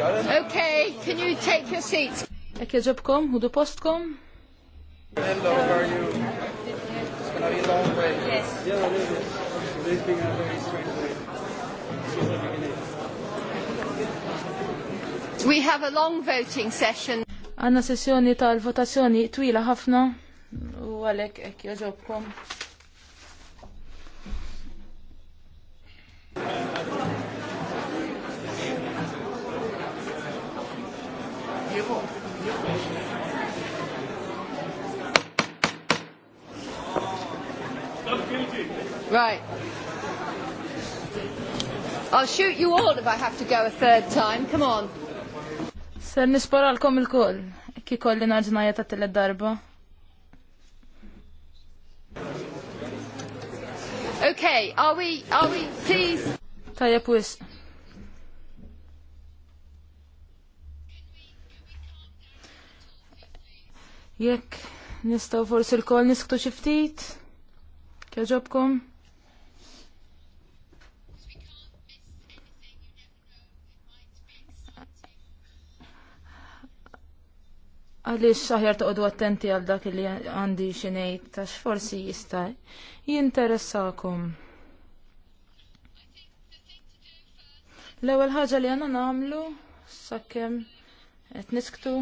Okay, can you take your seats? Ek jaġobkom, hudu postkom. Hello, how are you? It's gonna be a long way. Yes. Yeah, it is. Today's being a very strange way. We have a long voting session. Għanna sessjoni tal-votazzjoni twila ħafna u għalek ek joġobkom. Right. I'll shoot you all if I have to go a third time. Come on. Ser nisporalkom il-koll. Ki kolli narġnajja ta' tile darba. Okay, are we, are we, please? Tajja pwis. Jekk nistaw forsi l kol nisktu xiftit? Kjaġobkom? għaliex aħjar toqgħodu attenti għal dak li għandi xi ngħid għax forsi jista' jinteressakom. L-ewwel ħaġa li għanna nagħmlu sakemm qed nisktu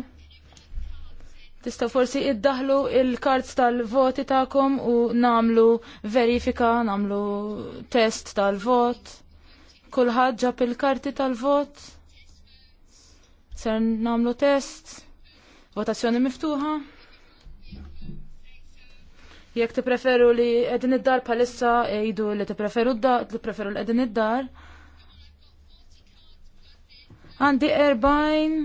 Tista' forsi iddaħlu il-kards tal-voti tagħkom u nagħmlu verifika, nagħmlu test tal-vot. Kulħadd ħagġa il-karti tal-vot. Ser nagħmlu test. Votazzjoni miftuħa. Jekk tippreferu li qegħdin id-dar bħalissa jgħidu li tippreferu d-dar, tippreferu li qegħdin id-dar. Għandi 40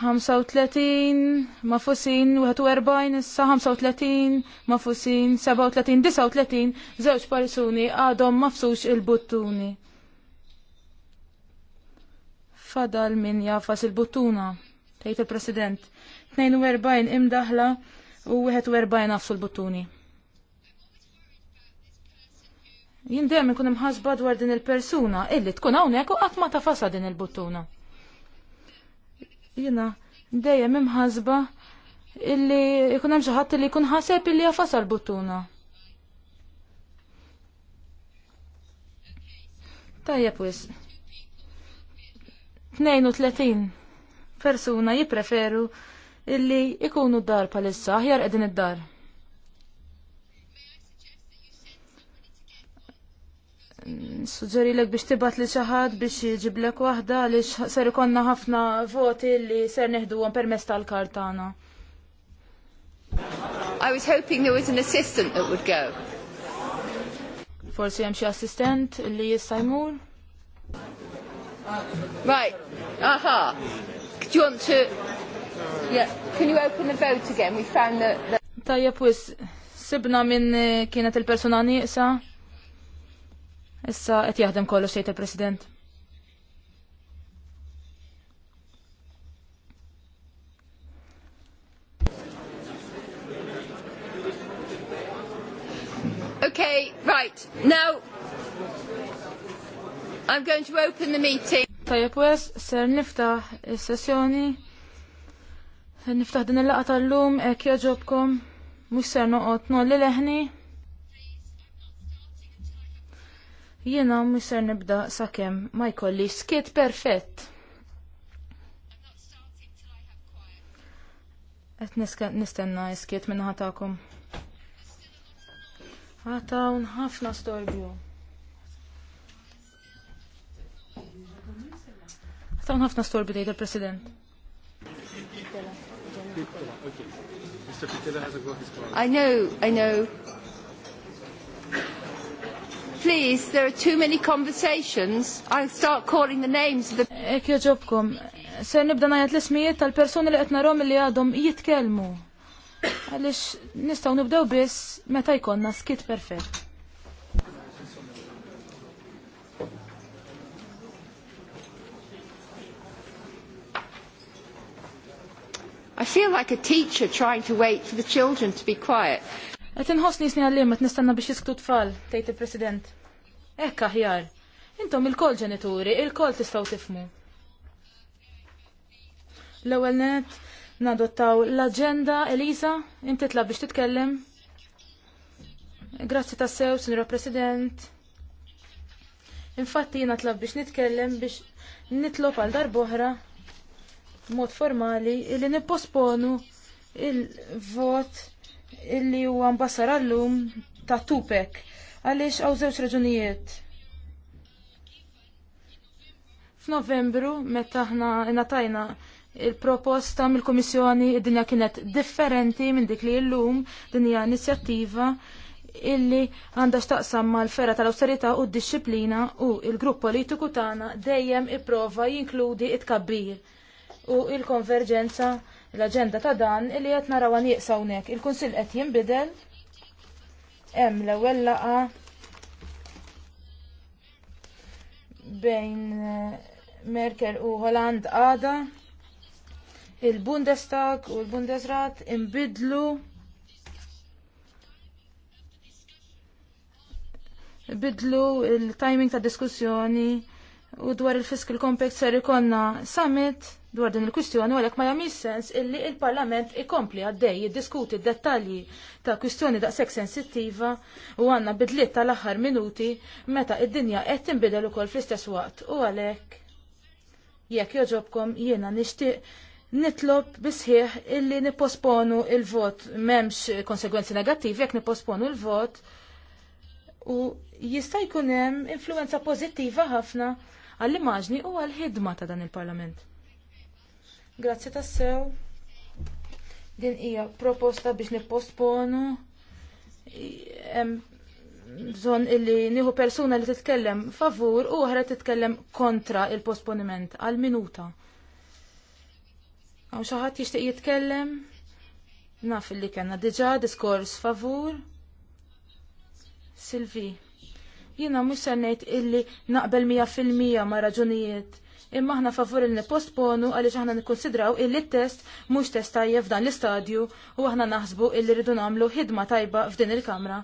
35 mafusin 41 issa 35 mafusin 37 39 żewġ persuni għadhom mafsux il-buttuni. Fadal min jafas il-buttuna tgħid il-President. 42 imdaħla u 41 nafsu l-buttuni. Jien dejjem ikun imħasba dwar din il-persuna illi tkun hawnhekk u qatt ma tafasa din il-buttuna. Jiena dejjem imħasba illi ikun hemm xi ħadd li jkun ħaseb illi jafasa l-buttuna. Tajjeb wisq. 32 persuna jippreferu illi ikunu d-dar palissa aħjar qegħdin id-dar. Suġġeri l biex tibat li xaħad biex jġiblek wahda li ser ikonna ħafna voti li ser neħdu għan permess tal-kartana. I was hoping there was an assistant that would go. Forsi hemm xi assistent li jista' jmur. Right. Aha. Do you want to... Yeah. Can you open the vote again? We found that... that... Tajja pwis, sibna minn eh, kienet il-persona nieqsa. Issa qed jaħdem kollox xejt il-President. Okay, right. Now I'm going to open the meeting. Tajab wes, ser niftaħ il-sessjoni. Niftaħ din il-laqa tal-lum, ek joġobkom. Mux ser noqot nolli leħni. Jena mux ser nibda sakem ma jkolli skit perfett. Et nistenna skit minna ħatakom. Ħatawn nħafna storbju. Tawn ħafna stor bidejt il-President. I know, I know. Please, there are too many conversations. I'll start calling the names of the... Ek joġobkom, se nibda najat l-ismijiet tal-personi li għetna rom li għadhom jitkelmu. Għalix, nistaw nibdew biss meta jkonna skit perfett. I feel like a teacher trying to wait for the children to be quiet. Qed inħossni snin għallim qed nistenna biex jisktu tfal, tgħid il-President. Hekk aħjar. Intom il-kol ġenituri, il-kol tistgħu tifmu. L-ewwel net nadottaw l-aġenda Elisa, intitla biex titkellem. Grazzi tassew, Sinjora President. Infatti jiena tlab biex nitkellem biex nitlob għal darboħra mod formali illi nipposponu il-vot illi huwa mbassar għallum ta' Tupek għaliex għaw żewġ raġunijiet. F'Novembru meta aħna inatajna il-proposta mill-Kummissjoni id-dinja kienet differenti minn dik li llum din hija inizjattiva illi għandha x'taqsam mal-fera tal-awsterità u d-disciplina u il-grupp politiku tagħna dejjem ipprova jinkludi it-kabbir u il-konverġenza l-aġenda ta' dan illi qed naraw nieqsa hawnhekk. Il-Kunsill qed jinbidel hemm l-ewwel laqa bejn eh, Merkel u Holland għada il-Bundestag u l-Bundesrat imbidlu bidlu il-timing ta' diskussjoni u dwar il-Fiscal Compact ser ikonna summit dwar din il-kwistjoni u għalek ma jamis sens illi il-Parlament ikompli għaddej jiddiskuti dettalji ta' kwistjoni da' sek sensittiva u għanna bidliet tal-aħħar minuti meta id-dinja qed tinbidel ukoll fl-istess waqt u għalek jekk joġobkom jiena nixtieq nitlob bisħieħ illi nipposponu il-vot memx konsegwenzi negattivi jekk nipposponu il-vot u jista' jkun hemm influenza pożittiva ħafna għall-immaġni u għall-ħidma ta' dan il-Parlament. Grazzi tassew. Din hija proposta biex nipposponu bżon illi nieħu persuna li titkellem favur u oħra titkellem kontra il-posponiment għal minuta. Għaw xaħat jishtiq jitkellem naf li kena diġa diskors favur. Silvi. Jiena mhux se ngħid illi naqbel mija fil-mija ma' raġunijiet. Imma aħna favur li nipposponu għaliex aħna nikkonsidraw illi test mhux test tajjeb f'dan l-istadju u aħna naħsbu illi rridu nagħmlu ħidma tajba f'din il-kamra.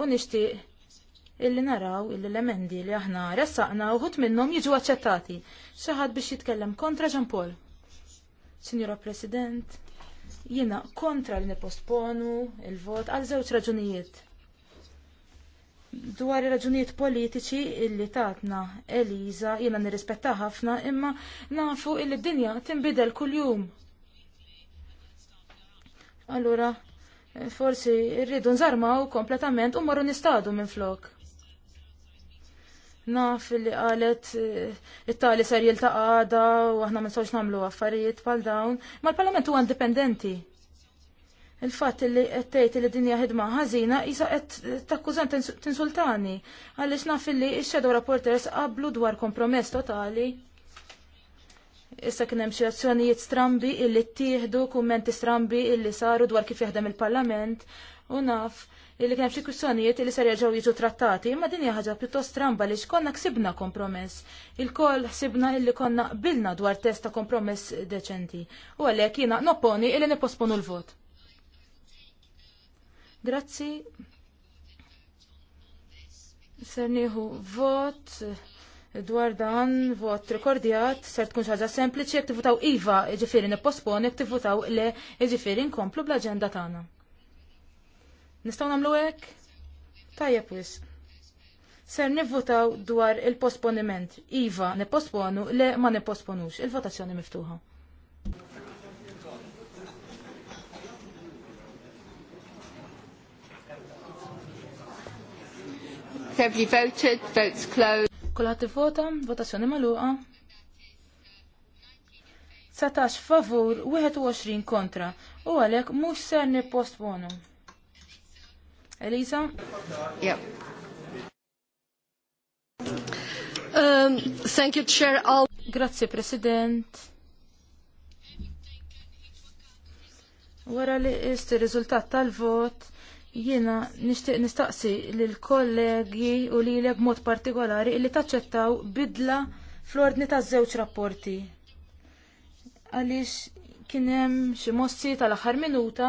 U nixtieq illi naraw illi l-emendi li aħna ressaqna uħut minnom jiġu accettati. ħadd biex jitkellem kontra Jean Paul. Signora President, jina kontra li postponu il-vot għal żewġ raġunijiet dwar raġunijiet politiċi illi tatna Eliza jiena nirrispetta ħafna imma nafu illi d-dinja tinbidel kuljum. Allura, forsi rridu nżarmaw kompletament u marru nistadu minn flok. Naf li qalet eh, it-tali ser jiltaqada u aħna ma nistgħux nagħmlu affarijiet bħal dawn, ma l-Parlament huwa indipendenti il-fatt li qed li dinja ħidma ħażina jisa qed takkużan tinsultani għaliex naf li x rapporters reporters qablu dwar kompromess totali. Issa kien hemm xi azzjonijiet strambi illi ttieħdu, kummenti strambi illi saru dwar kif jaħdem il-Parlament u naf illi kien hemm xi kwistjonijiet illi ser jerġgħu jiġu trattati, imma din hija ħaġa pjuttost stramba li x'konna ksibna kompromess. Il-koll ħsibna illi konna qbilna dwar test ta' kompromess deċenti. U għalhekk jiena nopponi illi nipposponu l-vot. Grazzi. Serniħu vot dwar dan vot rekordjat, ser tkun xaġa sempliċi, jek tivutaw IVA, ġifiri nipospon, jek tivutaw le, ġifiri nkomplu bl-agenda tagħna. Nistgħu nagħmlu hekk? Tajjeb wis. Ser nivvutaw dwar il-posponiment. IVA nipposponu, le ma nipposponux. Il-votazzjoni miftuħa. Every voted, votes closed. Kulħat vota, votazzjoni maluqa. 19 favur, 21 kontra. U għalek mux ser nipostponu. Elisa? Yep. Um, thank you, Chair. I'll... Grazie, President. Wara li ist rizultat tal-vot, Jiena nixtieq nistaqsi lill kollegi u lilek b'mod partikolari illi taċċettaw bidla fl-ordni taż-żewġ rapporti. Għaliex kien hemm xi mossi tal-aħħar minuta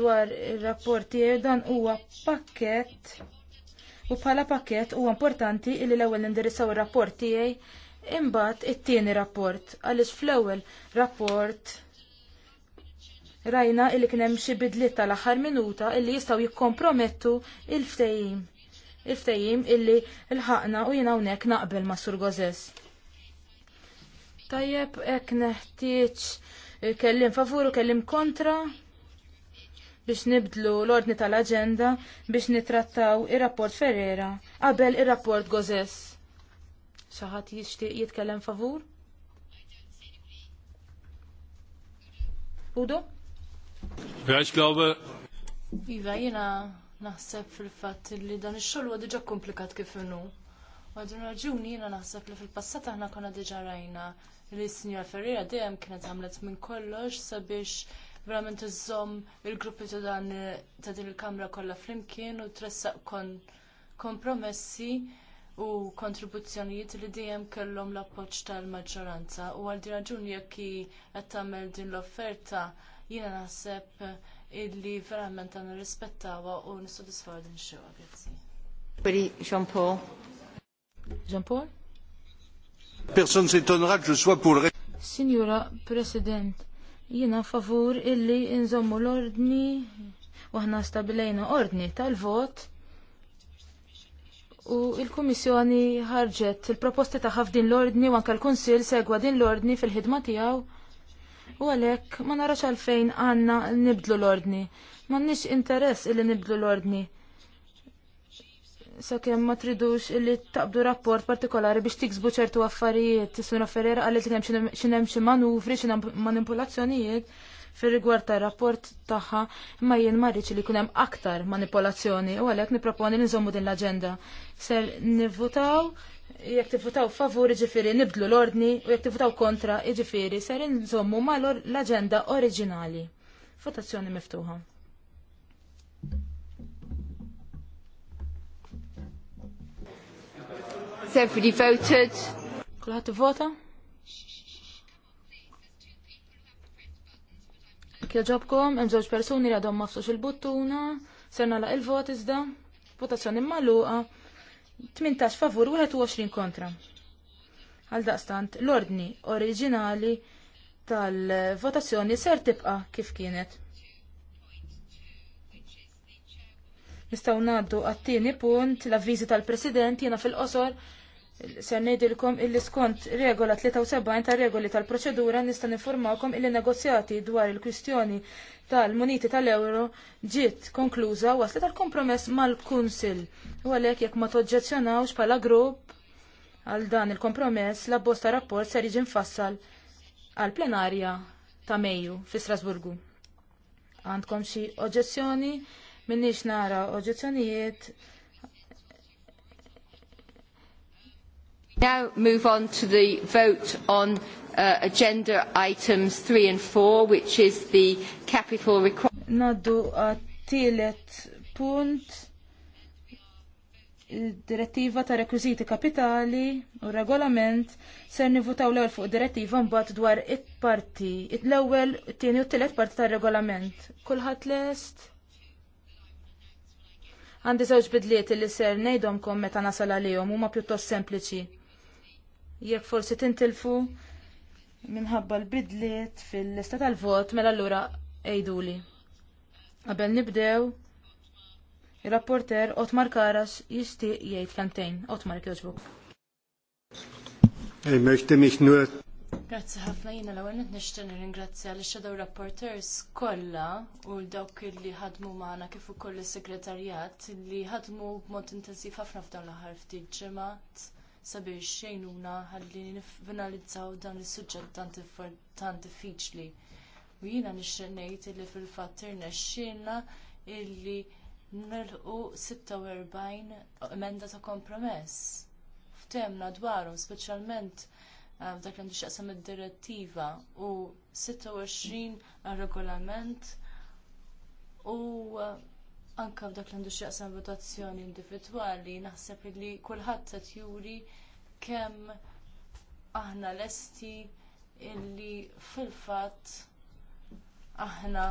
dwar ir-rapporti dan huwa pakket u bħala pakket huwa importanti illi l-ewwel indirizzaw ir-rapport tiegħi imbagħad it-tieni rapport għaliex fl-ewwel rapport rajna illi kien hemm xi bidliet tal-aħħar minuta illi jistgħu jikkompromettu il-ftehim. Il-ftehim illi l-ħaqna u jiena hawnhekk naqbel ma' Sur Gozes. Tajjeb hekk neħtieġ eh, kellim favur u kellim kontra biex nibdlu l-ordni tal aġenda biex nitrattaw ir-rapport Ferrera qabel ir-rapport Gozess. Xaħat jixtieq jitkellem favur? Udo? Ja, ich glaube. Iva, jina naħseb fil-fat li dan ix-xogħol huwa diġà komplikat kif innu. Għadun raġuni jiena naħseb li fil-passat aħna konna diġà rajna li s-Sinjor Ferreira dejjem kienet għamlet minn kollox sabiex verament iżżomm il-gruppi ta' dan ta' din il-kamra kollha flimkien u tressaq kon kompromessi u kontribuzzjonijiet li dejjem kellhom l-appoġġ tal-maġġoranza u għal din raġuni jekk qed tagħmel din l-offerta Jiena naħseb illi verament għanna rispettawa u nissodisfaw din xewa, grazzi. Peri Jean Paul. Jean Paul? Person Signora President, jiena favur illi nżommu l-ordni u aħna stabilejna ordni tal-vot u il-Kummissjoni ħarġet il-proposti ta' ħafdin l-ordni u anke l-Kunsill segwa din l-ordni fil-ħidma tiegħu U għalhekk ma narax għalfejn għandna nibdlu l-ordni. M'għandniex interess illi nibdlu l-ordni. Sakemm ma tridux illi taqbdu rapport partikolari biex tiksbu ċertu affarijiet, Suna Ferrera għalli t hemm xinem xi manuvri, xin manipulazzjonijiet fir rigward tar rapport tagħha imma jien ma rridx li jkun hemm aktar manipolazzjoni u għalhekk nipproponi li nżommu din l-aġenda. Ser nivvutaw jekk tifutaw favur ġifiri nibdlu l-ordni u jekk tifutaw kontra ġifiri ser nżommu ma l-agenda oriġinali. Votazzjoni miftuħa. Sefri voted. Kulħat vota? ġobkom, mżoġ personi li għadhom mafsux il-buttuna, serna la il-vot iżda, votazzjoni maluqa. 18 favur 21 kontra. Għal daqstant, l-ordni oriġinali tal-votazzjoni ser tibqa kif kienet. Nistaw naddu għattini punt l-avvizi tal-President jena fil-qosor Ser ngħidilkom illi skont regola 73 ta' regoli tal-proċedura nista' nifurmawkom n negozjati dwar il-kwistjoni tal-muniti tal-euro ġiet konkluża waslet tal kompromess mal-Kunsil. U għalhekk jekk ma toġġezzjonawx bħala grupp għal dan il-kompromess l-abbozz rapport ser jiġi mfassal għal plenarja ta' Mejju fi Strasburgu. Għandkom xi oġġezzjoni? m'inniex nara oġġezzjonijiet Now move on to the vote on uh, agenda items 3 and 4, which is the capital requirement. punt il-direttiva ta' rekwiziti kapitali u regolament ser nivutaw l-ewwel fuq direttiva mbagħad dwar it-parti, l-ewwel, it-tieni u t-tielet parti tar regolament. Kulħadd lest? Għandi żewġ bidliet li ser ngħidhomkom meta nasal għalihom huma pjuttost sempliċi jekk forsi tintilfu minħabba l-bidliet fil-lista tal-vot mela allura ejduli. Qabel nibdew, il-rapporter Otmar Karas jisti jgħid kantejn. Otmar kjoġbuk. Ej, meħti miħnu. Grazzi ħafna jiena l-ewwel qed nixtieq nirringrazzja l shadow rapporteurs kollha u dawk li ħadmu maħna kif ukoll is-segretarjat li ħadmu b'mod intensiv ħafna f'dawn l-aħħar ftit ġimgħat sabiex xejnuna ħalli nifinalizzaw dan is-suġġett tant diffiċli. U jiena nixtieq ngħid li fil-fatt irnexxinna illi nilħu 46 emenda ta' kompromess. Ftemna dwarhom speċjalment eh, dak li għandu xaqsam id-direttiva u 26 għal regolament u eh, anka f'dak li għandu xjaqsam votazzjoni individwali, naħseb li kulħadd qed juri kemm aħna lesti illi fil-fatt aħna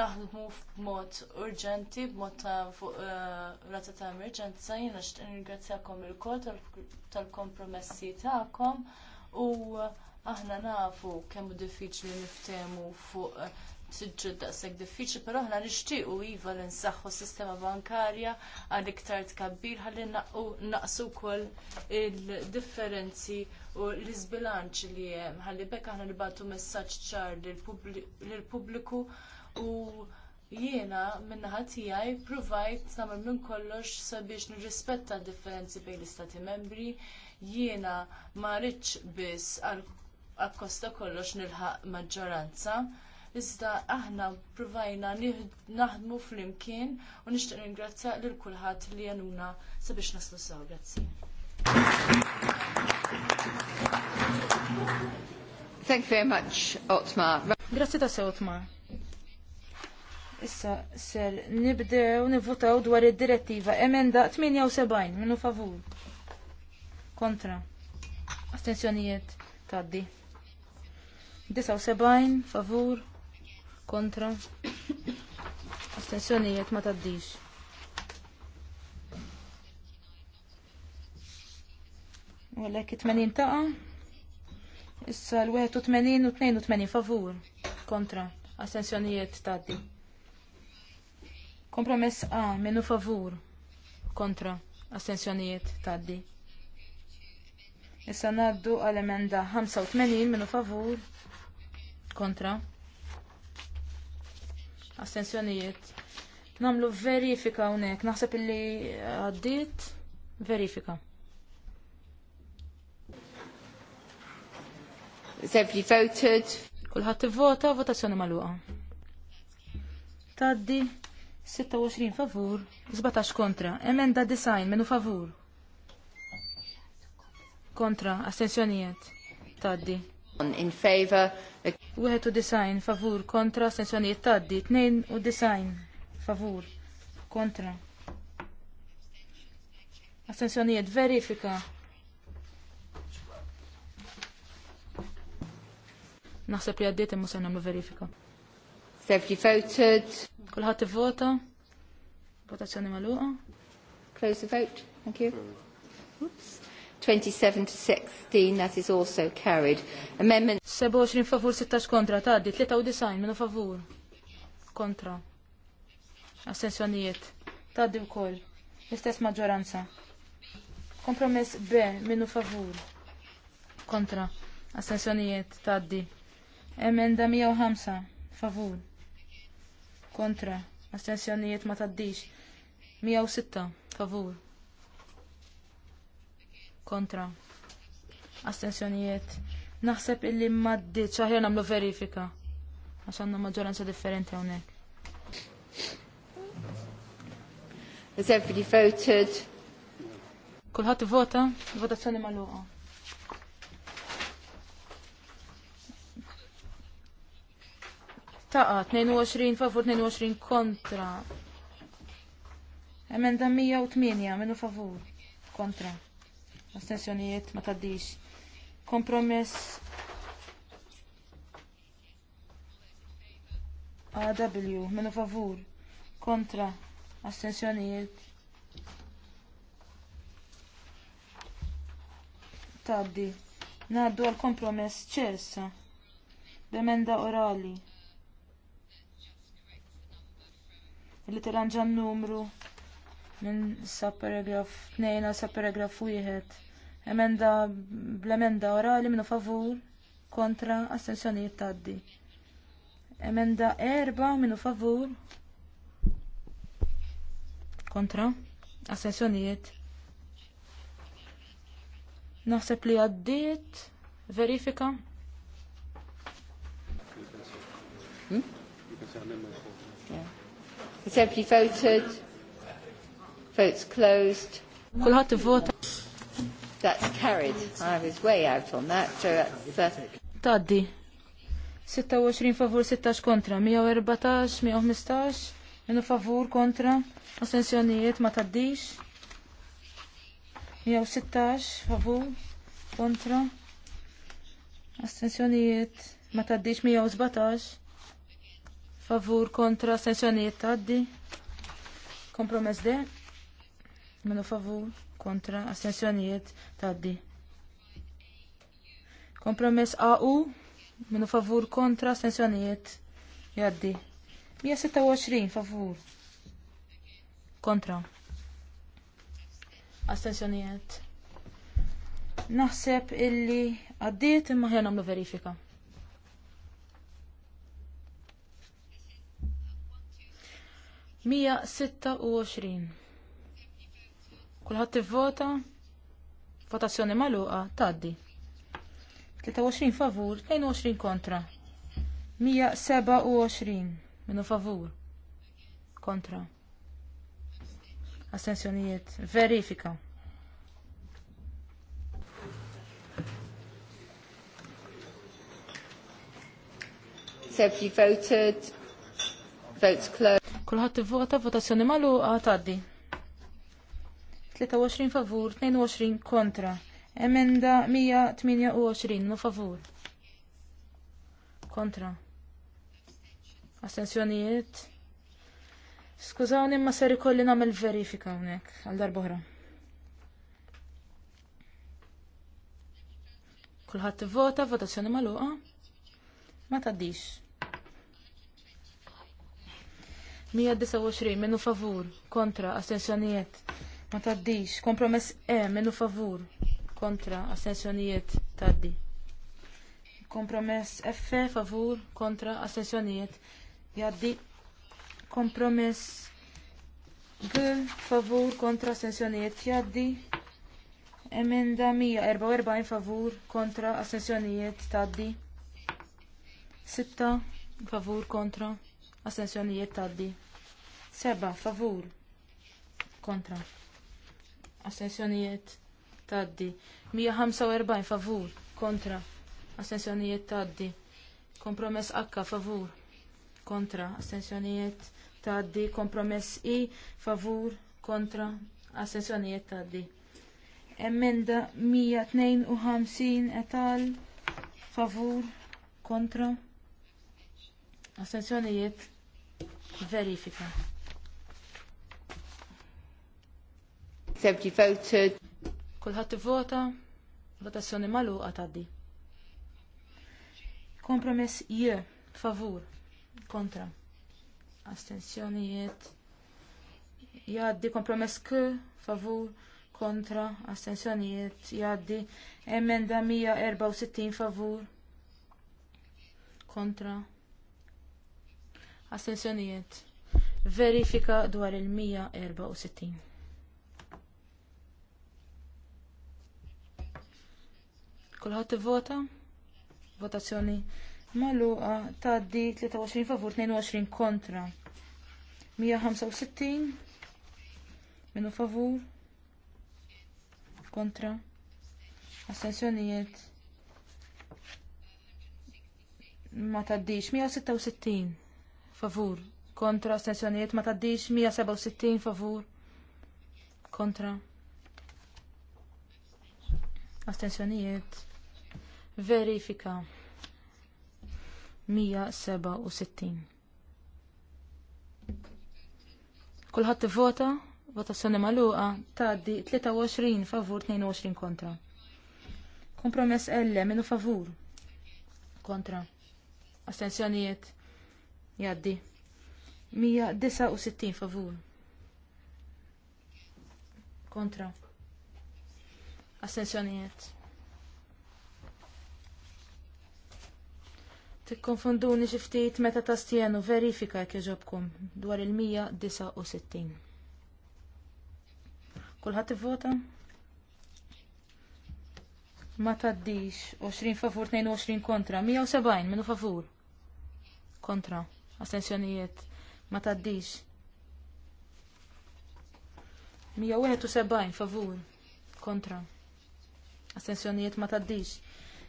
naħdmu f'mod urġenti, b'mod ta' eh, rata ta' emerġenza, jiena xtaq ringrazzjakom il-kol tal-kompromessi tagħkom u aħna nafu kemm diffiċli niftehmu fuq suġġud daqshekk diffiċli, però aħna nixtiequ iva li nsaħħu s-sistema bankarja għal iktar tkabbir ħalli naqsu wkoll il-differenzi u l-iżbilanċ li hemm ħalli bekk aħna nibatu messaġġ ċar lill-pubbliku u jiena min-naħa tiegħi provajt nagħmel minn kollox sabiex nirrispetta d-differenzi bejn l-istati membri jiena ma rridx biss għal akkosta kollox nilħaq maġġoranza iżda aħna provajna naħdmu flimkien u nixtieq ringrazzja lil kulħadd li għanuna sabiex naslu sew. Grazzi. Thank you very much, Otmar. Grazzi ta' Otmar. Issa, ser, nibdew nivvotaw dwar id-direttiva emenda 78 minnu favur. Kontra. Astenzjonijiet taddi. 79 favur kontra astensjonijiet ma taddix. Għalek 80 taqa, issa l-81 u 82 favur kontra astensjonijiet taddi. Kompromess A menu favur kontra astensjonijiet taddi. Issa naddu għal-emenda 85 menu favur kontra astensjonijiet. Namlu verifika unek, naħseb illi għaddit, verifika. Is every voted? Kulħat vota, votazzjoni maluqa. Taddi, 26 favur, 17 kontra. Emenda design, menu favur. Kontra, astensjonijiet. Taddi. In favor design favur kontra sensjonijiet taddi design favur kontra Assenzjonijiet verifika Naħseb li għaddiet imma se nagħmlu verifika. Safety voted. Kulħadd ivvota. Votazzjoni magħluqa. Close the vote. Thank you. Oops. 27 to 16 that is also carried. Amendment 27 favur 16 kontra tgħaddi 93 minu favur kontra. Assenzjonijiet Taddi wkoll l-istess maġġoranza. Kompromess B minu favur kontra. Assenzjonijiet Taddi. Emenda 105 favur kontra. Astensjonijiet ma taddix. 106 favur kontra astensjonijiet. Naħseb illi maddiċ, aħjar namlu verifika. Għax għandna maġġoranza differenti hawnhekk. Is everybody voted? Kulħadd vota, votazzjoni magħluqa. Taqa' 22 favur 22 kontra. Emenda 108 minu favur kontra astensjonijiet ma taddix. Kompromess AW minu favur kontra astensjonijiet taddi. Naddu għal kompromess ċersa b'emenda orali. Illi t-ranġan numru minn sa paragraf 2 sa paragraf 1. Emenda bl-emenda orali minnu favur kontra astensjonijiet taddi. Emenda erba minnu favur kontra astensjonijiet. Naħseb li għaddiet verifika. Hmm? Yeah. It's empty voted? Votes closed. Kulħadd vota that's carried. I was way out on that, so that's... Uh... Taddi. 26 favur, 16 kontra, 114, 115, minu favur kontra, assenzjonijiet ma taddix, 116 favur kontra, assenzjonijiet ma taddix 117, favur kontra, assenzjonijiet taddi, kompromess de, minu favur kontra astensjonijiet taddi. Kompromess AU minu favur kontra astensjonijiet jaddi. 126 favur kontra astensjonijiet. Naħseb illi għaddiet imma ħjan għamlu verifika. Mija sitta u Kulħadd vota Votazzjoni magħluqa taddi. 23 favur, 22 kontra. 127 minu favur. Kontra. Astenzjonijiet. Verifika. Have you voted? Votes closed. Kulħadd ivvota votazzjoni maluqa, tgħaddi. 23 favur, 22 kontra. Emenda 128 ma favur. Kontra. Astenzjonijiet. Skużawni ma ser ikolli nagħmel verifika hawnhekk għal darb'oħra. Kulħadd ivvota, votazzjoni magħluqa. Ma tgħaddix. 129 minu favur, kontra, astensjonijiet ma taddix. Kompromess E minnu favur kontra astensjonijiet taddi. Kompromess F favur kontra astensjonijiet jaddi. Kompromess G favur kontra astensjonijiet jaddi. Emenda 144 favur kontra astensjonijiet taddi. 6 favur kontra astensjonijiet taddi. 7 favur kontra astensjonijiet taddi. 145 favur kontra astensjonijiet taddi. Kompromess H favur kontra astensjonijiet taddi. Kompromess I favur kontra astensjonijiet taddi. Emenda 152 etal favur kontra astensjonijiet verifika. 70 voted. Kulħadd vota, votazzjoni magħluqa tgħaddi. Kompromess je, favur, kontra. Astensjonijiet. Jaddi kompromess k, favur, kontra, astensjonijiet. Jaddi emenda 164 favur, kontra. Astensjonijiet. Verifika dwar il-164. Kulħadd vota Votazzjoni ta' tgħaddi 23 favur 22 kontra. 165 minu favur kontra astensjonijiet ma taddix 166 favur kontra astensjonijiet ma taddix 167 favur kontra astensjonijiet verifika 167. Kulħadd vota votazzjoni magħluqa tgħaddi 23 favur 22 kontra. Kompromess L minu favur kontra. Astensjonijiet jgħaddi 169 favur kontra. Assenzjonijiet. Tikkonfunduni xi ftit meta tastienu verifika jekk dwar il-169. Kulħadd ivvota? Ma taddix 20 favur 22 kontra, 170 minu favur. Kontra, astensjonijiet. Ma taddix. 171 favur kontra. Astensjonijiet ma taddix.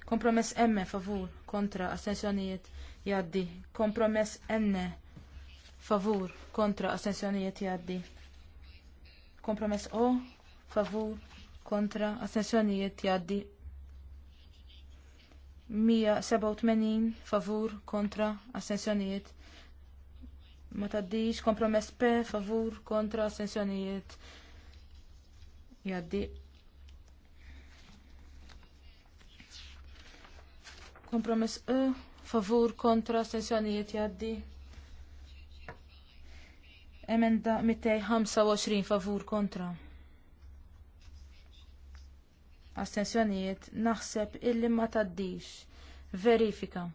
Kompromess M favur kontra astensjonijiet jaddi. Kompromess N favur kontra astensjonijiet jaddi. Kompromess O favur kontra astensjonijiet jaddi. 187 favur kontra astensjonijiet ma taddix kompromess P favur kontra astensjonijiet jaddi Kompromess u, e, favur kontra astensjonijiet jaddi. Emenda 225 favur kontra. Astensjonijiet naħseb illi ma taddix. Verifika.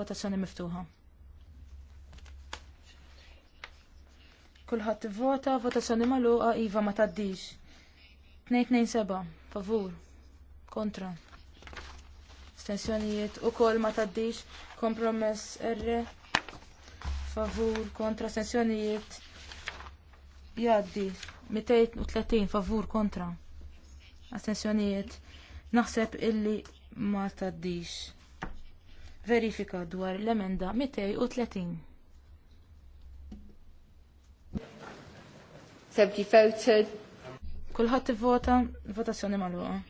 Votazzjoni miftuħa. Kulħadd vota, votazzjoni magħluqa iva ma taddix. 227 favur kontra. Astensjonijiet u kol ma taddix kompromess R favur kontra astensjonijiet jaddi 230 favur kontra astensjonijiet naħseb illi ma taddix verifika dwar l-emenda 230. Sebti voted. Kulħadd ivvota votazzjoni magħluqa.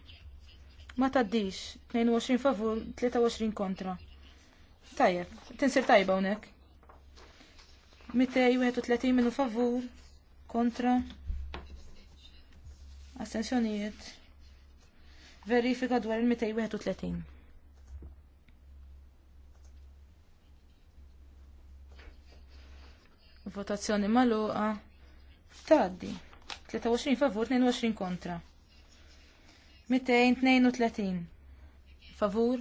Ma taddix, 22 favur, 23 kontra. Tajjeb, tinsir tajba unek. 231 minu favur, kontra. Astensjonijiet. Verifika dwar il-231. Votazzjoni maluqa. Taddi. 23 favur, 22 kontra. 232 favur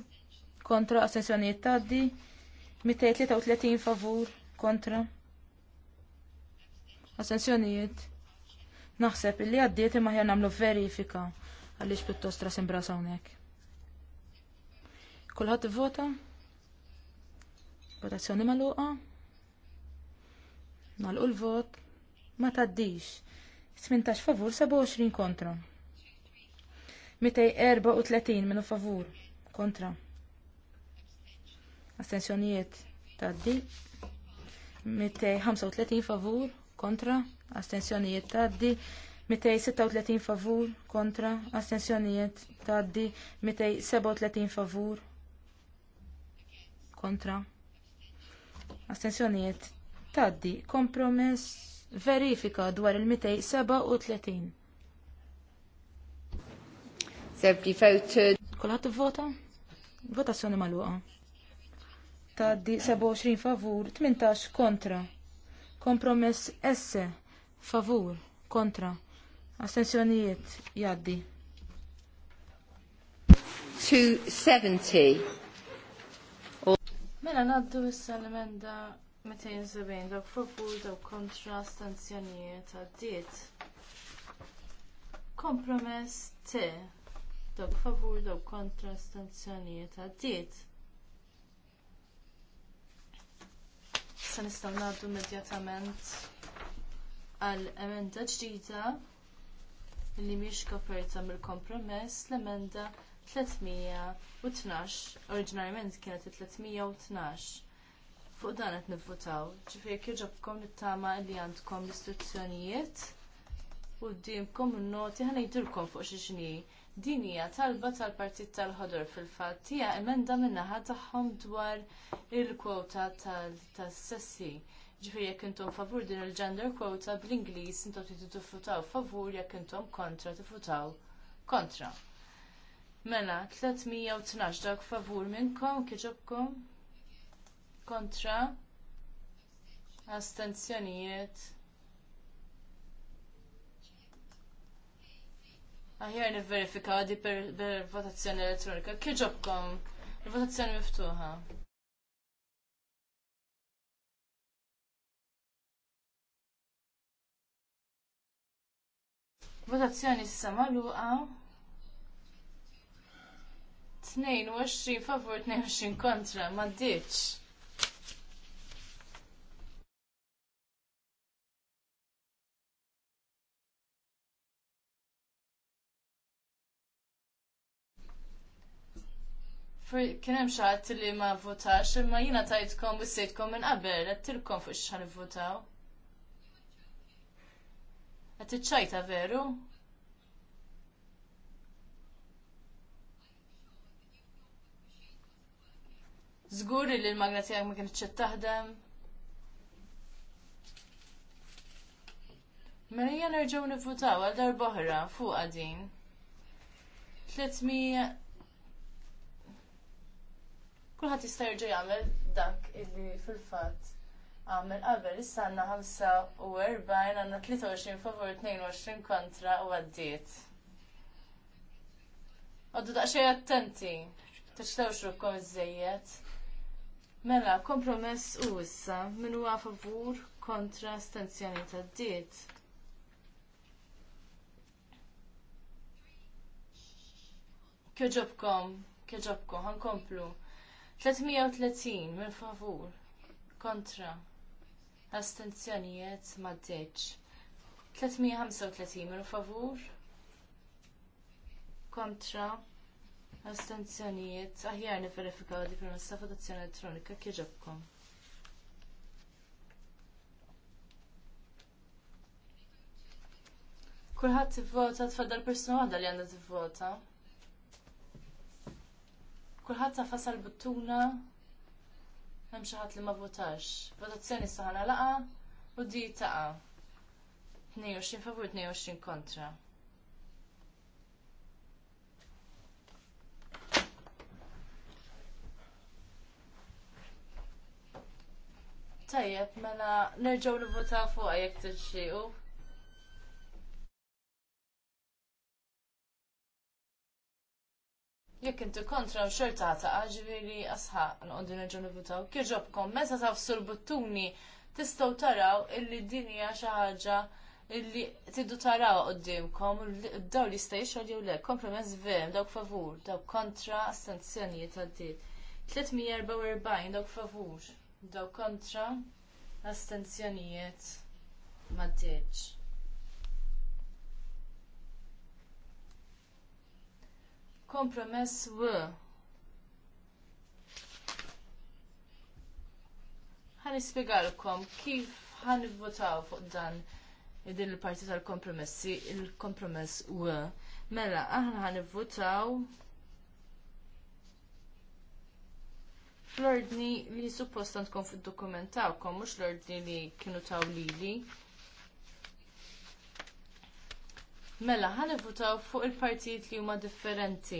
kontra assenzjonijiet taddi 233 favur kontra assenzjonijiet naħseb illi għaddiet imma ħjar nagħmlu verifika għaliex pittost rasimbra hawnhekk. Kulħadd ivvota? Votazzjoni magħluqa? Nagħlqu l-vot ma taddix. 18 favur, 27 kontra. 234 minu favur kontra astensjonijiet taddi 235 favur kontra astensjonijiet taddi 236 favur kontra astensjonijiet taddi 237 favur kontra astensjonijiet taddi kompromess verifika dwar il-237 Sebdi voted. Kolħat vota? Votazzjoni maluqa. Taddi 27 favur, 18 kontra. Kompromess S, favur, kontra. Astensjonijiet, jaddi. 270. Mela naddu issa l-emenda 270, dawk favur, dawk kontra, astensjonijiet, għaddiet. Kompromess T, Dawk favur, dawk kontra stanzjonijiet għaddiet. Sa nistgħu ngħaddu immedjatament għal emenda ġdida li mhix koperta mill-kompromess l-emenda 312, oriġinarjament kienet 312. Fuq dan qed nivvutaw, ġifieri kieġobkom nittama li għandkom l-istruzzjonijiet u ddimkom il-noti ħanajdilkom fuq xi xinji Din hija talba tal-Partit tal-Ħodor fil-fatt hija emenda min-naħa tagħhom dwar il-kwota tas-sessi. Ġifieri jekk intom favur din il-gender quota bl-Ingliż intom tidu tifutaw favur jekk intom kontra tifutaw kontra. Mela, 312 dak favur minnkom kieġobkom kontra astenzjonijiet Aħjar niverifika di per, votazzjoni elettronika. Kieġobkom, il-votazzjoni miftuħa. Votazzjoni issa maluqa. 22 favur, 22 kontra, ma ditx. Kien hemm xaħat li ma votax, imma jiena tajtkom u sejtkom minn qabel, tilkom fuq xħan votaw. Qed iċċajta veru? Zguri li l-magna tiegħek ma kienx qed taħdem. Mela jiena nerġgħu nivvutaw għal darba oħra fuq għadin. 300 kulħadd jista' jerġa' jagħmel dak illi fil-fatt għamel qabel issa għandna 45 għandna 23 favur 22 kontra u għaddiet. Għaddu daqxej attenti, taċtawx rukkom iż Mela, kompromess u issa, min huwa favur kontra stenzjoni ta' diet. Kjoġobkom, kjoġobkom, għankomplu. 330 minn favur kontra astenzjonijiet deċ. 335 mill favur kontra astenzjonijiet. Aħjar niverifikaw di permessa votazzjoni elettronika kieġobkom. Kulħadd ivvota tfadal persuna waħda li għandha tivvota. Kulħadd ta' fasal buttuna hemm xi ħadd li ma votax. Votazzjoni saħana laqa u di taqa. 22 favur, 22 kontra. Tajjeb, mela nerġgħu nivvotaw fuq jekk tixxiequ. Jekk inti kontra u xortata, ġifieri asħa nqogħdu nerġgħu nivutaw. Kieġobkom, meta taf buttuni tistgħu taraw illi din hija xi ħaġa illi tiddu taraw qoddimkom daw li jista' jixol jew le, kompromess vem, dawk favur, dawk kontra astenzjonijiet għaddit. 344 dawk favur, dawk kontra astenzjonijiet ma' Kompromess W. Ħanispjegalkom kif ħan votaw fuq dan din il-parti tal-kompromessi, il-kompromess W. Mela, aħna ħan votaw l-ordni li suppost għandkom fid-dokumentawkom, mhux l-ordni li kienu tawlili. Mela, ħanivutaw fuq il-partijiet li huma differenti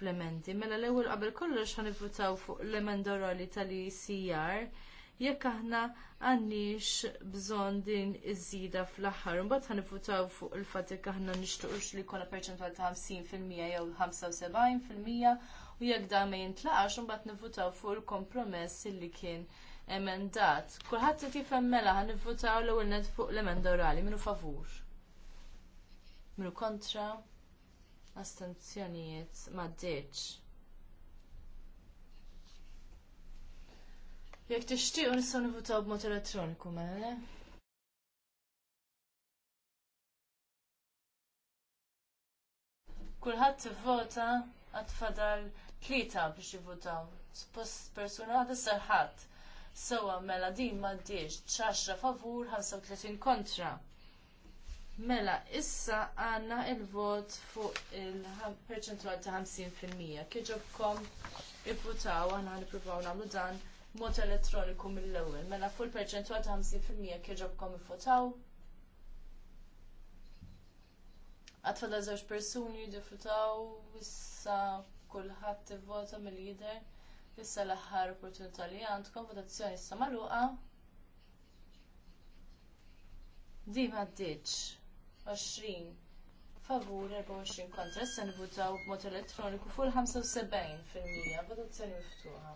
fl-emendi. Mela l-ewwel qabel kollox ħanivutaw fuq l-emenda orali tal-ICR jekk aħna għandniex bżonn din iż-żida fl-aħħar. Imbagħad ħanivutaw fuq il-fatt jekk aħna nixtiequx li jkollha perċentwal ta' 50% jew 75% u jekk dan ma jintlaqax imbagħad nivvutaw fuq il-kompromess li kien emendat. Kulħadd kif emmela ħanivutaw l-ewwel fuq l-emenda orali minnu favur. Mru kontra astenzjonijiet d-deċ. Jek tixtiequ nistgħu nivutaw b'mod elettroniku mele? Eh? Kulħadd ivvota għad fadal tlieta biex jivvutaw Suppost persuna għadha serħat. Sewwa mela din m'għaddiex 10 favur 35 kontra. Mela, issa għandna l vot fuq il-perċentwal ta' 50%. Kieġobkom il-votaw għanna provaw nagħmlu dan mod elettroniku mill ewwel Mela, fuq il-perċentwal ta' 50% kieġobkom il-votaw. Għatfalla żewġ persuni votaw issa kulħadd ivvota mill-jider. Issa l-aħħar opportunità li għandkom votazzjoni issa magħluqa. Dima ma' ditx. 20 favur 24 kontra se nivutaw b'mod elettroniku fuq il-75 fil-mija votazzjoni miftuħa.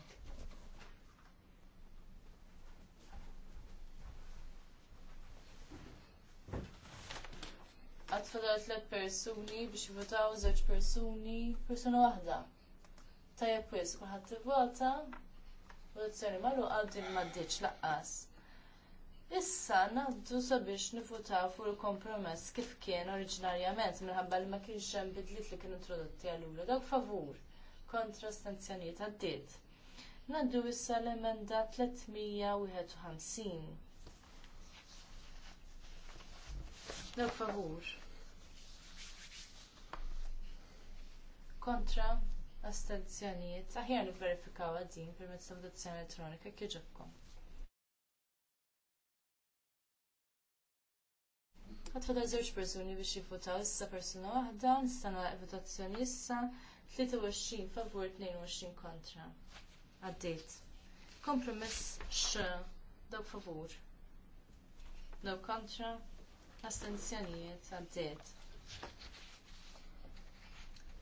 Għatfadaw tliet persuni biex jivutaw żewġ persuni, persuna waħda. Tajjeb kwis kulħadd ivvota, votazzjoni magħluqa din m'għaddiċ laqqas. Issa naddu sabiex nifutaw fuq il-kompromess kif kien oriġinarjament minħabba li ma kienx hemm bidliet li kien introdotti għalula dawk favur kontra stanzjonijiet għaddiet. Naddu issa l-emenda 351. Dawk favur. Kontra astenzjonijiet, aħjar niverifikaw għadin permezz ta' votazzjoni elettronika kieġobkom. Għatfada żewġ persuni biex jivvotaw issa persuna waħda, nistana votazzjoni issa 23 favur 22 kontra. Għaddit. Kompromess x dawk favur. Dawk kontra. Astenzjonijiet għaddit.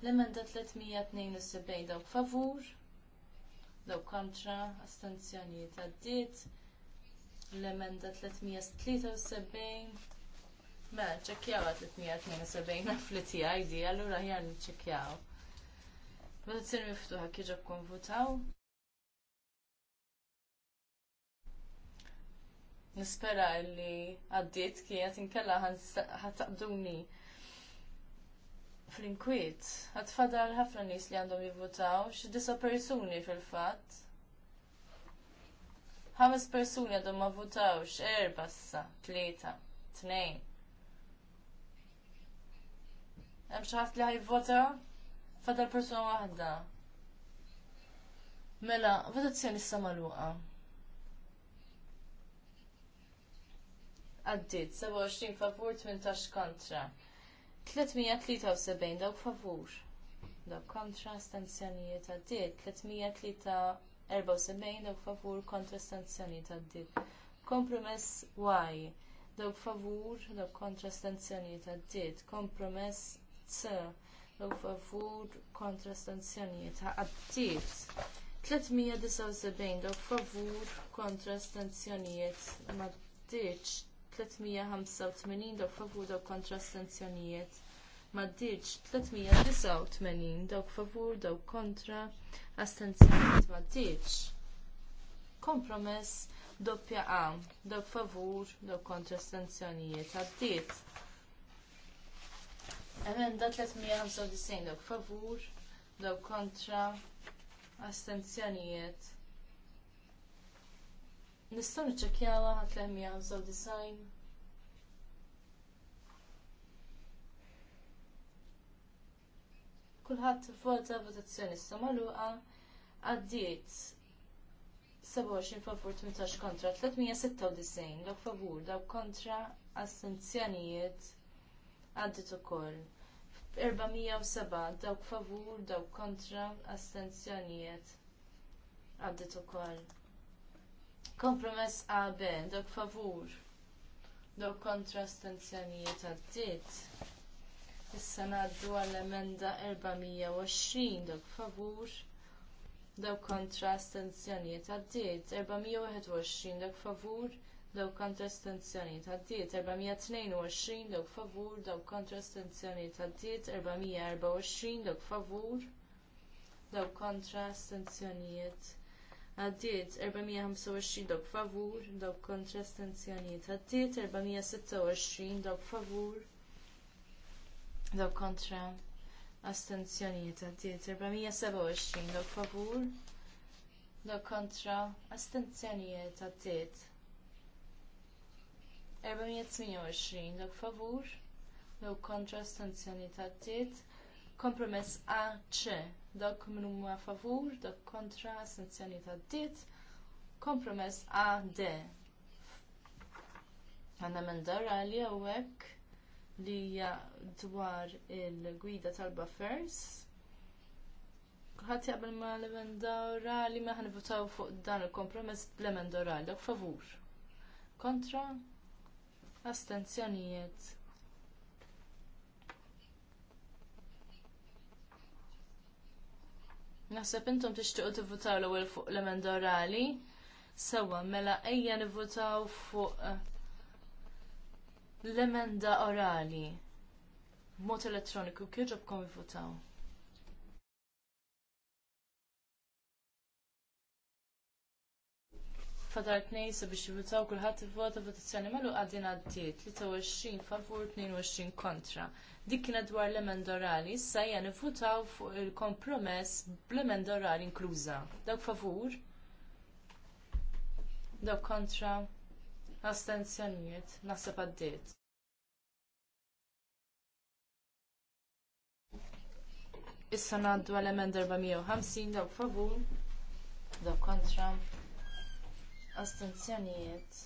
L-emenda 372 dawk favur daw kontra astenzjonijiet għaddiet l-emenda 373 Mela, ċekjaw għat l-72 għafliti għajdi, għallura jgħan ċekjaw. Votazzjoni miftuħa kieġa konvutaw. Nispera li għaddiet kienet inkella ħataqduni fl-inkwiet. Għatfadal ħafna nis li għandhom jivvotaw, xi disa persuni fil-fatt. Ħames persuni għadhom ma votawx, erba' sa, tlieta, tnejn. Hemm xi ħadd li ħajvota fadal persuna waħda. Mela, votazzjoni issa magħluqa. Għaddit, 27 favur, 18 kontra. 373 dawk favur. Dawk kontra stanzjonijiet għaddit. 374 dawk favur kontra stanzjonijiet għaddit. Kompromess Y. Dawk favur, dawk kontra stanzjonijiet għaddit. Kompromess Dawk favur kontra ta' għaddiet. 379 dawk favur kontra stanzjonijiet ma ddiċ 385 dawk favur dawk kontra stanzjonijiet maddiċ 389 dawk favur dawk kontra ma maddiċ. Kompromess doppja A dawk favur dawk kontra ma' għaddiet. Emenda 395 dawk favur, dawk kontra, astenzjonijiet. Nistgħu niċċekjawa 395. Kulħat vota votazzjoni issa magħluqa għaddiet 27 favur 18 kontra 396 dawk favur dawk kontra astenzjonijiet għaddit ukoll. 407 dawk favur, dawk kontra, astenzjonijiet. Għaddit ukoll. Kompromess AB, dawk favur, dawk kontra, astenzjonijiet għaddit. Issa ngħaddu għall-emenda 420 dawk favur, dawk kontra, astenzjonijiet għaddit. 421 dawk favur, dawk kontra astenzjonijiet għaddiet 422 dawk favur dawk kontra astenzjonijiet għaddiet 424 dawk favur dawk kontra astenzjonijiet għaddiet 425 dawk favur dawk kontra astenzjonijiet għaddiet 426 dawk favur dawk kontra astenzjonijiet għaddiet 427 dawk favur dawk kontra astenzjonijiet għaddiet 428 dak favur jew kontra stanzjoni taddiet kompromess AC dak minn huma favur dak kontra stanzjoni taddiet kompromess AD għandna emenda orali hawnhekk li hija dwar il-gwida tal-buffers Kulħadd jaqbel ma l-emenda orali ma ħanivutaw fuq dan il-kompromess bl-emenda orali dak favur kontra astenzjonijiet. Naħseb intom tixtiequ tivvutaw l-ewwel fuq l-emenda orali. Sewwa mela ejja nivvutaw fuq eh, l-emenda orali. B'mod elettroniku kif ġobkom ivvutaw. fadar tnejn sabiex jivutaw kulħadd ivvota votazzjoni melu għadin għaddiet 23 favur 22 kontra. Dik kienet dwar l-emenda orali, issa hija nivvutaw fuq il-kompromess bl-emenda orali inkluża. Dawk favur? Dawk kontra? Astenzjonijiet, naħseb għaddiet. Issa ngħaddu għal emenda 450 dawk favur, dawk kontra, Astenzjonijiet.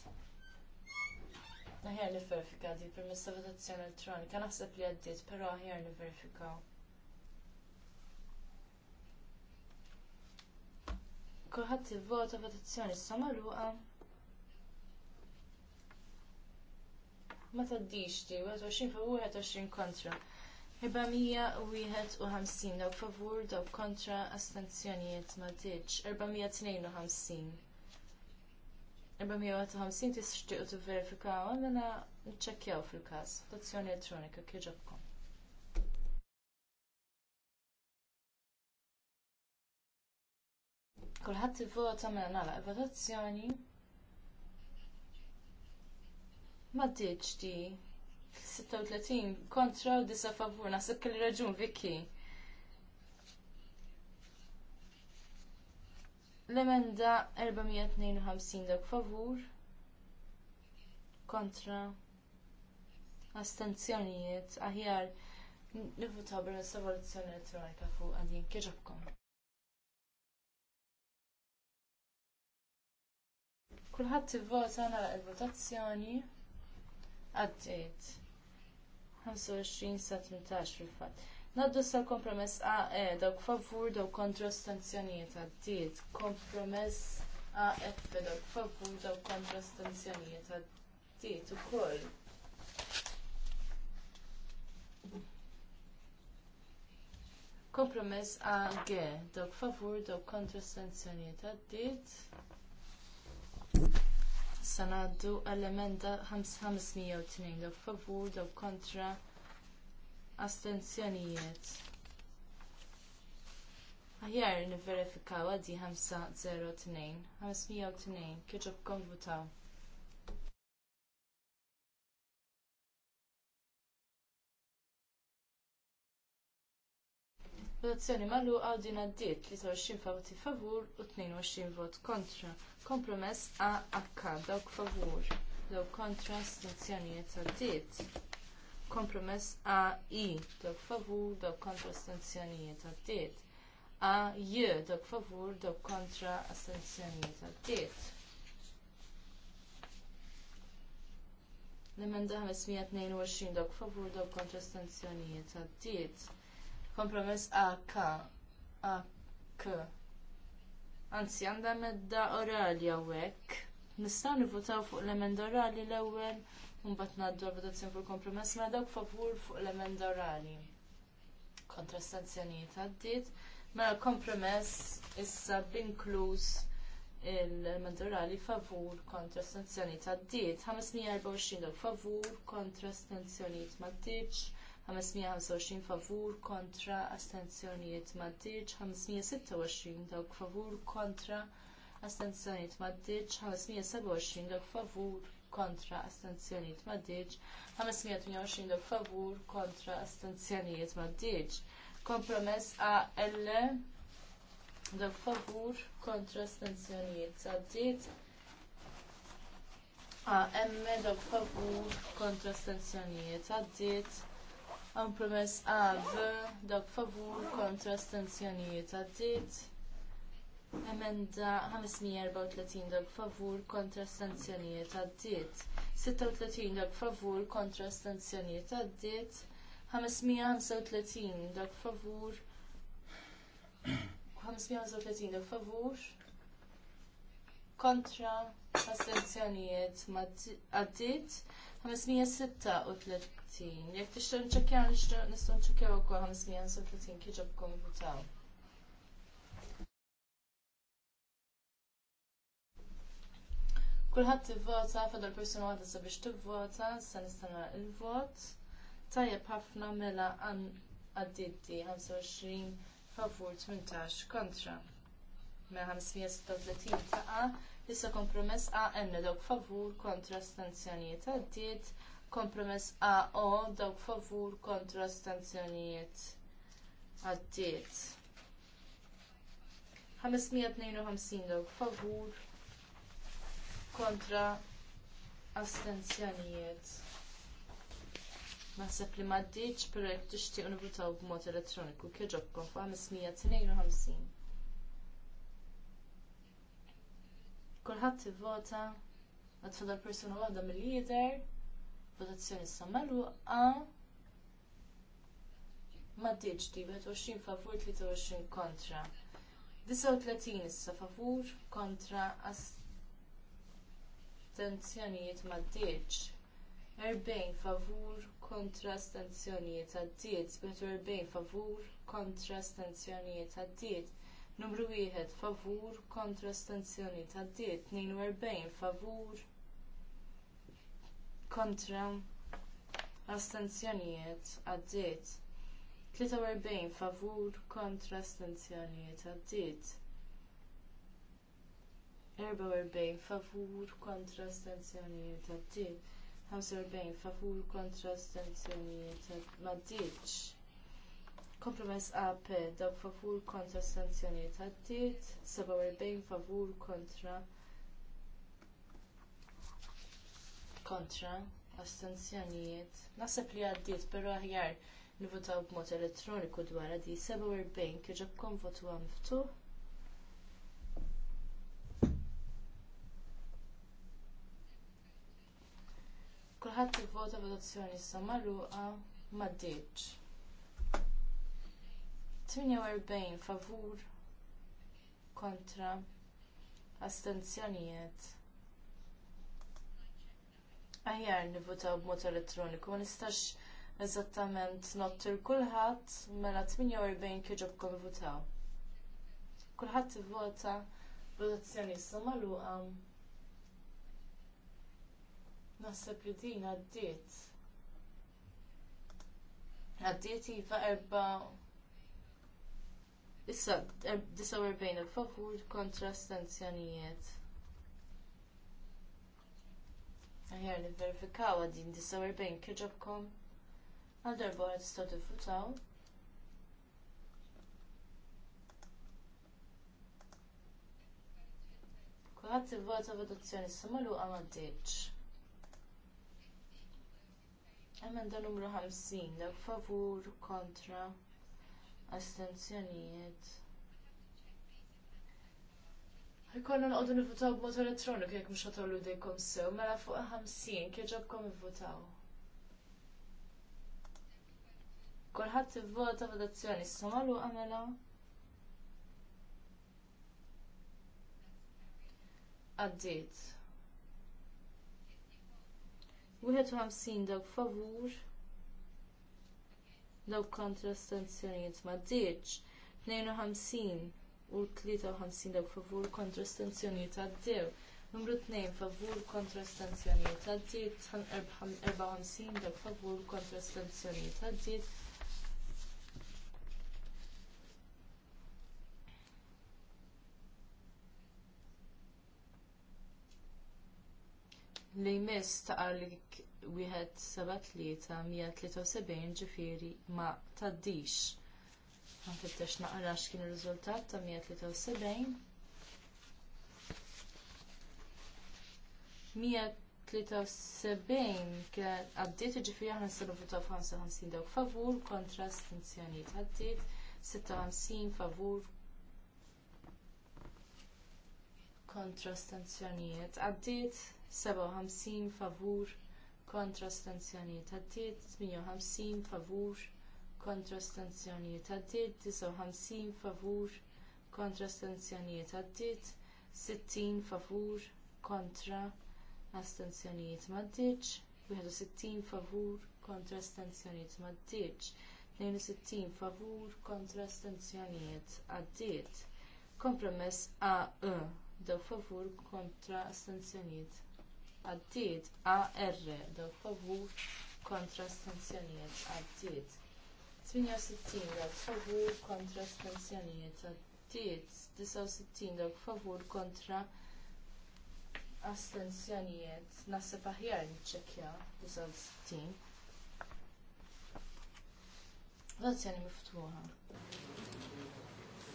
Aħjar li verifika di permessa votazzjoni elettronika. Naħseb li għaddiet, però aħjar li verifikaw. Kulħadd ivvota votazzjoni issa magħluqa. Ma taddix di, 21 favur, 21 kontra. Iba 151 dawk favur, dawk kontra, astenzjonijiet ma tiġ. 452. 450 tixtiqu tivverifikaw mela nċekkjaw fil-każ votazzjoni elettronika kieġobkom. Kulħadd ivvota mela nagħlaq il-votazzjoni. Ma ddiċ di 36 kontra u disa' favur naħseb kelli raġun Vicky. L-emenda 452 dak favur kontra astenzjonijiet aħjar nivutaw bil revoluzzjoni elettronika fuq għadin kieġobkom. Kulħadd tivvota nara il-votazzjoni għaddiet 25 sa 18 fil-fatt. Naddu sa kompromess AE, dawk favur, dawk kontra stanzjonijiet għaddiet. Kompromess AF, dawk favur, dawk kontra stanzjonijiet għaddiet ukoll. Kompromess AG, dawk favur, dawk kontra stanzjonijiet għaddiet. Sanaddu għall-emenda 502, dawk favur, dawk kontra astenzjonijiet. Aħjar niverifikaw għaddi 502, 502, kieġobkom votaw. Votazzjoni mallu għawdi naddiet 23 voti favur u 22 vot kontra. Kompromess AH dawk favur, dawk kontra stazzjonijiet għaddiet kompromess a i dawk favur, dawk kontra astenzjonijiet għaddiet. j dawk favur, dawk kontra astenzjonijiet għaddiet. L-emenda 522 dawk favur, dawk kontra astenzjonijiet għaddiet. Kompromess A AK. Anzi, għandha medda orali hekk. Nistgħu nivvotaw fuq l-emenda orali l-ewwel Mbagħad ngħaddu għal-votazzjoni fuq il-kompromess mela dawk favur fuq l-emenda orali. Kontra stanzjonijiet għaddiet. Mela kompromess issa binkluż l-emenda orali favur kontra stanzjonijiet għaddiet. 524 dawk favur kontra stanzjonijiet m'għaddietx. 525 favur kontra astenzjonijiet maddiċ, 526 dawk favur kontra astenzjonijiet maddiċ, 527 dawk favur kontra astenzjonijiet maddiċ, 528 dok favur kontra astenzjonijiet maddiċ. Kompromess AL dok favur kontra astenzjonijiet għaddiet. AM dok favur kontra astenzjonijiet għaddiet. Kompromess AV dok favur kontra astenzjonijiet għaddiet. Emenda 534 dog favur kontra stanzjonijiet għaddiet. 36 dog favur kontra stanzjonijiet għaddiet. 535 dog favur 535 dog favur kontra astenzjonijiet għaddiet. 536 jekk tixtru nċekkjaw nixtru nistgħu nċekkjaw ukoll 536 kieġobkom votaw. Kulħadd tivvota fadal persuna waħda sabiex tivvota, se nistana il-vot. Tajjeb ħafna mela għan għadditti 25 favur 18 kontra. Mela 536 taqa, issa kompromess AN dawk favur kontra stanzjonijiet għaddiet, kompromess AO dawk favur kontra stanzjonijiet għaddiet. 552 dawk favur kontra astenzjonijiet. Naħseb li maddiċ per jek tixtieq nivutaw b'mod elettroniku kieġobkom fuq 552. Kulħadd ivvota għad persuna waħda mill-lider, votazzjoni issa magħluqa. Maddiċ di 21 favur 23 kontra. 39 issa favur kontra ast astenzjonijiet dieċ erbejn favur kontra astenzjonijiet għaddiet, 40 favur kontra astenzjonijiet għaddiet, numru wieħed favur kontra astenzjonijiet għaddiet, erbejn favur kontra astenzjonijiet għaddiet, 43 favur kontra astenzjonijiet għaddiet. 44 favur kontra tad għaddit. 45 favur kontra astenzjonijiet maddiċ. Kompromess AP dawk favur kontra tad għaddit. 47 favur kontra kontra astenzjonijiet. Naħseb li għaddiet, però aħjar nivotaw b'mod elettroniku dwar għadi 47 kieġab konvotu għamftuħ. Kulħadd ivvota votazzjoni issa magħluqa m'għaddiex. 48 favur kontra astenzjonijiet. Aħjar nivvotaw b'mod elettroniku, ma nistax eżattament nottir kulħadd mela 48 kieġobkom votaw. Kulħadd ivvota votazzjoni issa magħluqa Naħseb li din għaddiet. Għaddiet iva erba. Issa, 49 er-, favur kontra stanzjonijiet. Aħjar li verifikaw għaddin 49 kħiġobkom. Għal darba għad istaw tifutaw. Kulħadd ivvota votazzjoni s-samalu għamaddiċ. Emenda numru 50, dak favur kontra astenzjonijiet. Ikonna noqogħdu nivutaw b'mod elettroniku jekk mhux ħatollu dejkom sew, mela fuq 50 kien ġobkom ivvutaw. Kulħadd ivvota votazzjoni issa magħluqa mela. Għaddiet. 51 dawk favur dawk kontra stanzjonijiet ma ddiċ 52 u 53 dawk favur kontra stanzjonijiet għaddew numru 2 favur kontra stanzjonijiet għaddiet 54 dawk favur kontra stanzjonijiet għaddiet li jmiss taqalik wieħed seba' tlieta mija tlieta ġifieri ma taddix. Għanfittex naqra x'kien ir-riżultat ta' 173. 173 kien għaddiet iġifieri aħna nsibu votaw 55 dawk favur kontra astenzjonijiet għaddiet 56 favur kontra stanzjonijiet. Għaddiet 57 favur kontra stanzjonijiet. Għaddiet 58 favur kontra stanzjonijiet. Għaddiet 59 favur kontra stanzjonijiet. Għaddiet 60 favur kontra astenzjonijiet. Maddiċ 61 favur kontra astenzjonijiet. Maddiċ 62 favur kontra astenzjonijiet. Għaddiet kompromess AE daw favur kontra astenzjoniet. Għaddiet AR daw favur kontra astenzjoniet. Għaddiet 68 daw favur kontra astenzjoniet. Għaddiet 69 daw favur kontra astenzjoniet. Nasib aħjar nċekja 69. Votazzjoni miftuħa.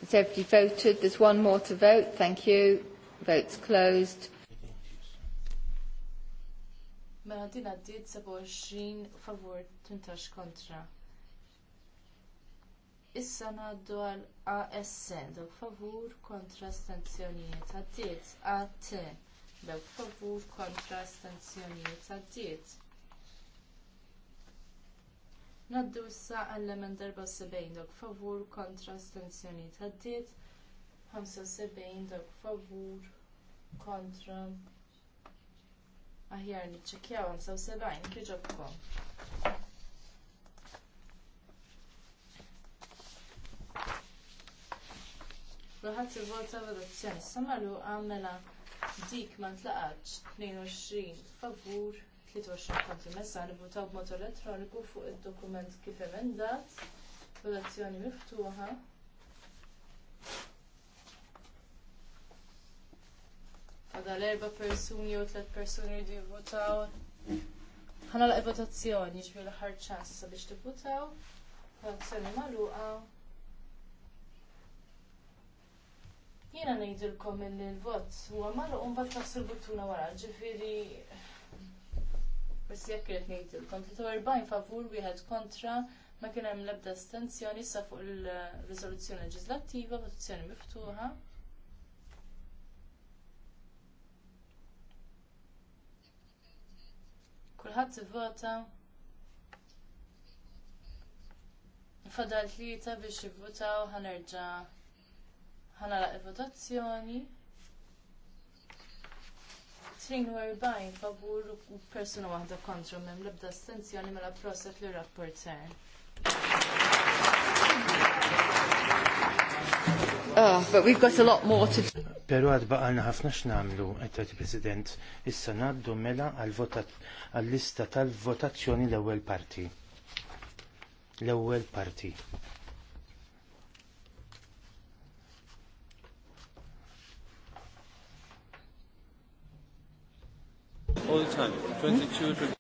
Has everybody voted? There's one more to vote. Thank you. Votes closed. Mela din għaddiet 27 favur 18 kontra. Issa ngħaddu għal ASN dawk favur kontra stanzjonijiet għaddiet AT dawk favur kontra stanzjonijiet għaddiet. Naddu issa għall-emen 74 dawk favur kontra stanzjonijiet għaddiet 75 dawk favur kontra aħjar niċċekjaw 75 kieġobkom. Ruħat il-volta votazzjoni samalu għamela dik ma tlaqatx 22 favur 23 kontra messa nivutaw b'mod elettroniku fuq id dokument kif emendat votazzjoni miftuħa. għadha l-erba persuni u tliet persuni li jivvotaw. Ħana laqgħa votazzjoni ġbju l-aħħar ċassa biex t-votaw. Votazzjoni magħluqa. Jiena ngħidilkom illi l-vot huwa għamalu u bat nafsu l-buttuna wara, ġifieri Bis jekk qed ngħidilkom għarbajn favur wieħed kontra ma kien hemm l-ebda astenzjoni sa fuq il-riżoluzzjoni leġislattiva, votazzjoni miftuħa. Kulħadd ivvota. Fadal tlieta biex jivvotaw ħanerġa' ħanalaq il-votazzjoni. 42 favur u persuna waħda kontra minn l-ebda astenzjoni mela proset li rapporter Oh, but we've got a lot more to do. Pero għad baqalna ħafna x'namlu, għettat President, issa naddu mela għal-lista tal-votazzjoni l-ewwel parti. L-ewwel parti. All the time, 22, hmm? 22.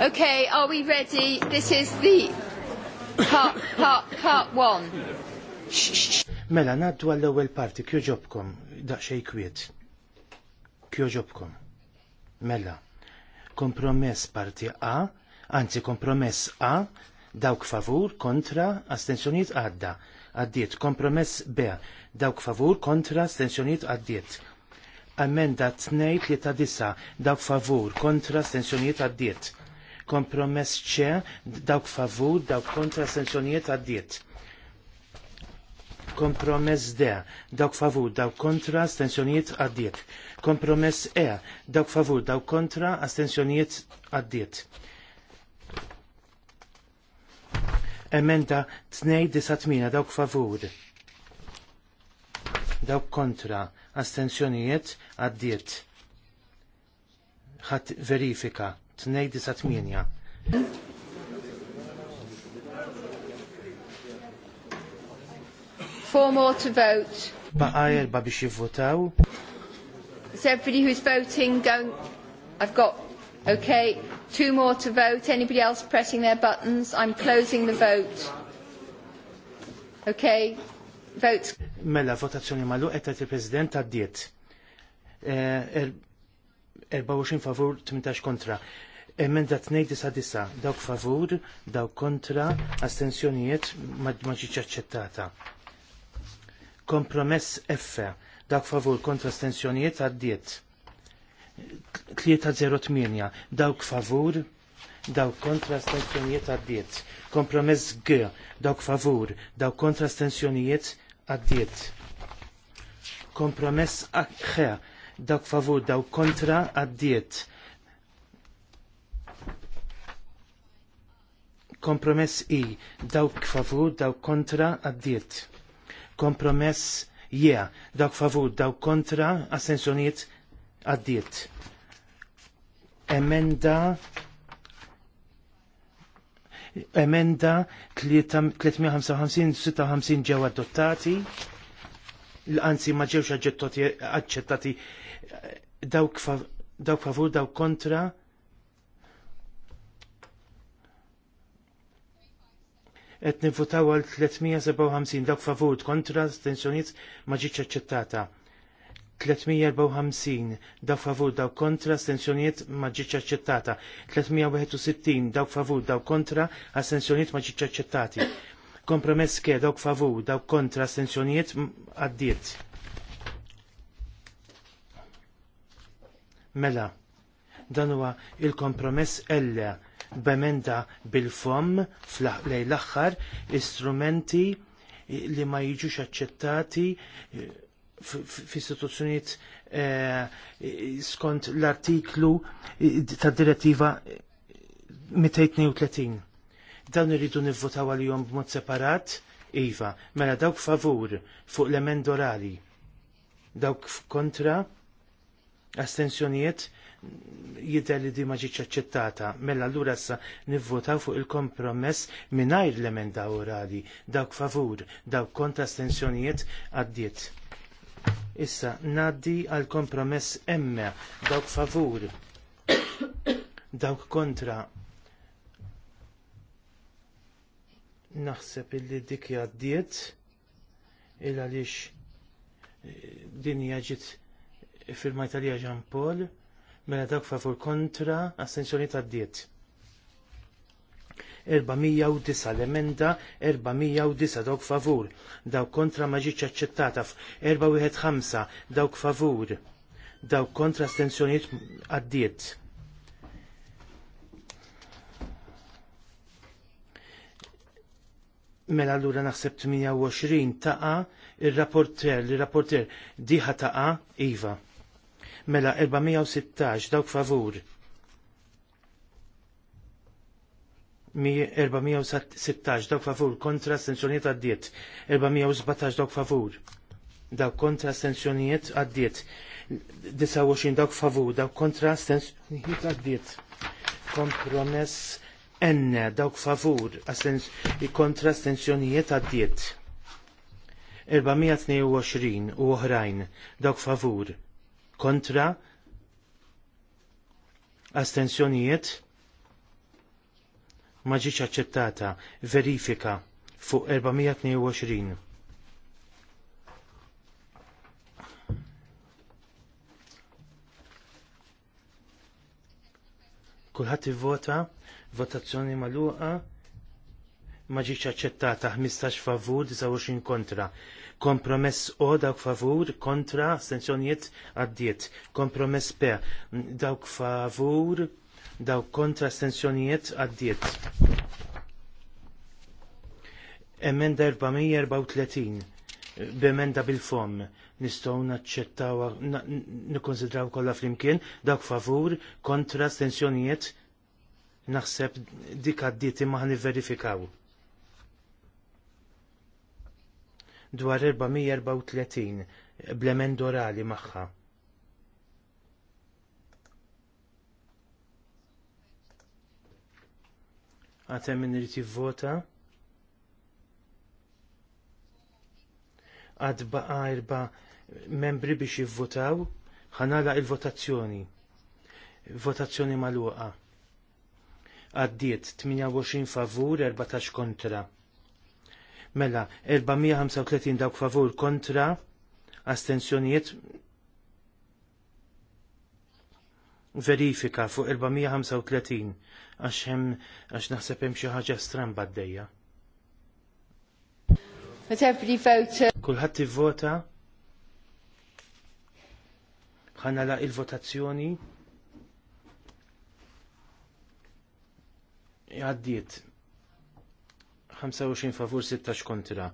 Okay, are we ready? This is the part, part, part one. Mela, naddu għall ewwel parti, kjo ġobkom, daqxej kwiet. Kjo ġobkom. Mela, kompromess parti A, anzi kompromess A, dawk favur, kontra, astensjoniet għadda. Għaddiet, kompromess B, dawk favur, kontra, astensjoniet għaddiet Amenda 239 dawk favur kontra astensjonijiet għaddiet. Kompromess ċe dawk favur dawk kontra astensjonijiet għaddiet. Kompromess D dawk favur dawk kontra astensjonijiet għaddiet. Kompromess E dawk favur dawk kontra astensjonijiet għaddiet. Emenda 298 dawk favur dawk kontra astenzjonijiet għaddiet. ħat verifika, tnej disa tminja. Four more to vote. Baqa erba biex jivvotaw. Is everybody who's voting going? I've got, okay, two more to vote. Anybody else pressing their buttons? I'm closing the vote. Okay, votes. Mela, votazzjoni malu għettat il-President għaddiet. 24 eh, er- favur, 18 kontra. Emenda disa, dawk favur, dawk kontra, astensjonijiet maġiċ aċċettata. Kompromess F, dawk favur kontra astensjonijiet għaddiet. 308, dawk favur, dawk kontra astensjonijiet għaddiet. Kompromess G, dawk favur, dawk kontra astensjonijiet għaddiet. Kompromess akħe, dawk favur, dawk kontra, għaddiet. Kompromess i, dawk favur, dawk kontra, għaddiet. Kompromess je, yeah, dawk favur, dawk kontra, assenzjoniet, għaddiet. Emenda emenda 355-56 ġew adottati, l-anzi ma ġewx aċċettati dawk favur, dawk kontra. Et nivutaw għal 357 dawk favur kontra stenzjoniet ma ġiċ aċċettata. 354 daw favur daw kontra astensjoniet ma ġiċ aċċettata. 361 daw favur daw kontra astensjoniet ma ġiċ aċċettati. Kompromess ke daw favur daw kontra astensjoniet għaddiet. Mela, dan huwa il-kompromess ella b'emenda bil-fom lejn l-aħħar istrumenti li ma jiġux aċċettati eh, f-istituzzjoniet eh, skont l-artiklu ta' direttiva 232. Dan irridu nivvotaw għal-jom b'mod separat, Iva, mela dawk favur fuq l-emend orali, dawk kontra, astensjonijiet, jidher li di ma ġietx aċċettata, mela allura sa nivvotaw fuq il-kompromess mingħajr l-emenda orali, dawk favur, dawk kontra stensjonijiet għaddiet. Issa ngħaddi għal kompromess emme dawk favur dawk kontra naħseb illi dik għaddiet il għaliex eh, din ġiet fil-Majtalija ġan Ġampol mela dawk favur kontra assenzjoni ta' diet. 409 l-emenda 409 dawk favur, dawk kontra ma ġietx aċċettata 415 dawk favur, dawk kontra stenzjoniet għaddiet. Mela allura naħseb 28 taqa il-rapporter, il-rapporter diħa taqa Iva. Mela 416 dawk favur, 416 dawk favur kontra astensjonijiet għaddiet. 417 dawk favur dawk kontra astensjonijiet għaddiet. 29 dawk favur dawk kontra astensjonijiet għaddiet. Kompromess enne dawk favur kontra astensjonijiet għaddiet. 422 u oħrajn dawk favur kontra astensjonijiet ma ġietx aċċettata verifika fuq 422. Kulħadd ivvota votazzjoni magħluqa ma ġietx aċċettata 15 favur 29 kontra. Kompromess O dawk favur kontra astenzjonijiet għaddiet. Kompromess per, dawk favur daw kontra stensjonijiet għaddiet. Emenda 434 b'emenda bil-fom nistgħu naċċettaw nikkonsidraw kollha flimkien dawk favur kontra estensjonijiet naħseb dik għaddiet imma ħan verifikaw. Dwar 434 bl emenda orali magħha. għatem minn irrit jivvota. Għad baqa erba membri biex jivvotaw, ħanala il-votazzjoni. Votazzjoni maluqa. Għaddiet 28 favur, 14 kontra. Mela, 435 dawk favur kontra, astensjonijiet verifika fuq 435 għax hemm għax naħseb hemm xi ħaġa stramba baddejja. Kulħadd ivvota ħana la il-votazzjoni għaddiet 25 favur 16 kontra.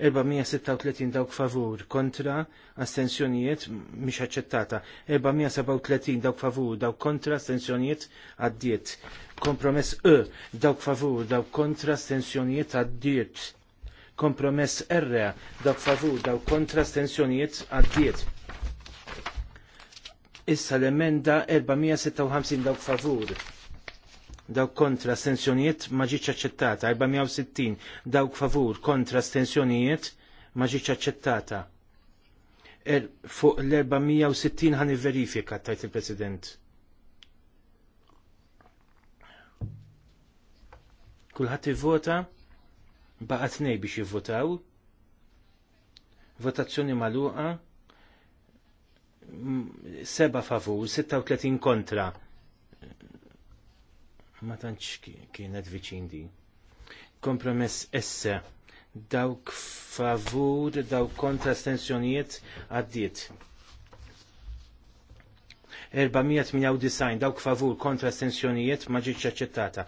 436 dawk favur kontra astensjonijiet mhix aċċettata. 437 dawk favur dawk kontra astensjonijiet għaddiet. Kompromess E dawk favur dawk kontra astensjonijiet għaddiet. Kompromess R dawk favur dawk kontra astensjonijiet għaddiet. Issa l-emenda 456 dawk favur dawk kontra astensjonijiet ma ġietx aċċettata, 460 dawk favur kontra astensjonijiet ma ġietx aċċettata. Er, fuq l-460 ħan verifika tajt il-President. Kulħadd ivvota baqat tnej biex jivvotaw. Votazzjoni magħluqa seba' favur, 36 kontra ma tantx kienet viċin di. Kompromess esse dawk favur, dawk kontra stensjonijiet għaddiet. 498 dawk favur kontra stensjonijiet ma ġietx aċċettata.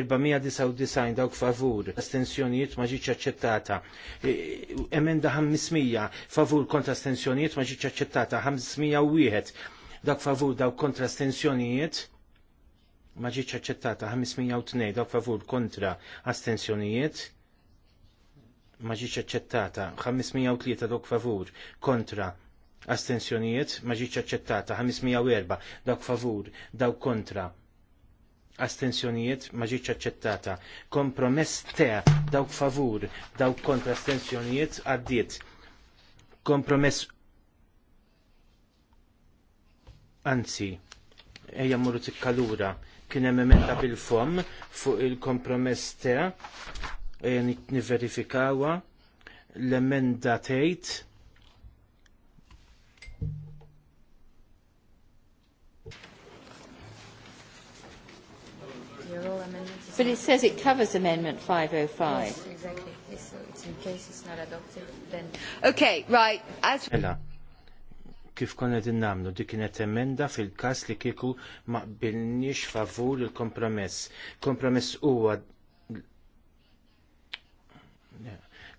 499 dawk favur, astensjonijiet ma ġietx aċċettata. E, emenda 500 favur kontra astensjonijiet ma ġietx aċċettata. 501 dak favur daw kontra stensjonijiet? ma ġietx aċċettata 502 dak favur kontra astensjonijiet ma ġietx aċċettata 503 dak favur kontra astensjonijiet ma ġietx aċċettata 504 dak favur daw kontra astensjonijiet ma ġietx aċċettata. Kompromess te dawk favur, dawk kontra astensjonijiet għaddiet. Kompromess Anzi, ejja mmorru tikkalura kien hemm emenda bil-fom fuq il-kompromess te e, niverifikawa l-emenda tgħid But it says it covers Amendment 505. Yes, exactly. Yes, so it's in case it's not adopted, then... Okay, right. As kif konna din namlu dik kienet emenda fil-kas li kieku ma qbilniex favur il-kompromess. Kompromess huwa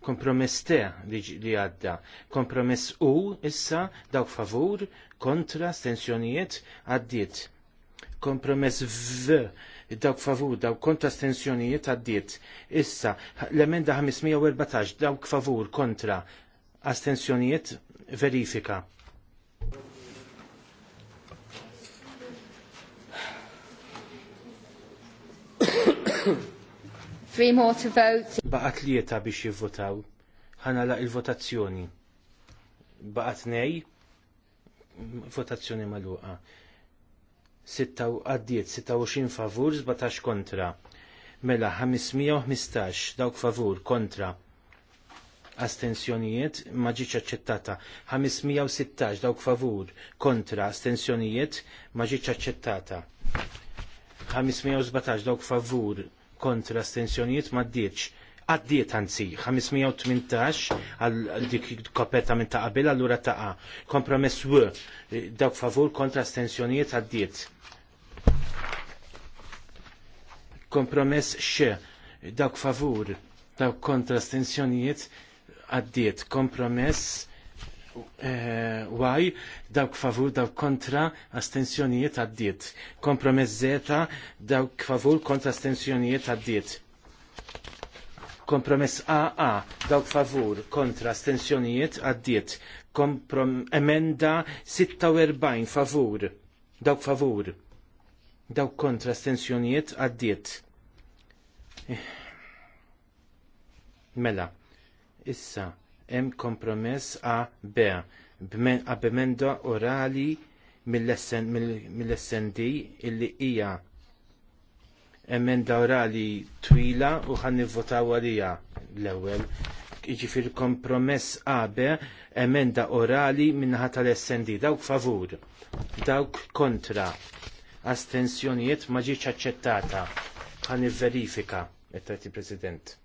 kompromess te li għadda. Kompromess u issa dawk favur kontra stensjonijiet għaddiet. Kompromess v dawk favur, dawk kontra stensjonijiet għaddiet. Issa, l-emenda 514, dawk favur kontra astensjonijiet verifika. Three more to vote. Baqat li jeta biex jivvotaw. Ħana laq il-votazzjoni. Baqat nej. Votazzjoni maluqa. Għaddiet 26 favur, 17 kontra. Mela 515 dawk favur kontra astensjonijiet ma ġiċ aċċettata. 516 dawk favur kontra astensjonijiet ma ġiċ aċċettata. 517 dawk favur kontra astensjonijiet ma ġiċ Għaddiet anzi, 518 għal dik koperta minn ta' qabel allura taqa. Kompromess w dawk favur kontra astensjonijiet għaddiet. Kompromess x dawk favur dawk kontra stensjonijiet għaddiet kompromess eh, waj, dawk favur, dawk kontra, astensjonijiet għaddiet. Kompromess zeta, dawk favur, kontra astensjonijiet għaddiet. Kompromess AA, dawk favur, kontra astensjonijiet għaddiet. Komprom emenda 46 favur, dawk favur, dawk kontra astensjonijiet għaddiet. Eh, mela, Issa, hemm kompromess A B orali mill-SND illi hija emenda orali twila u ħan nivvotaw għalija l-ewwel. Jiġifier kompromess qabel emenda orali min-naħa tal-SND dawk favur, dawk kontra, astensjonijiet ma ġietx aċċettata ħan verifika qed president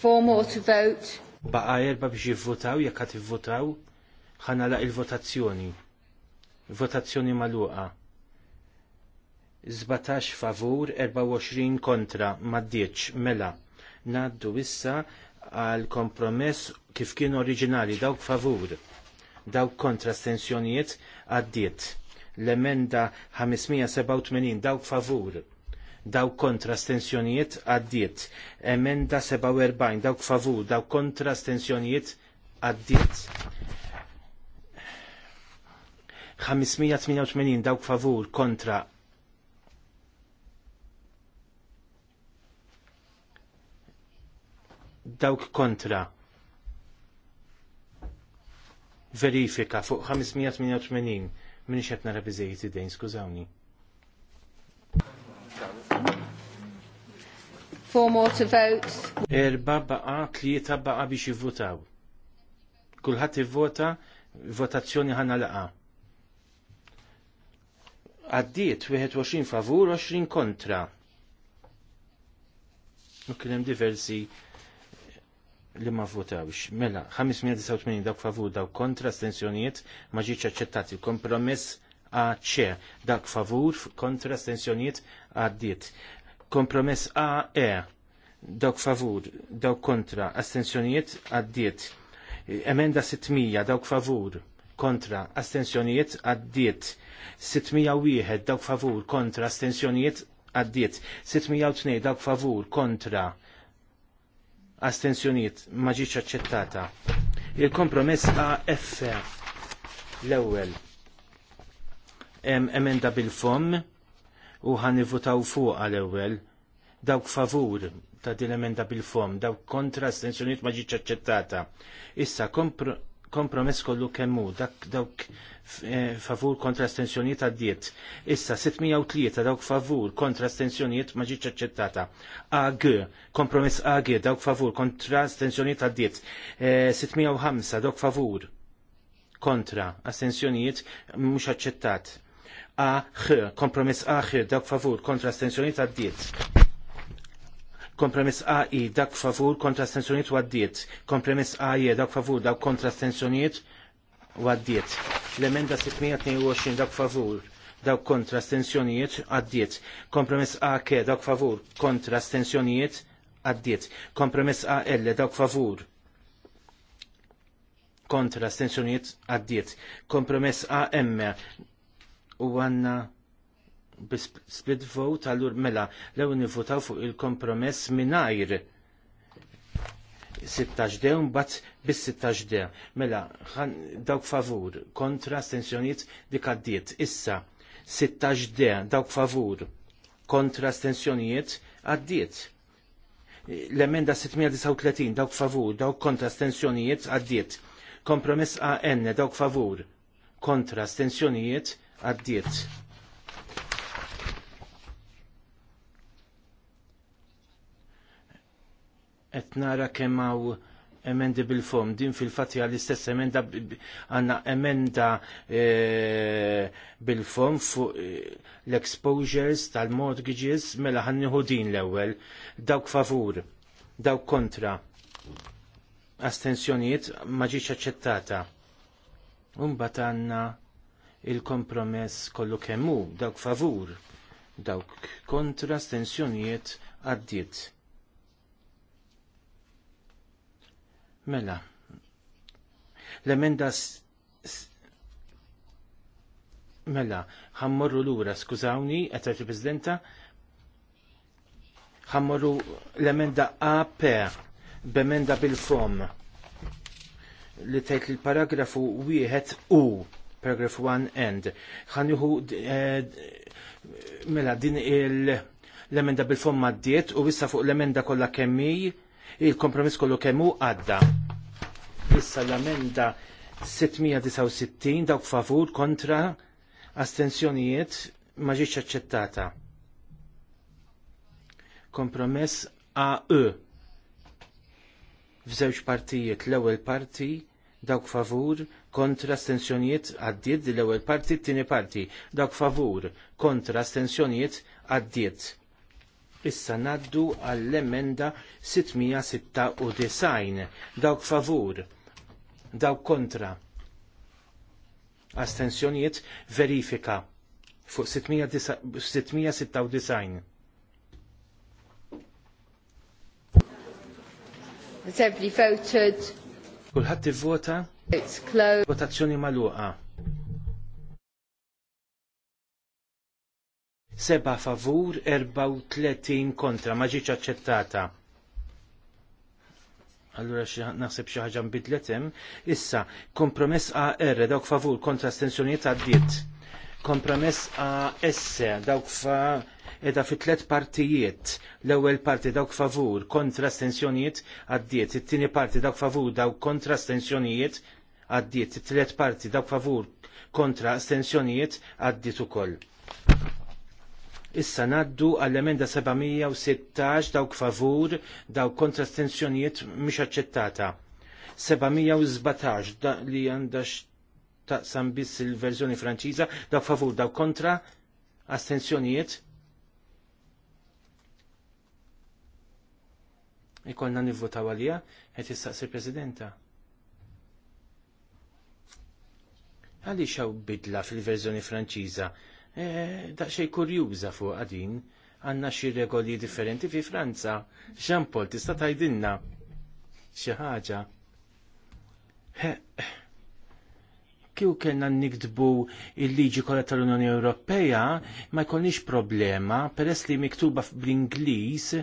four more to vote. Baqa erba biex jivvotaw, jekk qed jivvotaw, ħanala il-votazzjoni. Votazzjoni maluqa. 17 favur, 24 kontra, maddieċ, mela. Naddu issa għal kompromess kif kien oriġinali, dawk favur, dawk kontra stensjonijiet għaddiet. L-emenda 587 dawk favur, dawk kontra stensjonijiet għaddiet. Emenda 47 dawk favur dawk kontra stensjonijiet għaddiet. 588 dawk favur kontra dawk kontra verifika fuq 588 minn xetna rabizejt id-dejn, skużawni. Four more to vote. Erba baqa, tlieta baqa biex jivvotaw. Kulħadd ivvota, votazzjoni ħana laqa. Għaddiet 21 favur, 20 kontra. U kien hemm diversi li ma votawx. Mela, 589 dawk favur dawk kontra stensjonijiet ma ġietx aċċettati. Kompromess għaċċe Dak favur kontra stensjonijiet għaddiet. Kompromess A, E. Dawk favur, dawk kontra, astensjonijiet għaddiet. Emenda 600, dawk favur, kontra, astensjonijiet għaddiet. 601, dawk favur, kontra, astensjonijiet għaddiet. 602, dawk favur, kontra, astensjonijiet maġiċ aċċettata. Il-kompromess F, l-ewwel. emenda bil-fom, u ħanivutaw fuq għal-ewwel dawk favur ta' din emenda bil-fom, dawk kontra astensjoniet ma ġietx aċċettata. Issa kompr kompromess kollu kemmu, dak dawk eh, favur kontra stenzjoniet għaddiet. Issa 603 dawk favur kontra stenzjoniet ma ġietx aċċettata. AG, kompromess AG, dawk favur kontra stenzjoniet għaddiet. 605 eh, dawk favur kontra astensjoniet mhux aċċettat. AH, kompromess AH, dak favur kontra astensjoni ta' diet. Kompromess AI dak favur kontra astensjoniet għaddiet. Kompromess AE dak favur dak kontra astensjoniet għaddiet. L-emenda 622 dak favur dak kontra stensjonijiet għaddiet. Kompromess AK dak favur kontra stensjonijiet għaddiet. Kompromess AL dak favur kontra astensjoniet għaddiet. Kompromess AM u għanna split vote għallur mela lew nifutaw fuq il-kompromess minajr 16 dew un bat bis 16 dew mela ħan dawk favur kontra stensjoniet dik għaddiet issa 16 dew dawk favur kontra stensjoniet għaddiet l-emenda 639 dawk favur dawk kontra stensjoniet għaddiet kompromess AN dawk favur kontra stensjoniet għaddiet. Et nara kemm hawn emendi bil-fom, din fil-fatti għall-istess emenda għanna emenda eh, bil-fom fuq eh, l-exposures tal-mortgages mela ħanniħu din l-ewel, dawk favur, dawk kontra, astensjoniet maġiċ aċċettata. Umbat għanna il-kompromess kollu kemm hu dawk favur, dawk kontra stensjonijiet għaddiet. Mela, l-emenda mela, ħammorru lura, skużawni, għetta il-Presidenta, ħammorru l-emenda AP, b'emenda bil-fom, li tajt il-paragrafu wieħed u paragraph 1 end. Ħanjuhu eh, mela din l-emenda bil-fomma diet u issa fuq l-emenda kollha kemmi il-kompromiss kollu kemmu għadda. Issa l-emenda 669 dawk favur kontra astensjonijiet ma ġietx aċċettata. Kompromess AE f'żewġ partijiet l-ewwel parti dawk favur kontra stensjonijiet għaddiet l ewwel parti t tini parti. Dawk favur kontra stensjonijiet għaddiet. Issa naddu għall-emenda 696. Dawk favur. Dawk kontra. Astenzjonijiet verifika fuq 696. Has voted? Kulħadd ivvota? Votazzjoni magħluqa. Seba' favur, tletin kontra, ma ġietx aċċettata. Allura naħseb xi ħaġa nbidlet hemm. Issa, kompromess AR dawk favur kontra astensjonijiet għaddiet. Kompromess AS dawk fa' edha fi tlet partijiet. L-ewwel parti dawk favur kontra stensjonijiet għaddiet, it-tieni parti dawk favur dawk kontra stensjonijiet għaddiet, it-tlet parti dawk favur kontra stensjonijiet għaddiet ukoll. Issa naddu għall-emenda 716 dawk favur dawk kontra stensjonijiet mhix aċċettata. 717 da li għandax taqsam biss il-verżjoni franċiża dawk favur dawk kontra astensjonijiet ikollna nivvotaw għalija qed jistaqsi Presidenta. Għaliex xaw bidla fil-verżjoni Franċiża? E, Daqsxejn kurjuża fuq din għandna xi regoli differenti fi Franza. Jean Paul tista' tgħidilna xi ħaġa. Kieku kellna nikdbu il-liġi kollha tal-Unjoni Ewropea ma jkollniex problema peress li miktuba bl-Ingliż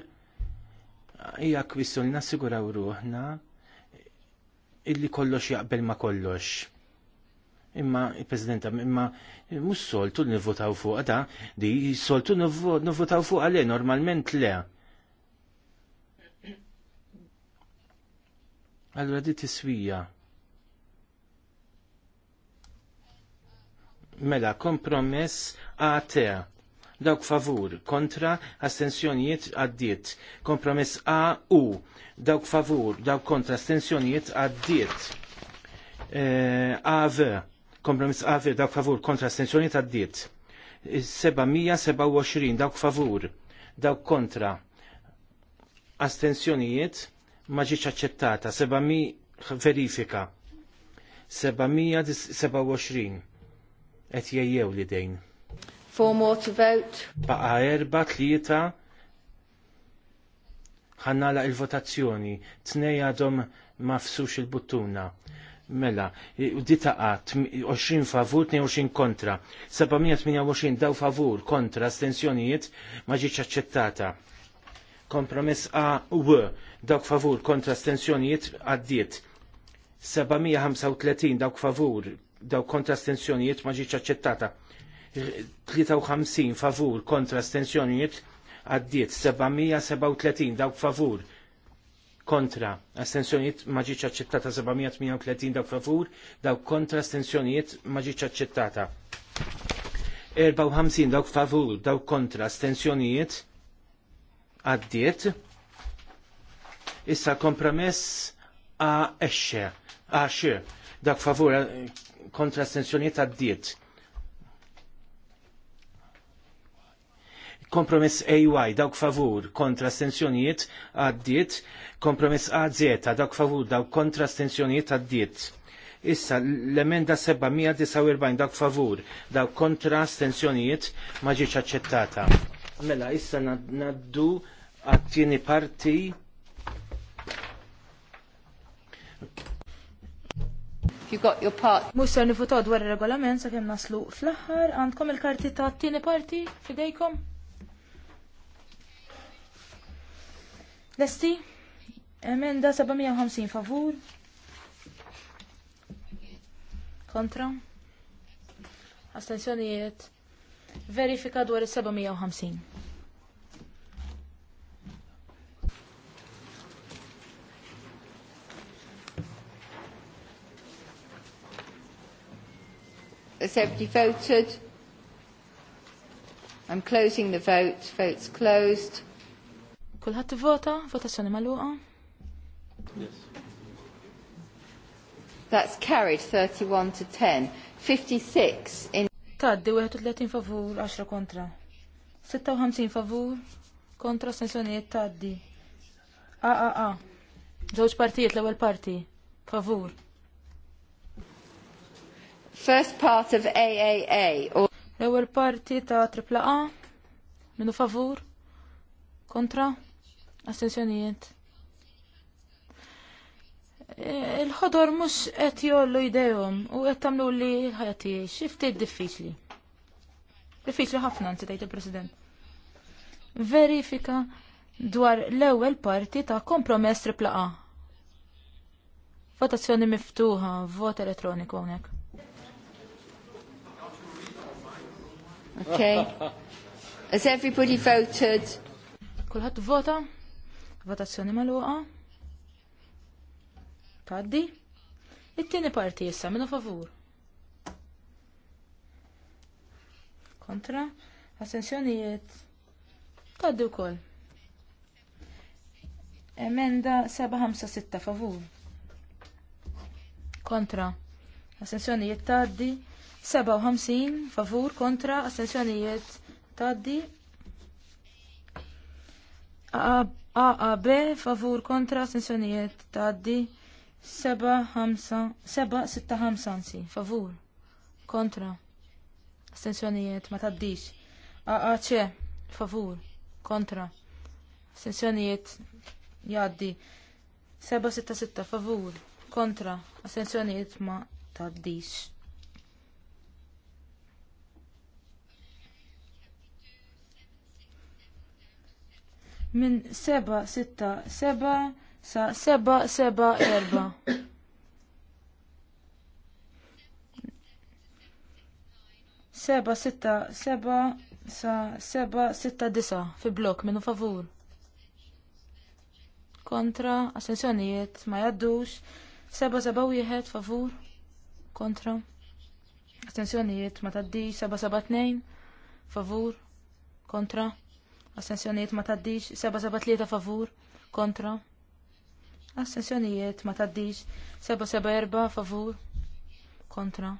hija li nassiguraw ruħna illi kollox jaqbel ma kollox. Imma, il-Presidenta, imma mux soltu nivvotaw fuq da, di soltu nivvotaw fuq għale, normalment le. Allora di tiswija. Mela, kompromess te dawk favur kontra astensjonijiet għaddiet. Kompromess A u dawk favur dawk kontra astensjonijiet għaddiet. Eh, AV kompromess AV dawk favur kontra astensjonijiet għaddiet. 727 eh, dawk favur dawk kontra astensjonijiet ma aċċettata 700 verifika 727 qed jejjew li dejn. Four more to vote. Baqa erba tlieta ħannala il-votazzjoni. Tnej għadhom mafsux il-buttuna. Mela, u di taqat 20 favur, 22 kontra. 728 daw favur, kontra, astensjonijiet ma aċċettata. Kompromess A u dawk favur kontra astensjonijiet għaddiet. 735 dawk favur, dawk kontra astensjonijiet ma aċċettata. 53 favur kontra astensjonijiet għaddiet 737 dawk favur kontra astensjonijiet ma ġietx aċċettata 738 dawk favur dawk kontra astensjonijiet ma ġietx aċċettata. 54 dawk favur dawk kontra astensjonijiet għaddiet. Issa kompromess a esce, a dak favur kontra astensjonijiet għaddiet kompromess AY dawk favur kontra stenzjonijiet għaddiet, kompromess AZ dawk favur dawk kontra stenzjonijiet għaddiet. Issa l-emenda 749 dawk favur dawk kontra stenzjonijiet ma ġietx aċċettata. Mela, issa naddu għat-tieni parti you got your part. Musa nifutaw dwar regolament sa' kem naslu fl-ħar, għandkom il-karti ta' t-tini parti fidejkom? Lesti, emenda 750 favur. Kontra. Astenzjonijiet. Verifika dwar il-750. Has voted? I'm closing the vote. Vote's closed. Kulħadd vota, votazzjoni maluqa. Yes. That's carried 31 to 10. 56 in Taddi 31 favur, 10 kontra. 56 favur, kontra sanzjonijiet taddi. A, a, a. Żewġ partijiet l-ewwel parti. Favur. First part of AAA. Or... L-ewwel parti ta' AAA. Minu favur? Kontra? Astenzjonijiet. E, il-ħodor mux qed jollu jdejhom u qed tagħmlu li ħajati xi ftit diffiċli. Diffiċli ħafna nsi tgħid il-President. Verifika dwar l-ewwel parti ta' kompromess triplaqa. Votazzjoni miftuħa, vot elettroniku hawnhekk. Okay. Has everybody voted? Kulħadd vota? Votazzjoni maluqa. Taddi. It-tieni parti issa minu favur. Kontra. Assenzjonijiet. Taddi wkoll. Emenda 756 favur. Kontra. Assenzjonijiet taddi. 57 favur kontra assenzjonijiet taddi. AAB favur kontra astensjonijiet tgħaddi 7-6-5 favur kontra astensjonijiet ma tgħaddix. AAC favur kontra astensjonijiet jaddi 7 6 favur kontra astensjonijiet ma tgħaddix. minn seba' sa seba Seba, erba. Seba sitta, seba, sa, seba, sitta, disa, fi blok, minnu favur. Kontra, ascensjonijiet, ma jaddux, seba, seba, wieħed, favur, kontra. Assenzjonijiet, ma taddi, seba, seba, tnejn, favur, kontra. Assenzjonijiet ma taddix. 773 favur kontra. Assenzjonijiet ma taddix. 774 favur kontra.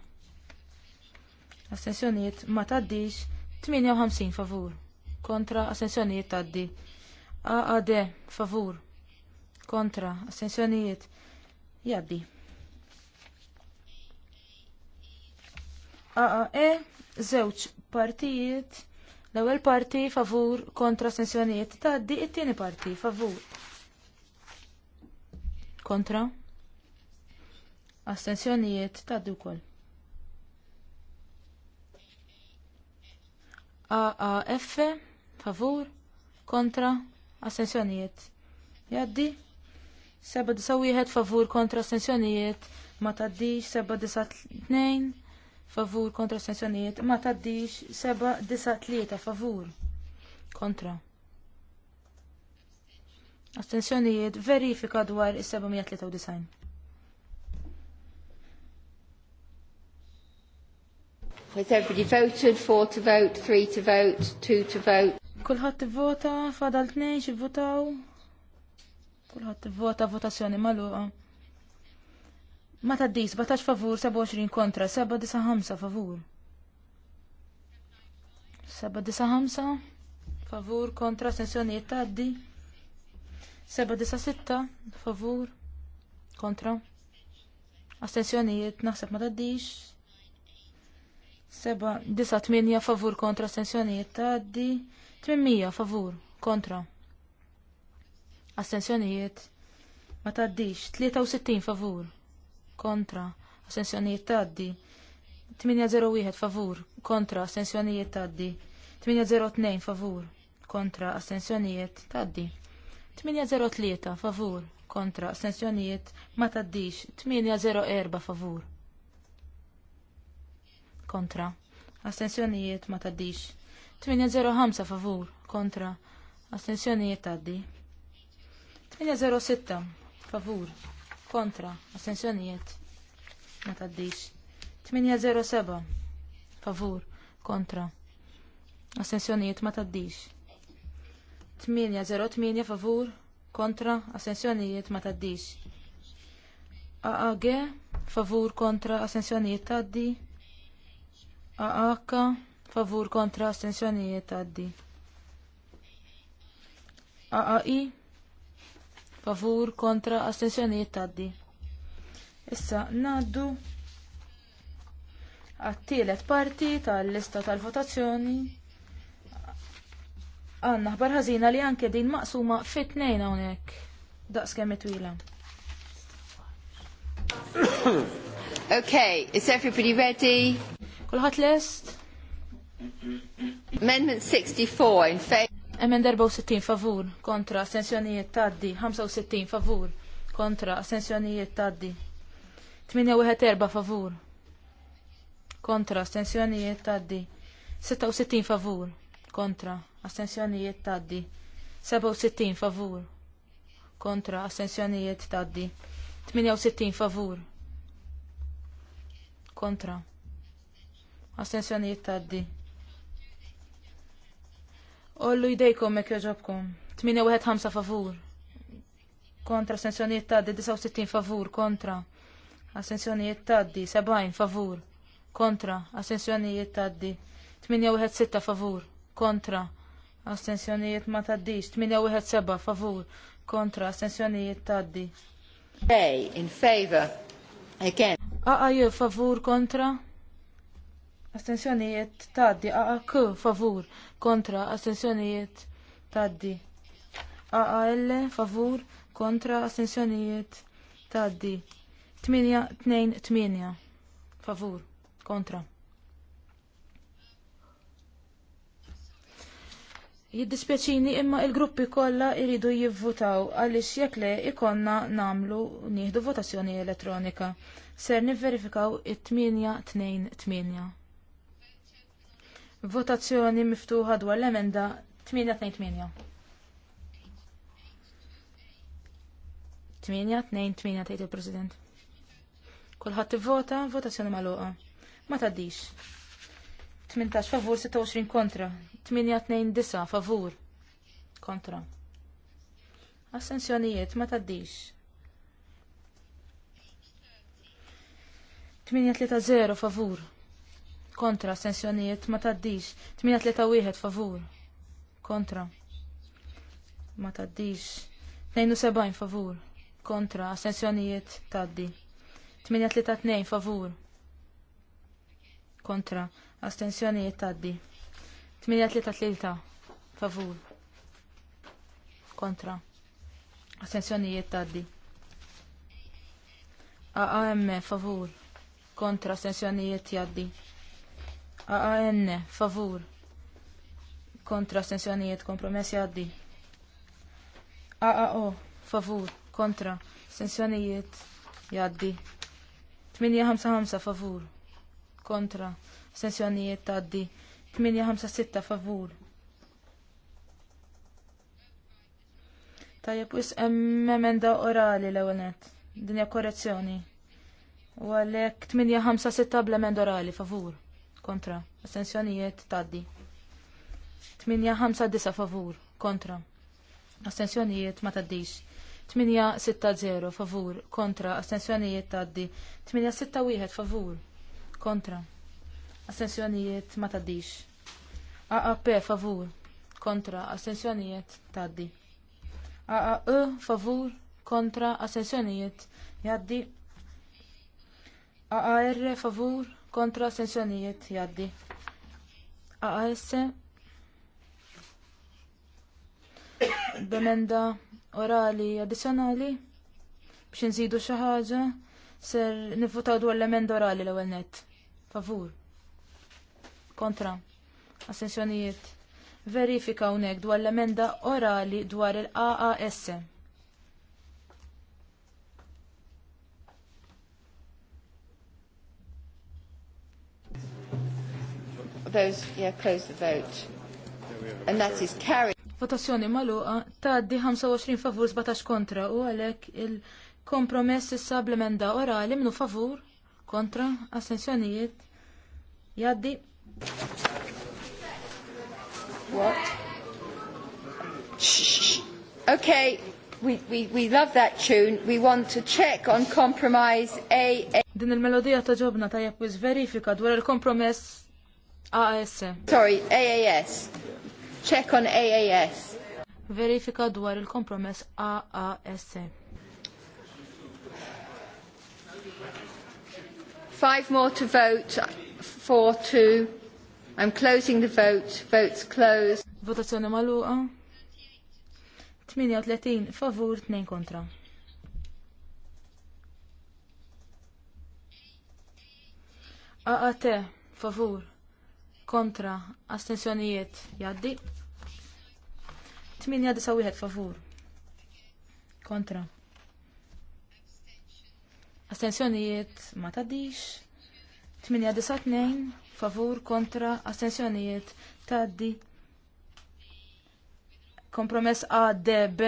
Assenzjonijiet ma taddix. 58 favur kontra. Assenzjonijiet taddi. AAD favur kontra. Assenzjonijiet jaddi. AAE zewċ partijiet L-ewwel parti favur kontra ta' tgħaddi, it-tieni parti favur kontra astensjonijiet tgħaddi wkoll. AAF favur kontra astensjonijiet. Jaddi? Seba' wieħed favur kontra astensjonijiet ma tgħaddix seba' disa' tnejn favur kontra astensjonijiet ma taddix 793 favur kontra astensjonijiet verifika dwar is-793 Has everybody voted? Four to vote, three to vote, two to vote. Kulħadd ivvota, fadal tnejn xi votaw. Kulħadd ivvota votazzjoni magħluqa. Ma taddis, 17 favur, 27 kontra, 795 favur. 795 favur kontra sensjonijiet taddi. 796 favur kontra. Astensjonijiet naħseb ma taddix. 798 favur kontra astensjonijiet taddi. 300 favur kontra. Astensjonijiet ma taddix. 63 favur kontra, assenzjonijiet taddi. 801 favur, kontra, assenzjonijiet taddi. 802 favur, kontra, assenzjonijiet taddi. 803 favur, kontra, assenzjonijiet ma taddix. 804 favur, kontra, assenzjonijiet ma taddix. 805 favur, kontra, assenzjonijiet taddi. 806 favur, kontra, astensjonijiet, ma taddix. 807, favur, kontra, astensjonijiet, ma taddix. 808, favur, kontra, astensjonijiet, ma taddix. AAG, favur, kontra, astensjonijiet, taddi. AH, favur, kontra, astensjonijiet, taddi. AAI, favur kontra astensjonijiet taddi. Issa naddu għattilet tielet parti tal-lista tal-votazzjoni għanna ħbar ħażina li anke din maqsuma fit tnejn hawnhekk. Daqs kemm twila. okay, is everybody ready? Kulħadd lest? Amendment 64 in favor. Emen 64 favur kontra astensjonijiet taddi, 65 favur kontra assenzjonijiet taddi. 814 favur kontra astensjonijiet taddi. 66 favur kontra astensjonijiet taddi. 67 favur kontra assenzjonijiet taddi. 68 favur kontra astensjonijiet taddi. Ollu jdejkom mek joġobkom. 8.5 favur. Kontra sensjonijiet taddi 69 favur. Kontra. Assenzjonijiet taddi 70 favur. Kontra. Assenzjonijiet taddi 8.6 favur. Kontra. Astensjonijiet ma taddix. 8.7 favur. Kontra. Astensjonijiet taddi. Hey, in favor. Again. Aqa favur kontra. Astensjonijiet taddi AAK favur kontra astensjonijiet taddi. AAL favur kontra astensjonijiet taddi. 8-2-8 favur kontra. Jiddispjaċini imma il-gruppi kollha jridu jivvutaw għaliex jekk le ikonna namlu nieħdu votazzjoni elettronika. Ser nivverifikaw it-8-2-8. Votazzjoni miftuħa dwar l-emenda 828. 8-2-8 tgħid il-President. Kulħadd ivvota, votazzjoni magħluqa. Ma tgħaddix. Tmintax favur, 26 kontra. 8-2-9 favur. Kontra. Assenzjonijiet ma taddix. 8-3-0 favur kontra assenzjonijiet ma taddix wieħed favur kontra ma taddix 72 favur kontra assenzjonijiet taddi tnejn, favur kontra astensjonijiet taddi 833 favur kontra astensjonijiet taddi AAM e, favur kontra astensjonijiet jaddi AAN favur kontra sensjonijiet kompromess jaddi. AAO favur kontra sensjonijiet jaddi. 855 favur kontra sensjonijiet taddi. 856 favur Tajja, wis hemm emenda orali l-ewwel nett. Dinja korrezzjoni. U għalhekk 856 bl orali, favur kontra, astensjonijiet taddi. 8-5-9 favur, kontra, astensjonijiet ma taddix. 8-6-0 favur, kontra, astensjonijiet taddi. 8-6-1 favur, kontra, astensjonijiet ma taddix. AAP favur, kontra, astensjonijiet taddi. AAE favur, kontra, astensjonijiet jaddi. AAR favur, kontra sensjonijiet jaddi. AAS b'emenda orali addizzjonali biex nżidu xi ħaġa ser nivvutaw dwar l-emenda orali l-ewwel nett. Favur. Kontra. Assenzjonijiet. Verifika hawnhekk dwar l-emenda orali dwar il-AAS. Those, yeah, close the vote. And that is carried. Votazzjoni maluqa taddi 25 favur 17 kontra u għalhekk il-kompromess issa bl-emenda orali minnu favur kontra assenzjonijiet? jaddi. What? Shh. Okay, we, we, we love that tune. We want to check on compromise A. Din il-melodija ta' ġobna tajab verifika dwar il-kompromess AAS. Sorry, AAS. Check on AAS. Verifika dwar il-kompromess AAS. Five more to vote, four two. I'm closing the vote. Votes closed. Votazzjoni maluqa. 38 favur, 2 kontra. AAT, favur kontra astensjonijiet jaddi. 8-9 favur kontra. Astensjonijiet ma taddix. 8-9 favur kontra astensjonijiet taddi. Kompromess ADB.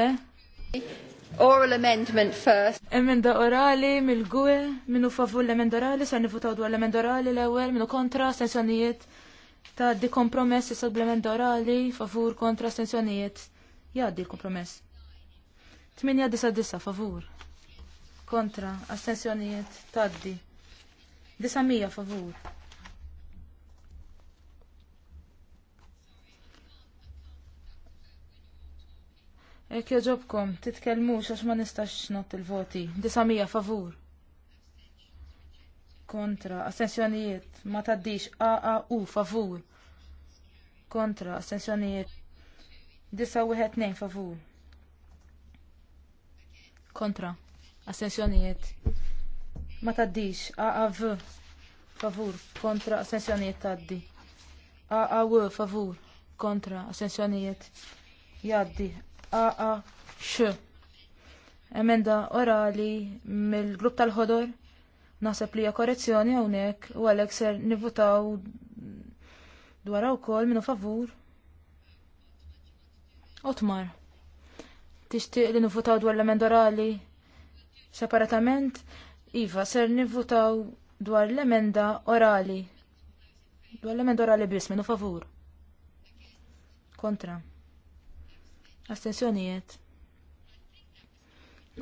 Oral amendment first. Emenda orali mill-gwe, minnu favur l-emenda orali, ser nifutaw dwar l-emenda orali l-ewel, minu kontra, sensjonijiet ta' di kompromessi sublement orali favur kontra astensjonijiet. Jaddi l-kompromess. 899 favur. Kontra astensjonijiet taddi. 900 favur. Ek joġobkom, titkelmu għax ma nistax not il-voti. Dis-mija favur kontra astensjonijiet ma taddix a u favur kontra astensjonijiet nejn favur kontra astensjonijiet ma taddix AAV favur kontra astensjonijiet taddi AAW favur kontra astensjonijiet jaddi AA x emenda orali mill-grupp tal-ħodor Naħseb li hija korrezzjoni hawnhekk u għalhekk ser nivvutaw dwar ukoll minnu favur. Otmar. Tixtieq li nivvutaw dwar l-emend orali separatament? Iva, ser nivvutaw dwar l-emenda orali. Dwar l-emenda orali biss minnu favur. Kontra. Astensjonijiet.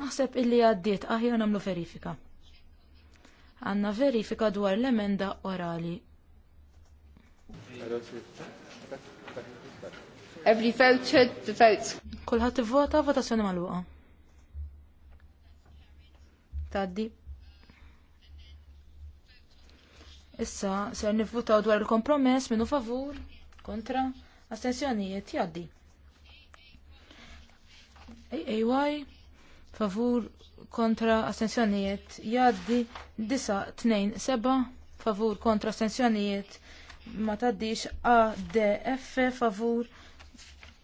Naħseb illi għaddiet aħjar namlu verifika għanna verifika dwar l-emenda orali. Every vote the vote. Kulħadd ivvota votazzjoni magħluqa. Taddi. Issa ser nivvutaw dwar il-kompromess minnu favur, kontra, astensjonijiet jaddi. waj, favur kontra astensjonijiet jaddi 9 7 favur kontra astensjonijiet ma taddix ADF favur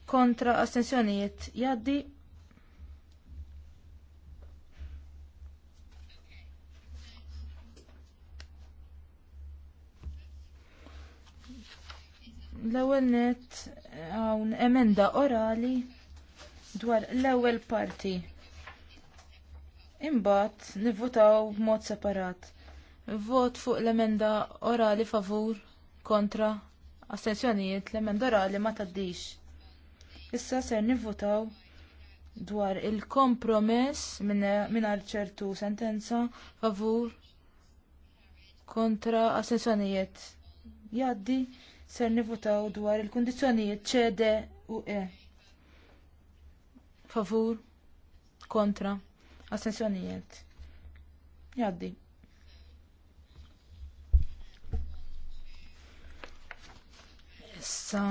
kontra astensjonijiet jaddi l-ewwel net hawn emenda orali dwar l-ewwel parti Imbagħad nivvotaw b'mod separat. Vot fuq l-emenda orali favur kontra astensjonijiet l-emenda orali ma taddix. Issa ser nivvotaw dwar il-kompromess mingħajr ċertu sentenza favur kontra astensjonijiet. Jaddi ser nivvotaw dwar il kundizzjonijiet ċede u E. Favur kontra Astensjonijiet. Jaddi. Issa.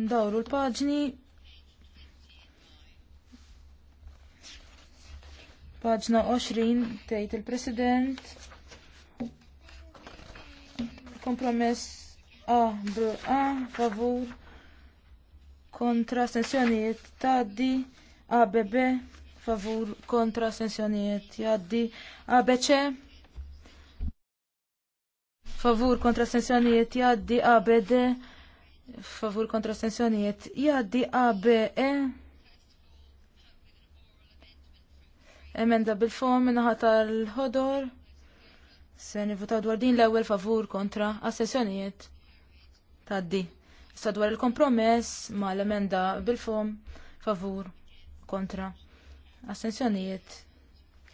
Ndawru l-paġni. Paġna 20 tgħid il-President. Kompromess A, B, A, favur kontra astensjonijiet tgħaddi. ABB favur kontra sensjonijiet jaddi ABC favur kontra sensjonijiet jaddi ABD favur kontra sensjonijiet jaddi ABE emenda bil-fom minnaħa tal-ħodor se nivutaw dwar din l-ewwel favur kontra assessjonijiet tad-di. Sa dwar il-kompromess ma l-emenda bil-fom favur kontra assenzjonijiet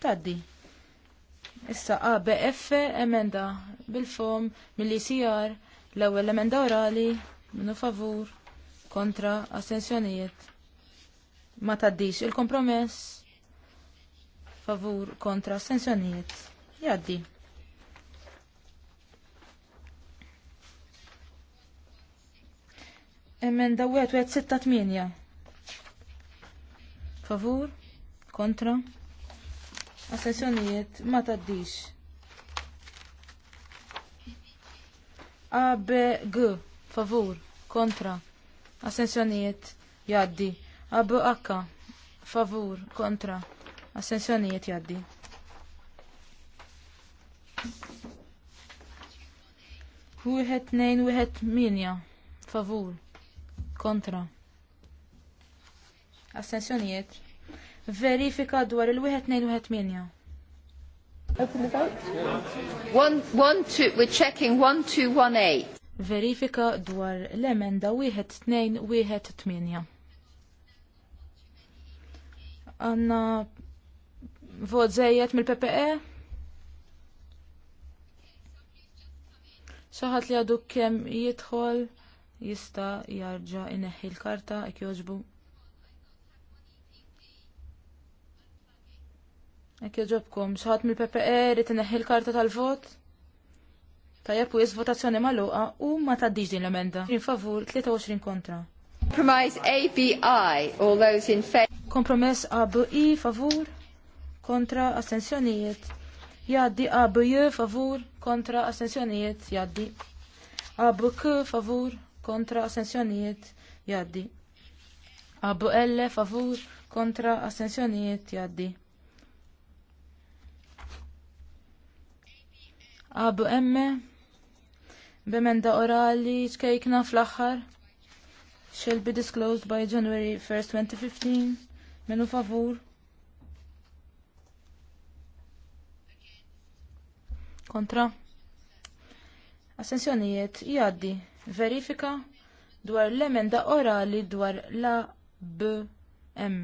taddi. Issa ABF emenda bil-fom mill-ICR l-ewwel emenda orali minnu favur kontra assenzjonijiet. Ma taddix il-kompromess favur kontra assenzjonijiet Jaddi. Emenda favur, kontra, assenzjonijiet ma taddix. A, B, G, favur, kontra, assenzjonijiet jaddi. A, B, H, favur, kontra, assenzjonijiet jaddi. Wieħed nejn, wieħed minja, favur, kontra. Astensjonijiet. Verifika dwar il-1218. Open the vote. One, one, two, we're checking Verifika dwar l-emenda 1218. Għanna vod zejjed mill-PPE? Saħat li għadu kem jidħol jista jarġa inneħi l-karta ek joġbu. Ekki ġobkom, xaħat mill-PPE li t-neħi l-karta tal-vot? Tajab u votazzjoni maluqa u ma taddiġ din l-emenda. In favur, 23 kontra. Compromise ABI, all those in favor. Kompromess ABI, favur, kontra, astensjonijiet. Jaddi ABI, favur, kontra, astensjonijiet, jaddi. ABK, favur, kontra, astensjonijiet, jaddi. ABL, favur, kontra, astensjonijiet, jaddi. Abu emme b'emenda orali xkejkna fl-aħħar shall be disclosed by January 1st, 2015. menu favur. Kontra. Assenzjonijiet jgħaddi verifika dwar l-emenda orali dwar la M.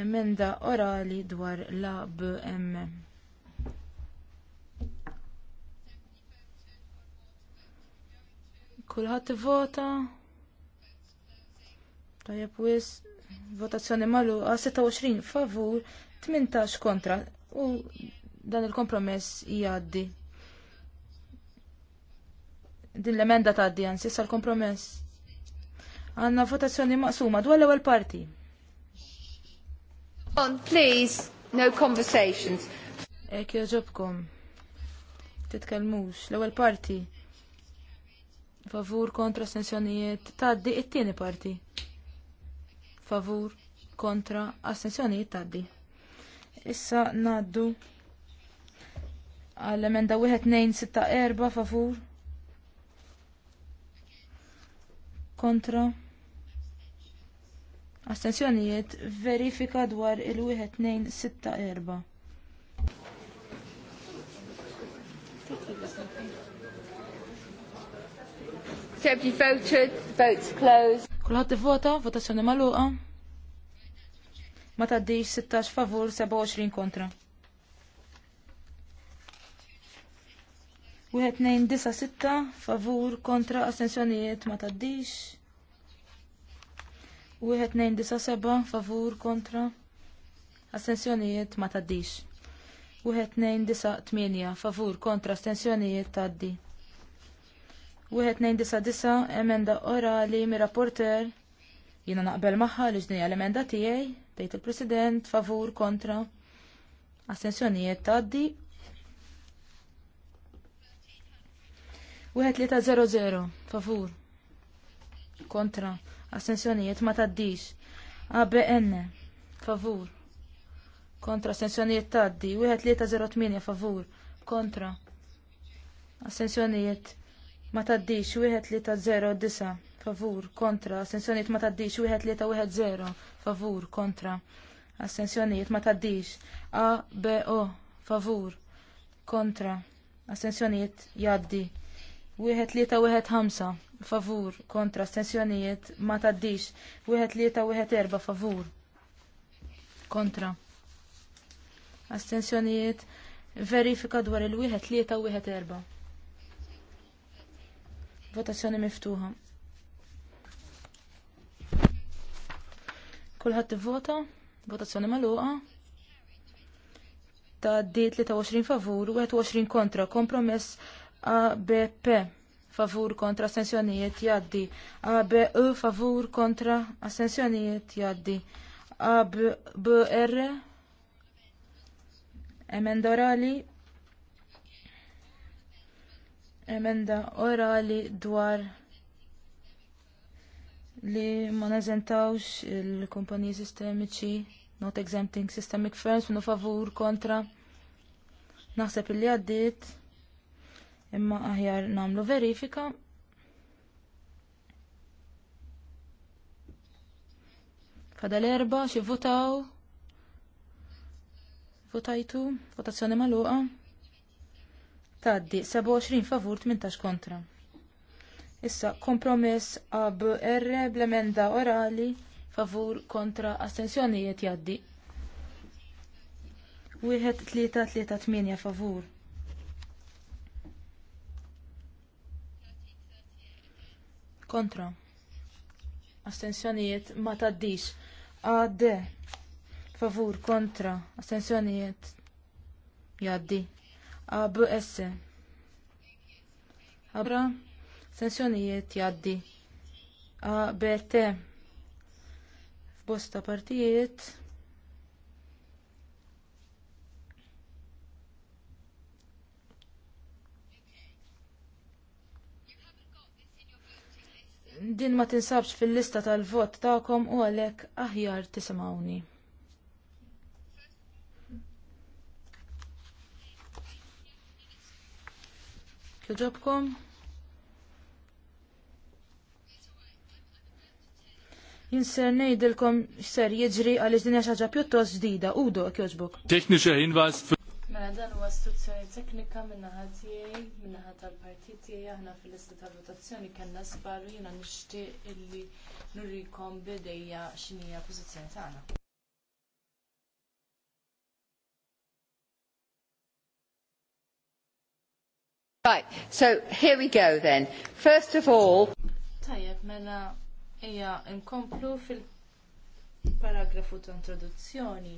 Emenda orali dwar la BM. Kulħadd ivota. Tajjeb wis votazzjoni magħluqa 26 favur, 18 kontra u dan il-kompromess jgħaddi. Din l-emenda tgħaddi anzi issa l-kompromess. Għandna votazzjoni maqsuma dwar l-ewwel parti. On, please, no conversations. Ek joġobkom. Titkellmux, l-ewwel parti Favur kontra astensjonijiet taddi it-tieni parti. Favur kontra astensjonijiet taddi. Issa naddu għall emenda 1264 favur kontra astensjonijiet verifika dwar il-1264. Everybody voted, votes closed. Kulħadd ivvota, votazzjoni magħluqa. Ma tgħaddix 16 favur, 27 kontra. Wieħed nejn disa sitta favur kontra astensjonijiet ma taddix. Wieħed nejn disa seba favur kontra astensjonijiet ma taddix. Wieħed nejn disa tminja favur kontra astensjonijiet taddi. 1999 emenda orali mir rapporter jiena naqbel magħha li ġdinja l-emenda tiegħi tgħid il-President favur kontra astensjonijiet tgħaddi. Wieħed li favur kontra astensjonijiet ma tgħaddix. ABN favur kontra astensjonijiet tgħaddi. 1308 favur kontra astensjonijiet ma taddix wieħed li ta' 0 disa favur kontra assenzjonijiet ma taddix wieħed li ta' wieħed 0 favur kontra assenzjonijiet ma taddix A B O favur kontra assenzjonijiet jaddi wieħed li ta' wieħed 5 favur kontra astensjonijiet ma taddix wieħed li ta' wieħed 4 favur kontra astensjonijiet verifika dwar il-wieħed li ta' wieħed 4 Votazzjoni miftuħa. Kulħadd vota, votazzjoni magħluqa. Ta' di 23 favur u 21 kontra, kompromess ABP favur kontra assenzjonijiet jaddi. ABE favur kontra astensjonijiet jaddi. ABR emendorali emenda orali dwar li ma neżentawx il-kumpaniji sistemiċi not exempting systemic firms minu favur kontra naħseb illi għaddiet imma aħjar namlu verifika Fada l-erba votaw? votajtu votazzjoni maluqa taddi 27 favur 18 kontra. Issa kompromess ab R bl-emenda orali favur kontra astensjonijiet jaddi. Wieħed tlieta tlieta favur. Kontra. Astensjonijiet ma taddix. AD. Favur kontra. Astensjonijiet jaddi. ABS. Abra sensjonijiet jaddi. ABT. F'bosta partijiet. Din ma tinsabx fil-lista tal-vot ta'kom u għalek aħjar tisimawni. Kjoġobkom? Jinser nejdilkom xser jiġri għalix din ħaġa pjuttost ġdida. Udo, kjoġbuk. Tekniċa Hinweis. Mela dan huwa struzzjoni teknika minnaħa tiegħi, minnaħa tal-partit tiegħi aħna fil-lista tal-votazzjoni kellna sparu jiena nixtieq illi nurikom bidejja x'inhija pożizzjoni tagħna. Right, so here we go then. First of all... Tajjeb, mela, ija, nkomplu fil-paragrafu ta' introduzzjoni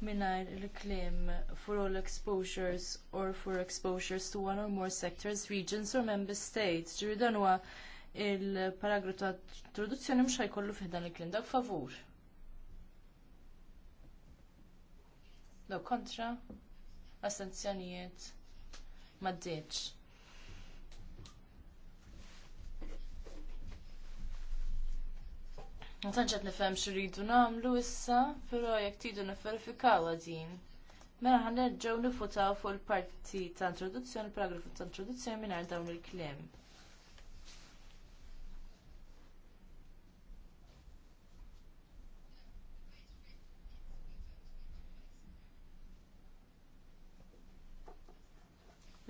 minar il for all exposures or for exposures to one or more sectors, regions or member states. Ġiri dan huwa il-paragrafu ta' introduzzjoni mhux ħajkollu fih dan il-klim. Dak favur. No, kontra, astenzjonijiet Ma maddiċ. Ntanċet nifem xiridu namlu issa, pero jek tidu niferifikaw għadin. Mela ħanerġaw nifutaw fuq il-parti ta' introduzzjoni, paragrafu ta' introduzzjoni minn dawn il-klim.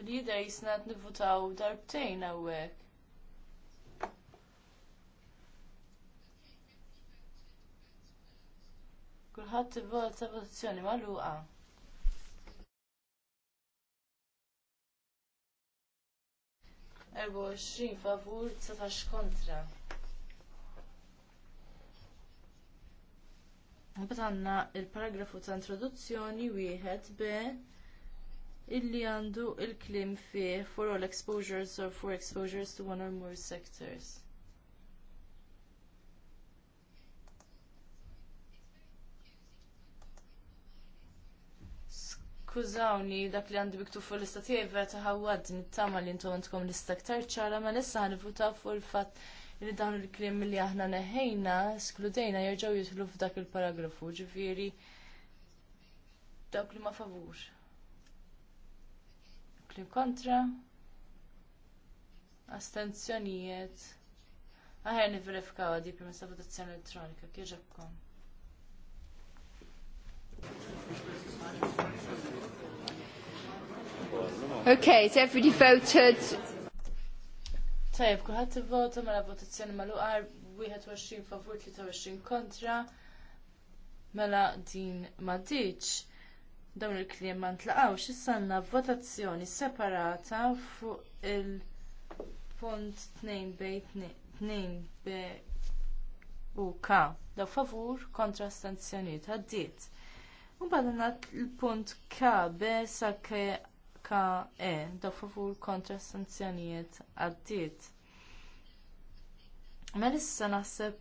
Fil-jider jisna nivvutaw darbtejn għawek. Kulħadd ivvota votazzjoni magħluqa. Erbo xrin favur, satax kontra. għanna il-paragrafu ta' introduzzjoni wieħed illi għandu l klim fih for all exposures or for exposures to one or more sectors. Skużawni, dak li għandu biktuf fuq l-lista tiegħi vera ħawad nittama li intom għandkom lista aktar ċara ma issa ħanivvuta fuq il-fatt li dawn il-klim li aħna neħejna, skludejna jerġgħu jidħlu f'dak il-paragrafu, ġifieri dawk li ma favur dawk kontra. Astenzjonijiet. Aħjar niverifikaw għadi permessa votazzjoni elettronika, kieġabkom. Okay, so everybody voted. Tajab, kullħat t-vota mela votazzjoni wieħed 21 favur 23 kontra. Mela din ma diċ dawn il-kliem ma ntlaqawx, issa votazzjoni separata fuq il-punt 2 bej 2 u k. da favur kontra stanzjoniet għaddiet. U badna il-punt k b sa k k e. favur kontra stanzjoniet għaddiet. Mel issa naħseb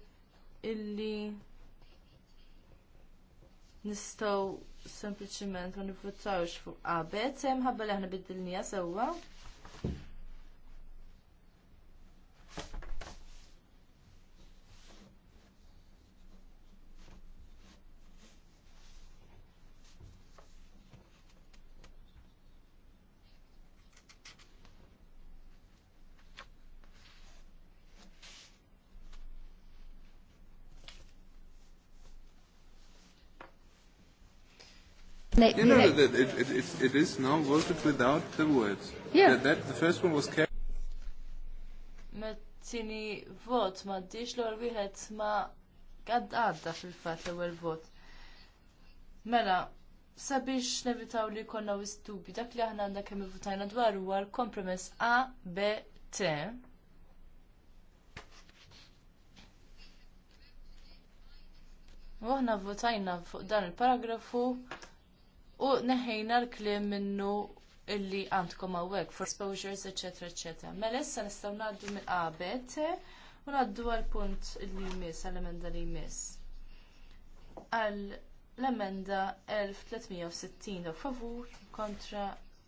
illi nistgħu sempliciment ma nivvutawx fuq qabet, hemm ħabba li aħna bidilnija sewwa. No, no, no it, it, it, it is now voted without the words. Yeah. That, that, the first one was carried. Mettini vot ma dix l wieħed ma għadda fil-fat l-ewwel vot. Mela, sabiex nevitaw li konna wistubi, dak li aħna għandna kemm votajna dwar huwa l-kompromess A, B, T. U aħna votajna fuq dan il-paragrafu u neħejna l-klim minnu illi għandkom għawek, for exposures, etc. etc. Mela issa nistgħu ngħaddu minn qabet u ngħaddu għal punt li jmiss, għall emenda li jmiss. Għal l-emenda 1360 u favur kontra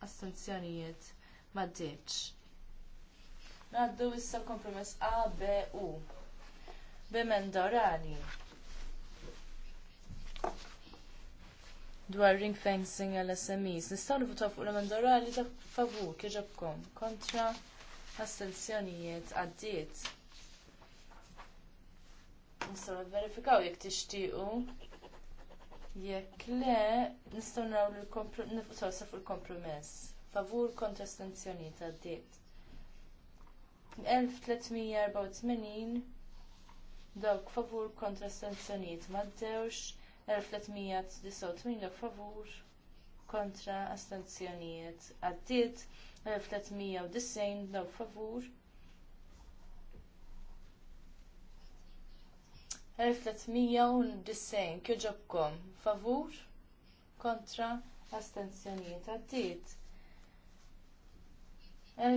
astanzjonijiet maddeċ. Naddu issa kompromess A, B, U. emenda orali dwar ring fencing għal SMEs. Nistgħu nivutaw fuq l-emenda orali ta' favur kieġobkom kontra astenzjonijiet għaddiet. Nistgħu verifikaw jekk tixtiequ. Jekk le, nistgħu naraw nifutaw sa fuq il-kompromess. Favur kontra astenzjonijiet għaddiet. 1384 dawk favur kontra astenzjonijiet maddewx. 1389 favur kontra astenzjonijiet għaddiet 1390 daw favur 1390 kjoġobkom favur kontra astenzjonijiet għaddiet l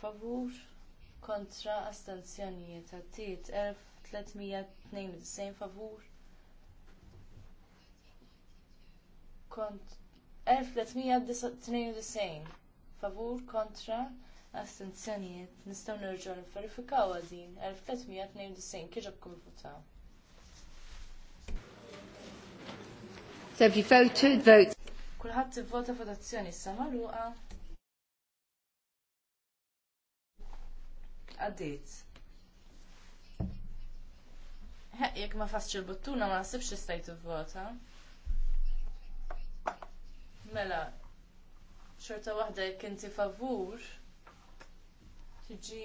favur kontra astenzjonijiet għaddiet 392 favur kont 1392 favur kontra astenzjonijiet nistgħu nerġgħu nifverifikaw għadin 1392 kieġab kum votaw. So if you voted, vote. Kulħadd ivvota votazzjoni issa magħluqa. Għaddiet. Jek ma fasċ l-buttuna ma nasibx istajtu stajtu vota. Mela, xorta waħda jekk inti favur, tiġi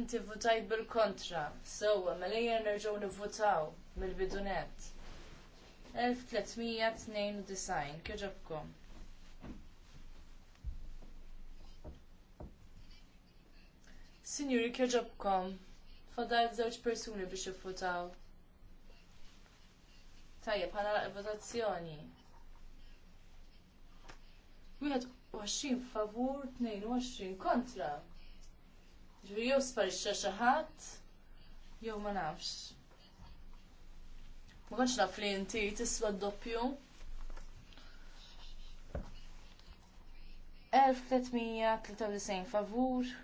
inti votaj bil-kontra, sewa, mela jgħan nerġaw nivvotaw mill-bidunet. 1392, kieġabkom. Sinjuri kjoġobkom, fadal żewġ persuni biex jiffutaw. Tajja, bħala votazzjoni. Wieħed 20 favur, 22 kontra. Ġviri jew sparixxa xi ħadd, jew ma nafx. Ma kontx naf li inti tiswa d-doppju. 1393 favur,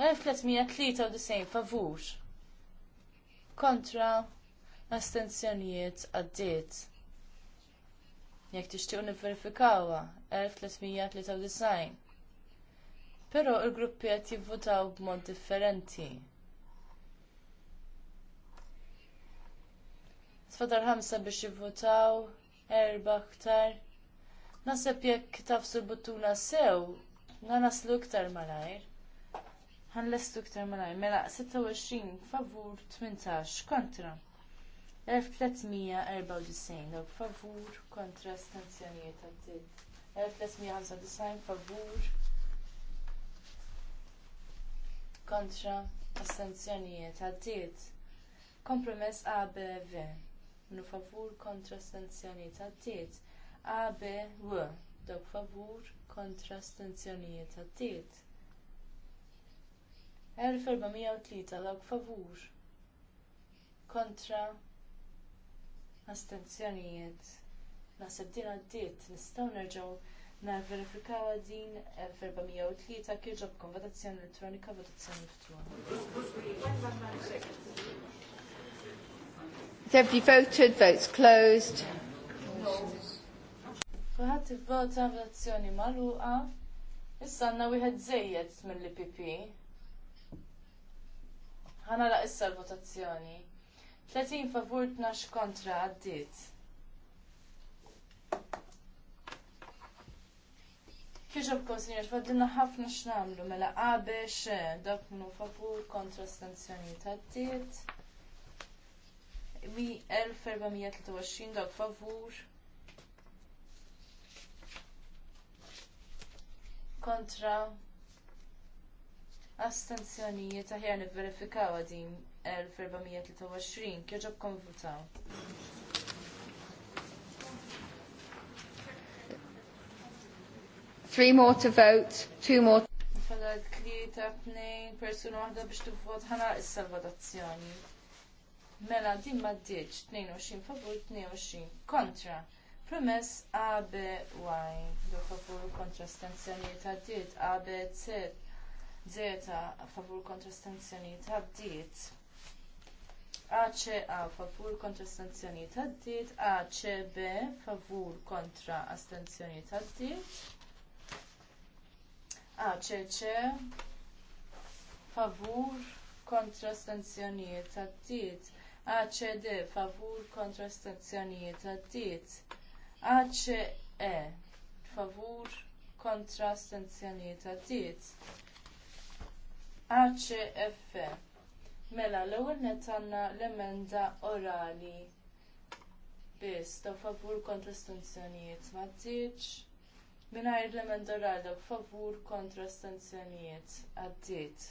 1393 favur kontra astenzjonijiet għaddiet. Jekk tixtiequ nivverifikawha 1393. Però l gruppi qed jivvotaw b'mod differenti. Sfadar ħamsa biex jivvotaw, erba ktar. Nasab jekk tafsu l-buttuna sew, naslu ktar malajr ħanlestu ktar malaj, mela 26 favur 18 kontra. 1394 dawk favur kontra stanzjonijiet għaddit. 1395 favur kontra astenzjonijiet għaddit. Kompromess ABV. Nu favur kontra astenzjonijiet għaddit. ABW. Dawk favur kontra astenzjonijiet għaddit. 1403 dawk favur kontra astenzjonijiet. Naħseb din għaddiet nistgħu nerġgħu navverifikaw din 1403 kif ġobkom votazzjoni elettronika votazzjoni ftuħa. Kulħadd ivvota votazzjoni magħluqa. Issa għandna wieħed żejjed mill-PP. Ħana la issa l-votazzjoni. 30 favur 12 kontra għaddit. Kieġob konsinjor, fadlina ħafna x'namlu mela qabex eh, dak minu favur kontra stanzjoni ta' għaddiet. 1423 dak favur kontra Astenzjonijiet aħjar nivverifikaw għadin 1423 kieġob konvutaw. Three more to vote, two more. Fala tlieta tnejn persuna waħda biex tivvot ħana is-salvatazzjoni. Mela din ma ddiċ 22 favur 22 kontra. Promess AB Y. Do favur kontra stenzjonijiet għaddiet AB Z Zeta favur kontra stanzjoniet għaddiet. ACA favur kontra stanzjoniet għaddiet. ACB favur kontra astenzjoniet għaddiet. ACC favur kontra stanzjoniet għaddiet. ACD favur kontra stanzjoniet għaddiet. ACE favur kontra stanzjoniet għaddiet. ACF. Mela, l ewwel nett għandna l-emenda orali. Biss, ta' favur kontra stanzjonijiet. Ma' tiċ. Minajr l-emenda orali, favur kontra stanzjonijiet. Għaddit.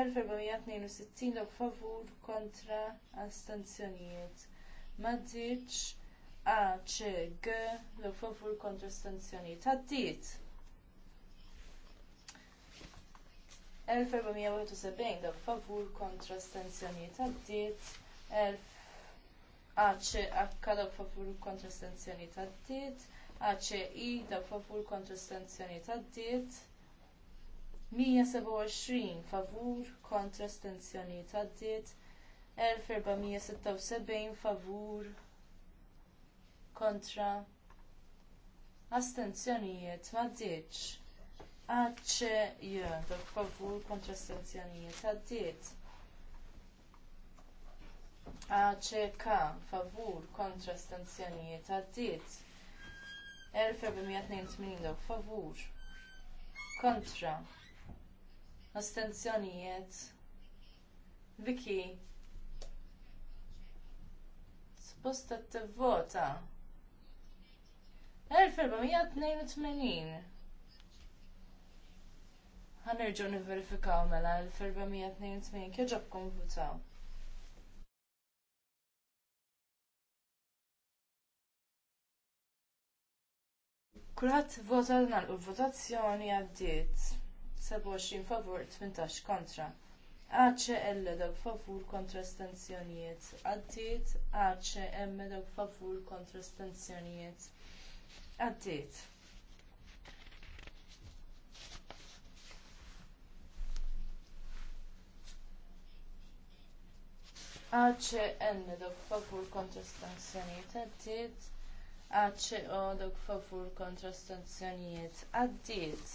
1462 l favur kontra astanzjonijiet. Maddiċ A, C, G favur kontra astanzjonijiet. Għaddit. 1471 dak favur kontra stenzjonijiet għaddiet, 1000 għace akka dak favur kontra stenzjonijiet għaddiet, għace i dak favur kontra stenzjonijiet diet 127 favur kontra stenzjonijiet għaddiet, 1476 favur kontra astenzjonijiet ma' Għadċe jgħan, favur kontra sanzjonijiet, għaddiet. Għadċe ka, favur kontra sanzjonijiet, għaddiet. 1482 dok favur kontra astenzjonijiet Viki Sposta t-vota 1482 ħanerġu nivverifikaw mela l-482 kieġobkom votaw. Kulħadd vota l votazzjoni għaddiet 27 favur, 18 kontra. Aċe L dawk favur kontra stenzjonijiet. Għaddiet Aċe M dawk favur kontra stenzjonijiet. Għaddiet. Għadċe enne dawk favur kontra stanzjonijiet għaddiet. Għadċe o dawk favur kontra stanzjonijiet għaddiet.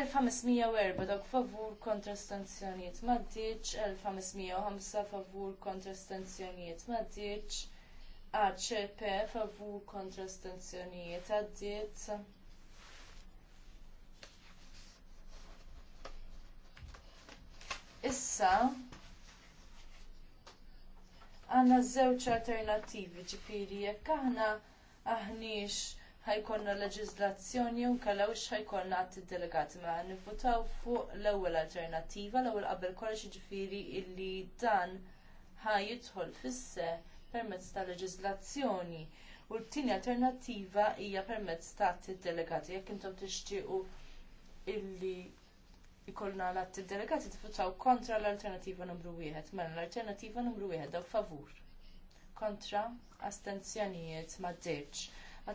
1504 dok favur kontra stanzjonijiet maddiċ, 1505 favur kontra stanzjonijiet maddiċ, ACP favur kontra stanzjonijiet għaddiet. Issa, għanna żewġ alternattivi ġifieri jekk aħna aħniex ħajkonna leġiżlazzjoni u kalawx ħajkonna għatti delegati ma mela nifutaw fuq l-ewwel alternattiva l-ewwel qabel kollox ġifiri illi dan ħajidħol fisse permezz ta' leġiżlazzjoni u t-tieni alternattiva hija permezz ta' għatti delegati jekk intom tixtiequ illi ikollna l id delegati tifutaw kontra l-alternativa numru wieħed. Mela l-alternativa numru wieħed daw favur. Kontra astenzjonijiet ma ddeċ.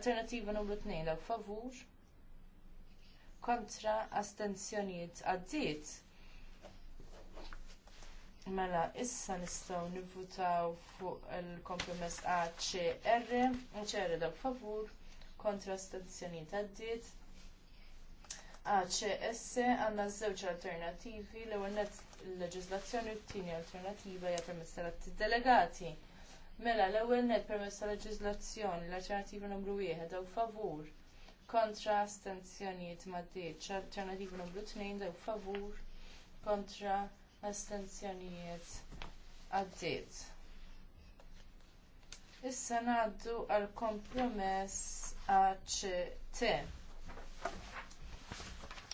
Alternativa numru tnejn daw favur. Kontra astenzjonijiet għaddiet. Mela, issa nistgħu nivvutaw fuq il-kompromess ACR, CR daw favur, kontra astenzjonijiet għaddiet ACS għandna żewġ alternattivi l-ewwel nett il-leġiżlazzjoni u t-tieni alternattiva hija permezz tal-delegati. Mela l-ewwel nett permezz tal-leġiżlazzjoni l-alternattiva numru wieħed hawn favur kontra astenzjonijiet l alternattiva numru tnejn daw favur kontra astenzjonijiet għaddiet. Issa ngħaddu għall kompromess ACT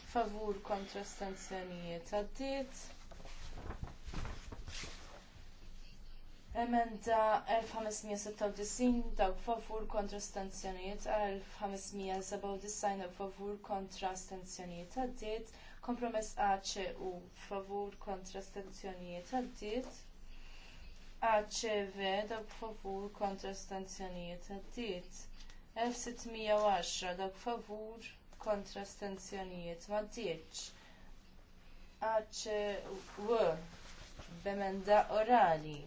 favur kontra stanzjonijiet għaddit. Emenda 1596 dawk favur kontra stanzjonijiet, 1597 dawk favur kontra stanzjonijiet għaddit, kompromess AC u favur kontra stanzjonijiet għaddit. ACV dawk favur kontra stanzjonijiet għaddit. 1610 dawk favur kontra stenzjonijiet ma ddirċ. Għaċ w b'emenda orali.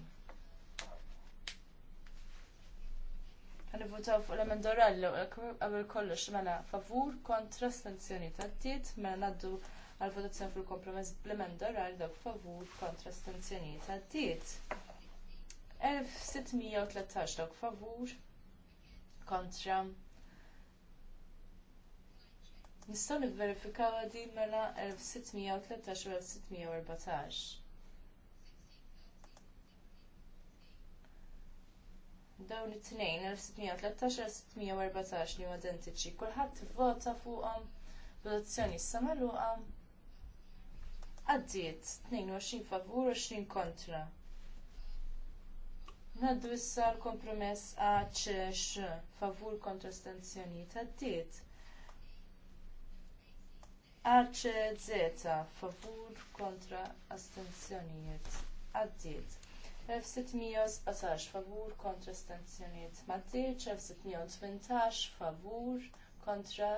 Għan votaw fuq l-emenda orali għabel kollox mela favur kontra stenzjonijiet għaddit mela naddu għal votazzjoni fil kompromess bl-emenda orali dawk favur kontra stenzjonijiet għaddit. 1613 dawk favur kontra Nistgħu nivverifikaw għadi mela 1613 u 1614. Dawn it-tnejn 1613 u 1614 li identiċi. Kulħadd vota fuqhom votazzjoni issa magħluqa. Għaddiet 22 favur u 20 kontra. Naddu issa l-kompromess għax favur kontra stanzjonijiet għaddiet. ACZ favur kontra astensjonijiet għaddiet. 1617 favur kontra astenzjonijiet maddiċ, 1618 favur kontra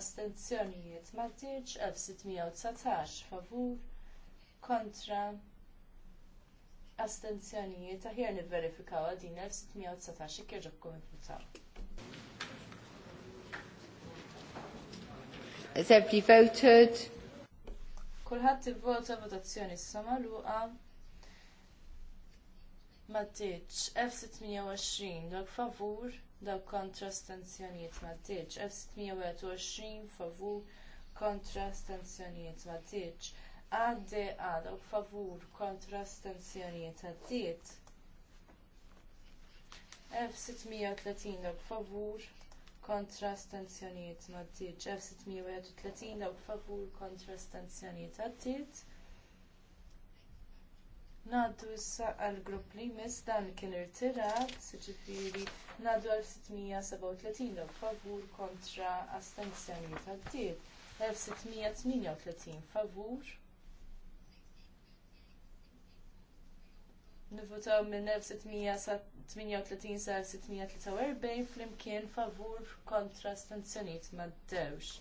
astenzjonijiet maddiċ, 1619 favur kontra astenzjonijiet aħjar nivverifikaw għadin 1619 kieġobkom il Has everybody voted? Kulħadd ivvota votazzjoni s-sama luqa. Mattiċ, F628, dak favur, dak kontra stanzjoniet Mattiċ, F621, favur, kontra stanzjoniet Mattiċ, ADA, dak favur, kontra stanzjoniet Mattiċ, F630, dak favur, kontra stanzjoniet maddiet ġew 631 dawk favur kontra stanzjoniet għaddiet. Ngħaddu issa għall grupp li mis dan kien irtirat, ġifiri ngħaddu għal 637 dawk favur kontra astenzjonijiet għaddiet. 1638 favur nivvotaw minn 1638 sa 1643 flimkien favur kontra stanzjoniet ma' dewx.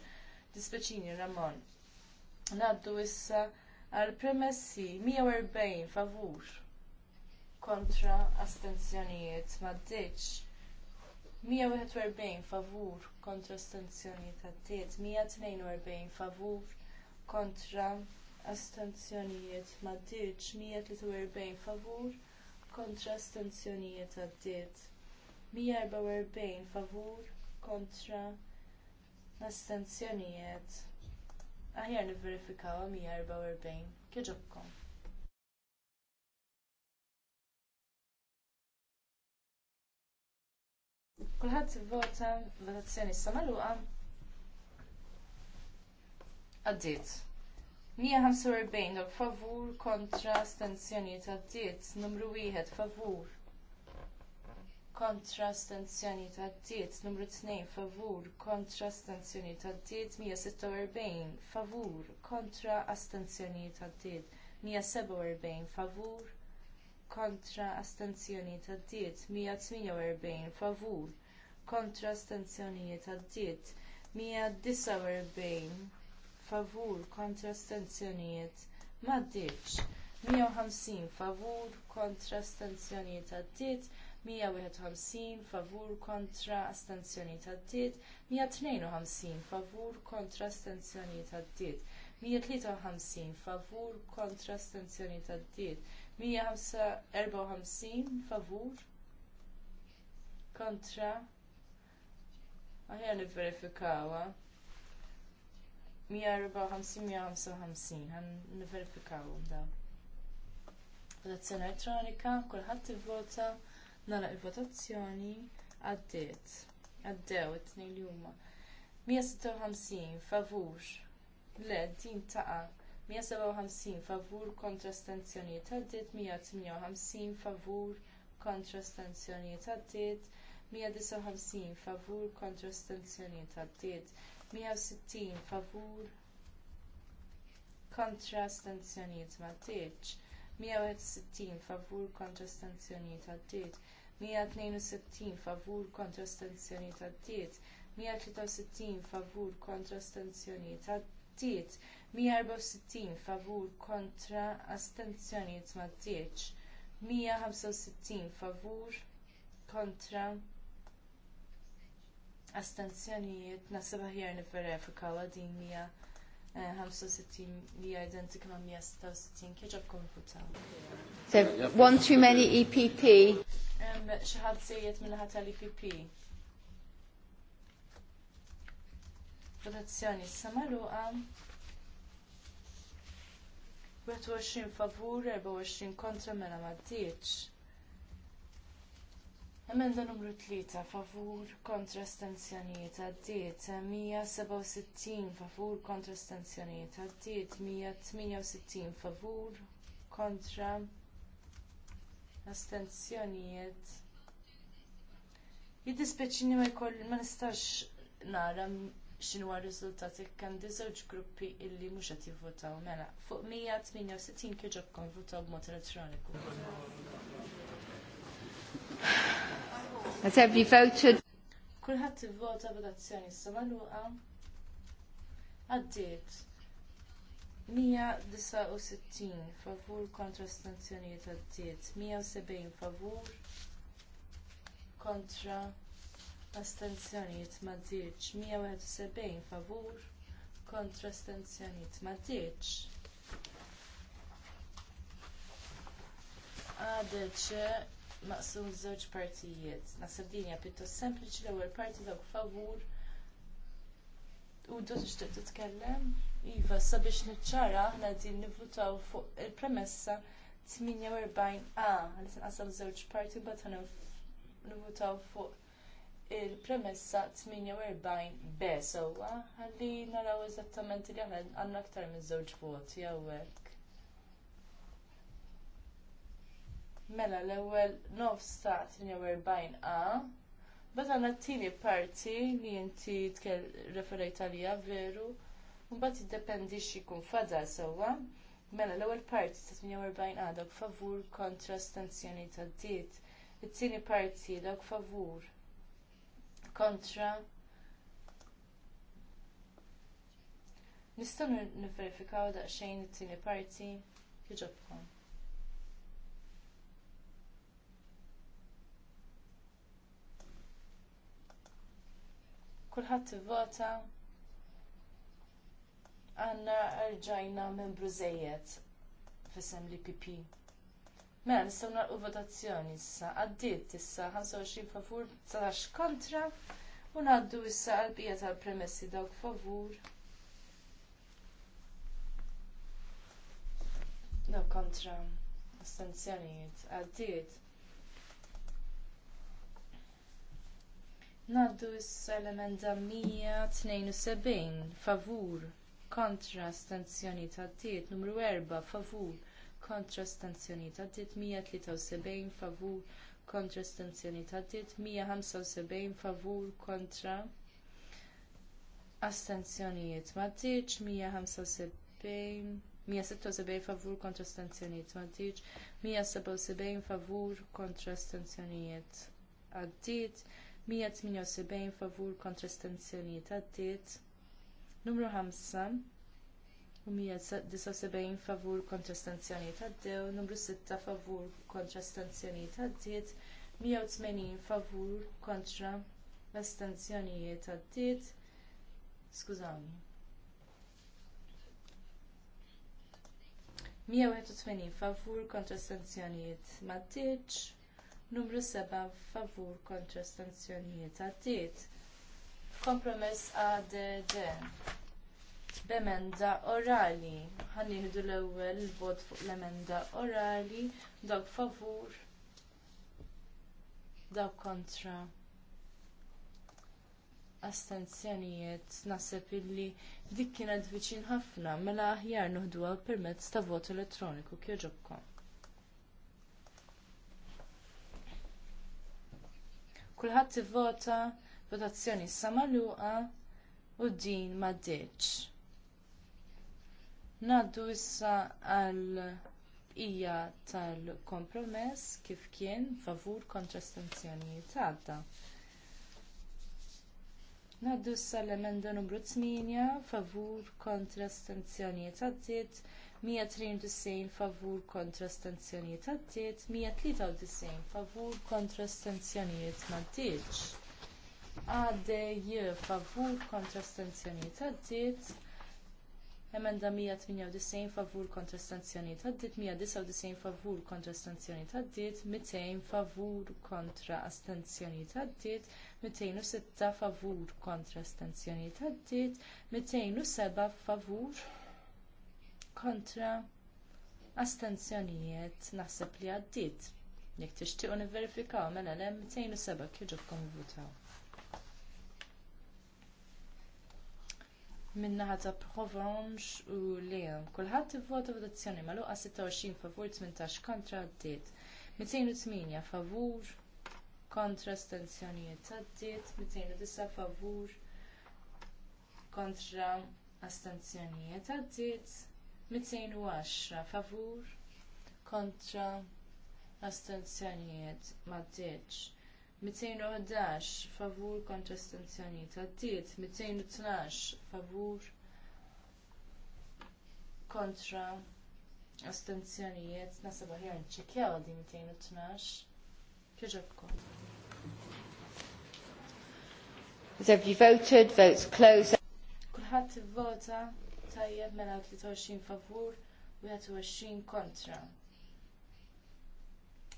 Dispeċini Ramon. Naddu issa għal premessi 140 favur kontra astenzjonijiet ma' d-deċ. 141 favur kontra stanzjoniet għaddiet, 142 favur kontra astenzjonijiet maddiċ 143 favur kontra astenzjonijiet għaddiet 144 favur kontra astenzjonijiet aħjar niverifikaw 144 kieġobkom. Kulħadd ivvota votazzjoni samaluqa għaddiet. 145 dok favur kontra ta' għaddiet. Numru 1 favur kontra ta' għaddiet. Numru 2 favur kontra astenzjonijiet għaddiet. 146 favur kontra astenzjonijiet għaddiet. 147 favur kontra astenzjonijiet għaddiet. 148 favur kontra astenzjonijiet għaddiet. 149 favur kontra stanzjonijiet maddiċ 150 favur kontra stanzjonijiet għaddit 151 favur kontra stanzjonijiet għaddit 152 favur kontra stanzjonijiet għaddit 153 favur kontra stanzjonijiet għaddit 154 favur kontra Aħjar niverifikawa. verifikawa 154-155 għan niverifikaw da. Votazzjoni elettronika, kulħadd ivvota, nagħlaq il-votazzjoni, għaddiet, għaddew it-tnejn li huma. 156 favur, le din taqa' 157 favur kontra stenzjonijiet għaddiet, 158 favur kontra stenzjonijiet għaddiet, 159 favur kontra stenzjonijiet għaddiet. 160 favur kontra stanzjoniet ma tiġ 161 favur kontra stanzjoniet għaddiet 162 favur kontra stanzjoniet għaddiet 163 favur kontra astenzjonijiet għaddiet, 164 favur kontra astenzjonijiet maddiċ, 165 favur kontra Astenzjonijiet nasib aħjar niverifika għadin hija 65 li identika ma' 166 kieġa komputaw. So, one too many EPP. Xaħad minna l-EPP. Votazzjoni 21 favur, 24 kontra mela ma' 10. Emenda numru 3 favur kontra stanzjonijiet għaddiet 167 favur kontra stanzjonijiet għaddiet 168 favur kontra astenzjonijiet. Jiddispeċini ma jkoll ma nistax nara xinu għal rizultati kan żewġ gruppi illi mhux qed jivvotaw mela. Fuq 168 kieġob kon votaw b'mod elettroniku. Has every voted? Kulħadd ivvota votazzjoni issa magħluqa. Għaddiet. 169 favur kontra stanzjonijiet għaddiet. 170 favur kontra astenzjonijiet ma ddiċ. 171 favur kontra astenzjonijiet ma ddiċ. Għadeċe maqsum żewġ partijiet. Naħseb din hija pjuttost sempliċi l-ewwel parti dawk favur u dot tixtieq titkellem. Iva, sabiex niċċara aħna din nivvutaw fuq il-premessa 48a li tinqasam żewġ parti mbagħad nivvutaw fuq il-premessa 48 b sewwa ħalli naraw eżattament li aħna għandna aktar minn żewġ voti hawnhekk. Mela l-ewwel 9 a Bada għanna t-tini parti li inti referejt għalija veru, mbagħad jiddependi x'ikun fadal sewwa. Mela l-ewwel parti ta' 48 għadok favur kontra stanzjoni ta' diet. It-tieni parti dawk favur kontra Nistgħu nifverifikaw daqsxejn it-tieni parti jiġobkom. Kulħadd ivvota għandna rġajna membru żejjed f'isem li PP. Mela nistgħu nagħlqu votazzjoni issa. Għaddiet issa 25 favur 19 kontra u ngħaddu issa għall-bija tal-premessi dawk favur. Dawk kontra astenzjonijiet għaddiet Naddu s-elementa 172 favur kontra stanzjoni ta' diet numru 4 favur kontra stanzjoni ta' diet 173 favur kontra stanzjoni ta' diet 175 favur kontra astenzjonijiet ma' diet 175 176 favur kontra stanzjonijiet ma' diet 177 favur kontra stanzjonijiet għaddiet 178 favur kontra astensjonijiet għaddiet. Numru 5 u 179 favur kontra stanzjonijiet għaddew, numru 6 favur kontra stanzjonijiet għaddiet, 180 favur kontra stanzjonijiet għaddiet. Skużawni. 181 favur kontra stanzjonijiet maddiċ numru 7 favur kontra stanzjonijiet għaddiet. Kompromess ADD. B'emenda orali. Ħannieħdu l-ewwel vot fuq l-emenda orali. Dawk favur. Dawk kontra. Astenzjonijiet naħseb illi dik kienet viċin ħafna mela aħjar nuħduha permezz ta' vot elettroniku kieġobkom. Kulħadd ivvota votazzjoni issa magħluqa u din ma ddeċ. Naddu issa għal hija tal-kompromess kif kien favur kontra stanzjonijiet għadda. Naddu issa l-emenda numru 8 favur kontra stanzjonijiet għaddiet 193 favur kontra stanzjonijiet għaddiet, 193 favur kontra stanzjonijiet maddiċ. Għaddej favur kontra stanzjonijiet għaddiet, emenda 198 favur kontra stanzjonijiet għaddiet, 199 favur kontra stanzjonijiet għaddiet, 200 favur kontra stanzjonijiet għaddiet, 206 favur kontra stanzjonijiet għaddiet, 207 favur kontra astenzjonijiet naħseb li għaddiet. Jekk tixtiequ nivverifikaw mela l-hemm 207 kieġobkom votaw. Minnaħa ta' Provence u Leon. Kulħadd ivvota votazzjoni magħluqa 26 favur 18 kontra għaddiet. 208 favur kontra astenzjonijiet għaddiet, 209 favur kontra astenzjonijiet għaddiet. 210 favur kontra astenzjonijiet maddiċ 211 favur kontra astenzjonijiet għaddiet 212 favur kontra astenzjonijiet nasab aħjar nċekjaw di 212 kieġobkom Is every voted, votes Kulħadd ivvota tajjeb mela 23 favur u 21 kontra.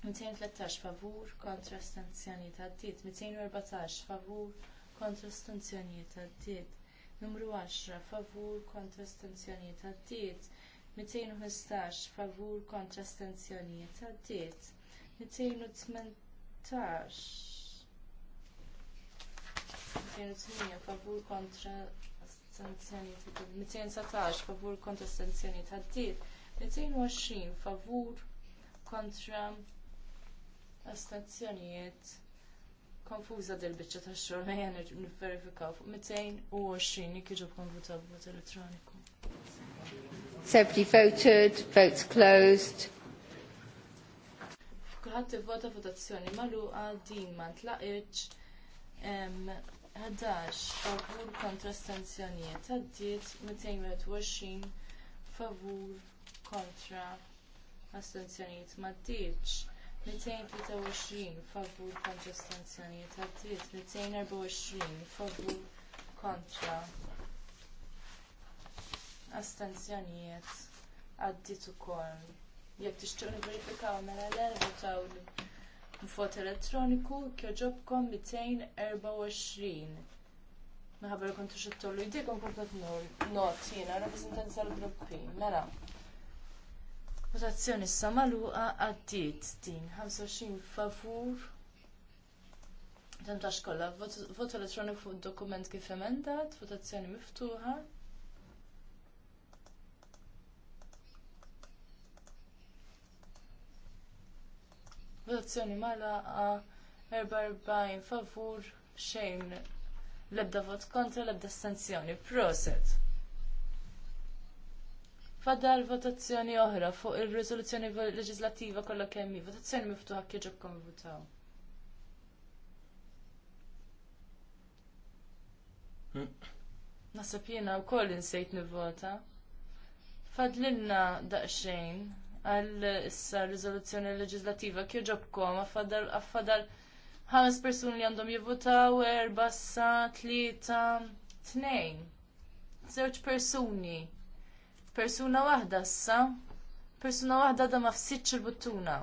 213 favur kontra stanzjonijiet għaddiet, 214 favur kontra stanzjonijiet għaddiet, numru 10 favur kontra stanzjonijiet għaddiet, 215 favur kontra stanzjonijiet għaddiet, 218 208 favur kontra 217 favur kontra astenzjonijiet dir 220 favur kontra astenzjonijiet konfuza del biċċa ta' xogħol ejja nifverifikaw fuq 220 jekk iġobkom vota b'vot elettroniku. 70 voted, votes closed. Kulħadd ivvota votazzjoni magħluqa din ma ntlaqitx 11 favur kontra stanzjonijiet għaddiet 220 favur kontra astenzjonijiet maddiċ 223 favur kontra astenzjonijiet għaddiet 224 favur kontra astenzjonijiet għaddiet ukoll jekk tixtieq nivverifikaw mela l-erba tawli Vot elettroniku kjoġobkom 224. Meħabra kontu xattollu id-dikom kontot not jena, rappresentanti tal-gruppi. Mela, Votazzjoni samaluqa għaddiet din 25 favur. Tantax kollha vot elettroniku fuq dokument kif emendat, votazzjoni miftuħa. Votazzjoni magħlaqa 44 favur xejn l-ebda vot kontra l-ebda astensjoni. Proset. Fadal votazzjoni oħra fuq ir-riżoluzzjoni leġislattiva kollha kemm votazzjoni miftuħa kieġ ġobkom votaw. Nasab jena insejt nivvota. Fadlilna daqsxejn għal issa riżoluzzjoni leġislativa kieġobkom għaffadal għaffadal ħames persuni li għandhom jivvotaw erba sa tlieta tnejn. Żewġ persuni. Persuna waħda issa. Persuna waħda da ma fsitx il-buttuna.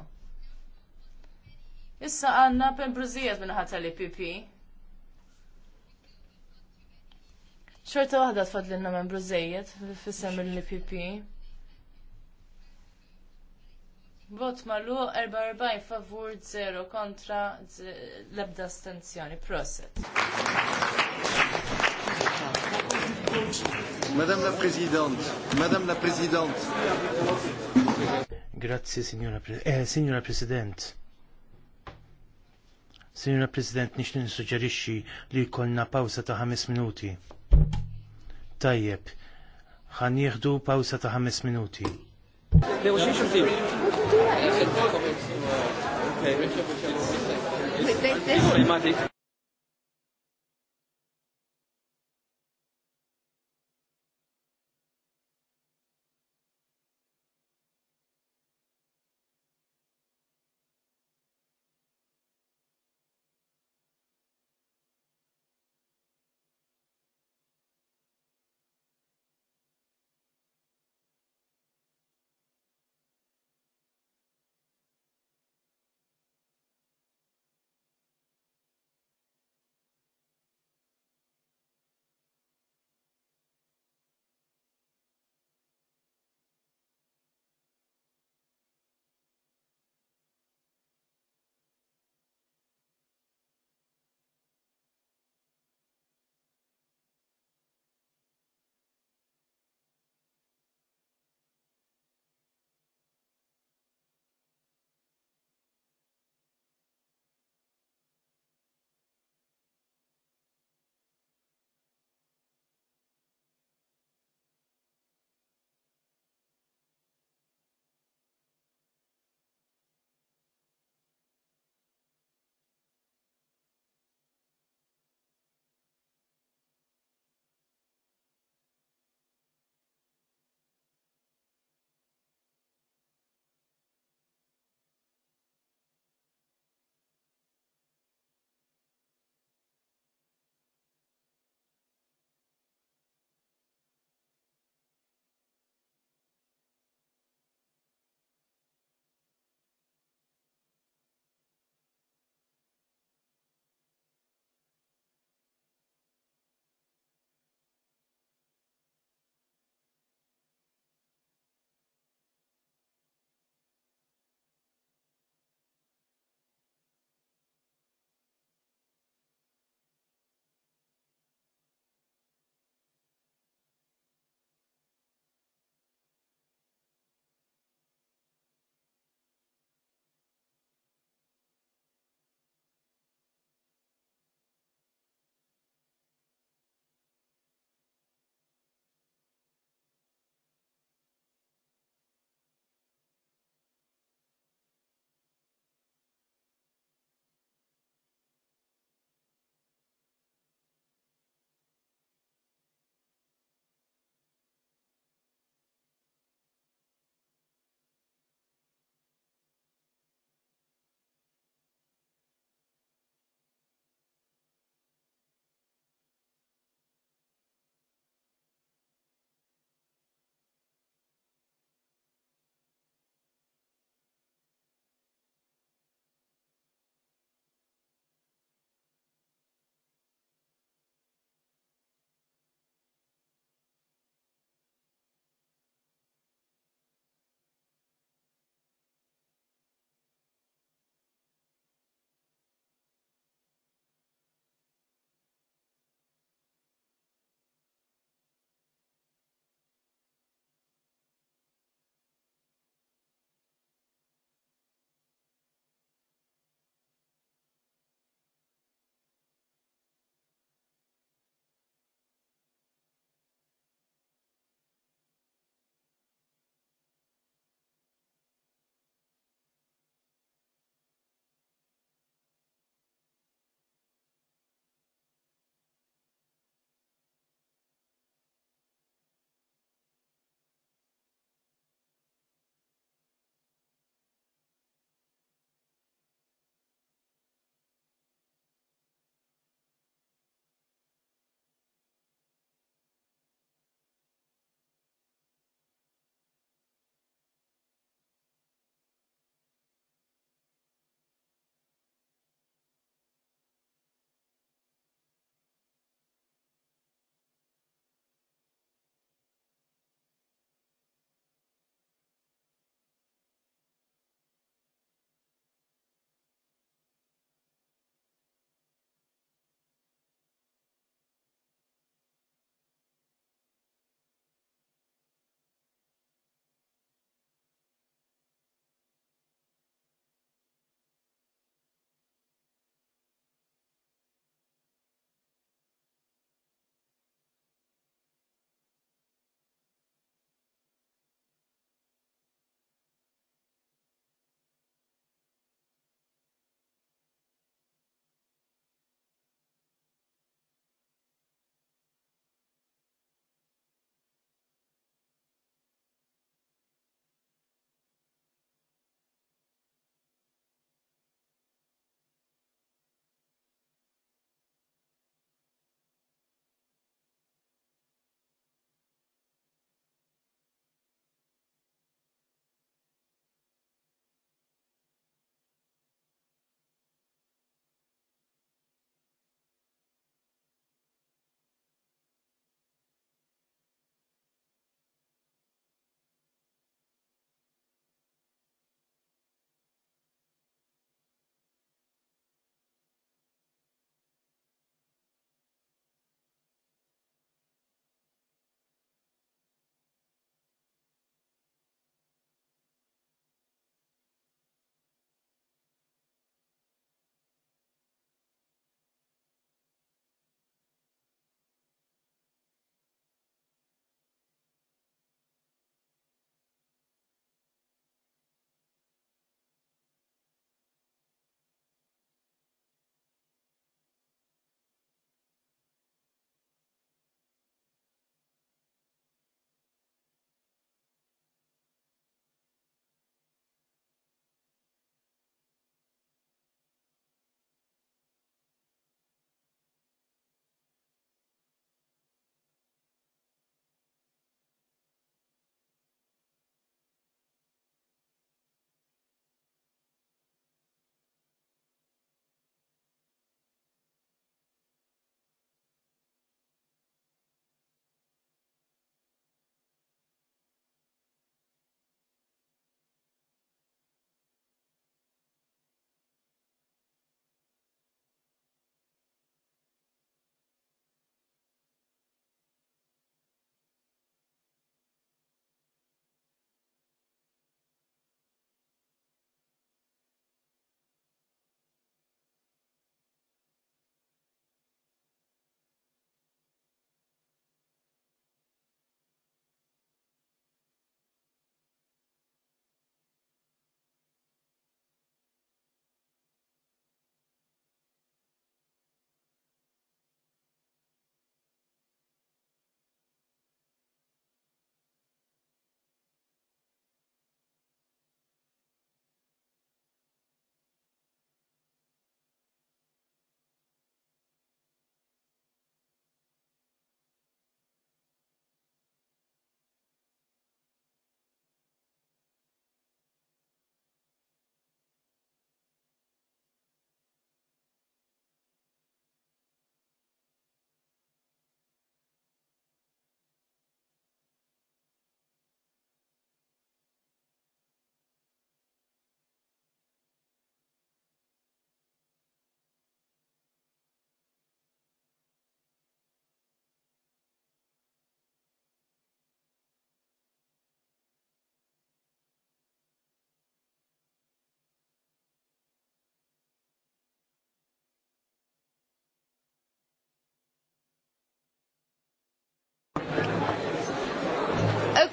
Issa għandna pembrużijat minn tal li Xorta waħda wahda tfadlinna membru li fissem l ipp Vot malu 44 favur 0 kontra l-ebda astenzjoni. Proset. Madame la Presidente, Madame la Presidente. Grazie signora, Pre eh, signora President. Signora President, nix nissuġġerixxi li kolna pawza ta' 5 minuti. Tajjeb, ħan jieħdu pawza ta' 5 minuti. There was usual theory. We can do that. Okay. Wait, there's, there's...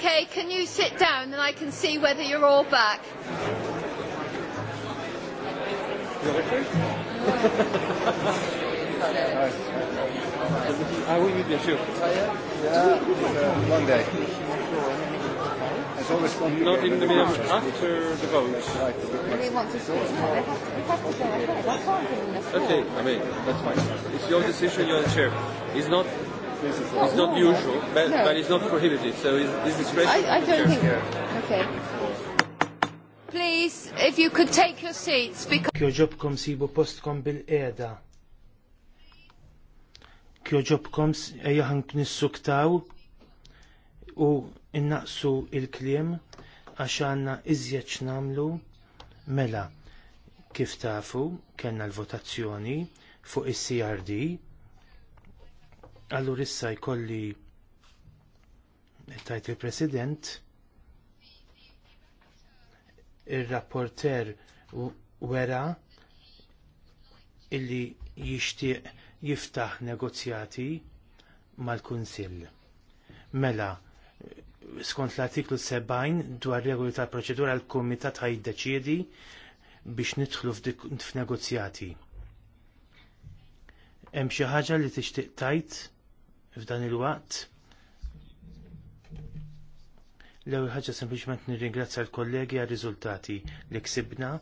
okay, can you sit down and I can see whether you're all back? I will meet you, sure. Yeah, one day. Not in the middle, after the vote. Okay, I mean, that's fine. It's your decision, you're the chair. It's not It's not usual, but, no. but it's not prohibited, so it's, it's discretionary. I, I don't think. Yeah. Okay. Please, if you could take your seats, because... Kjoġobkom sibu postkom bil-eda. Kjoġobkom jahan nissuktaw u innaqsu il-klim għax għanna iżjed x'namlu mela kif tafu kellna l-votazzjoni fuq is-CRD Allur issa jkolli tajt il-President il-rapporter wera illi jixtieq jiftaħ negozjati mal-Kunsill. Mela, skont l-artiklu 70 dwar regoli tal-proċedura l-Kumitat ħajdeċiedi biex nidħlu f'negozjati. Hemm xi ħaġa li tixtieq tajt f'dan il-waqt. L-ewwel ħaġa sempliċement nirringrazzja l-kollegi għar-riżultati li ksibna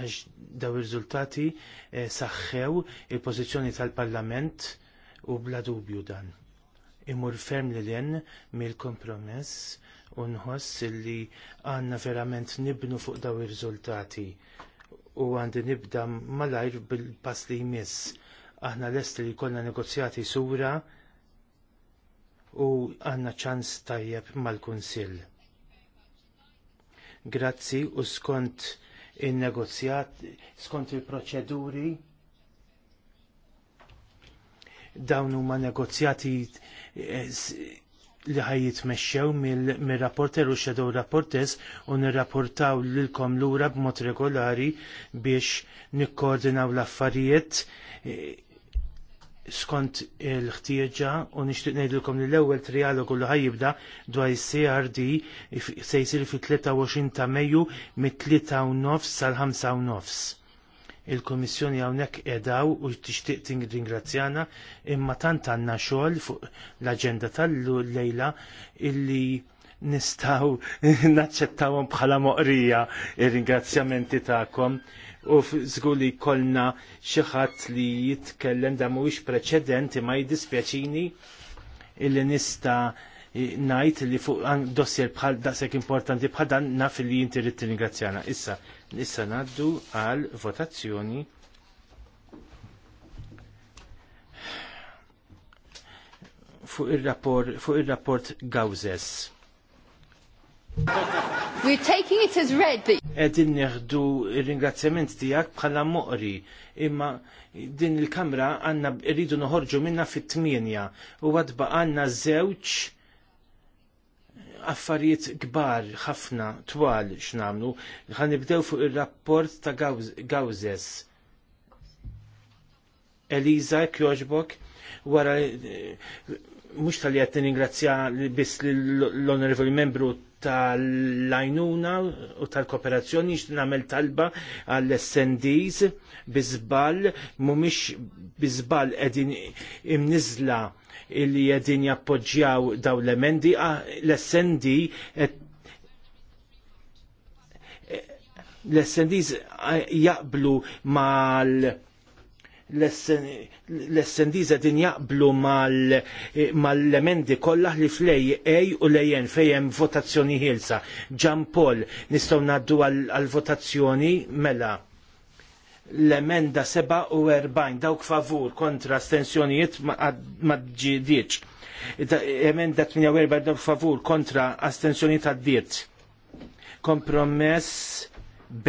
għax daw ir-riżultati eh, saħħew il-pożizzjoni tal-Parlament u bla dubju dan. Imur ferm li l-en mill-kompromess u nħoss li għanna verament nibnu fuq daw ir-riżultati u għandi nibda malajr bil-pass li jmiss. Aħna l-est li konna negozjati sura u għanna ċans tajjeb mal-Kunsill. Grazzi u skont il-negozjat, skont il-proċeduri, dawn huma negozjati eh, li ħajjitmexxew mir rapporter u xedow rapporters u nirrapportaw lilkom lura b'mod regolari biex nikkoordinaw l-affarijiet eh, skont il-ħtieġa u nixtieq ngħidilkom li l-ewwel trialogu l ħajjibda dwar is-CRD se jsir fit-23 ta' Mejju mit-3 u nofs sal-5 u nofs. Il-Kummissjoni hawnhekk edaw u tixtieq tingrazzjana imma tant għandna xogħol fuq l-aġenda tal-lejla illi nistaw naċċettawhom bħala moqrija ir-ringrazzjamenti tagħkom u żgur li kolna xi ħadd li jitkellem da mhuwiex preċedent ma jiddispjaċini illi nista ngħid li fuq dossier bħal daqshekk importanti bħal dan naf li jinti rrid ringrazzjana. Issa, issa ngħaddu għal votazzjoni fuq ir rapport fu il Gauzes. We're taking it as red, but... Edin neħdu ringrazzjament tijak bħala moqri, imma din il-kamra għanna rridu noħorġu minna fit tminja u għadba għanna zewċ affarijiet kbar ħafna twal x'namlu. Ħanibdew fuq ir-rapport ta' Gawzes. Eliza Kjoġbok wara mux tal-li għed ningrazzja biss l-onorevoli membru tal-lajnuna u tal-kooperazzjoni namel talba għall-SNDs bizbal mumiex bizbal edin imnizla illi edin jappoġġjaw daw l-emendi l-SND l-SNDs jaqblu mal l-essendiza din jaqblu mal-emendi kollha li flej ej u lejjen fejem votazzjoni ħilsa. Ġan Pol, nistgħu ngħaddu għal-votazzjoni mela l-emenda 47 dawk favur kontra stensjonijiet ma ġidiċ. Emenda 48 dawk favur kontra astensjonijiet għaddiet. Kompromess B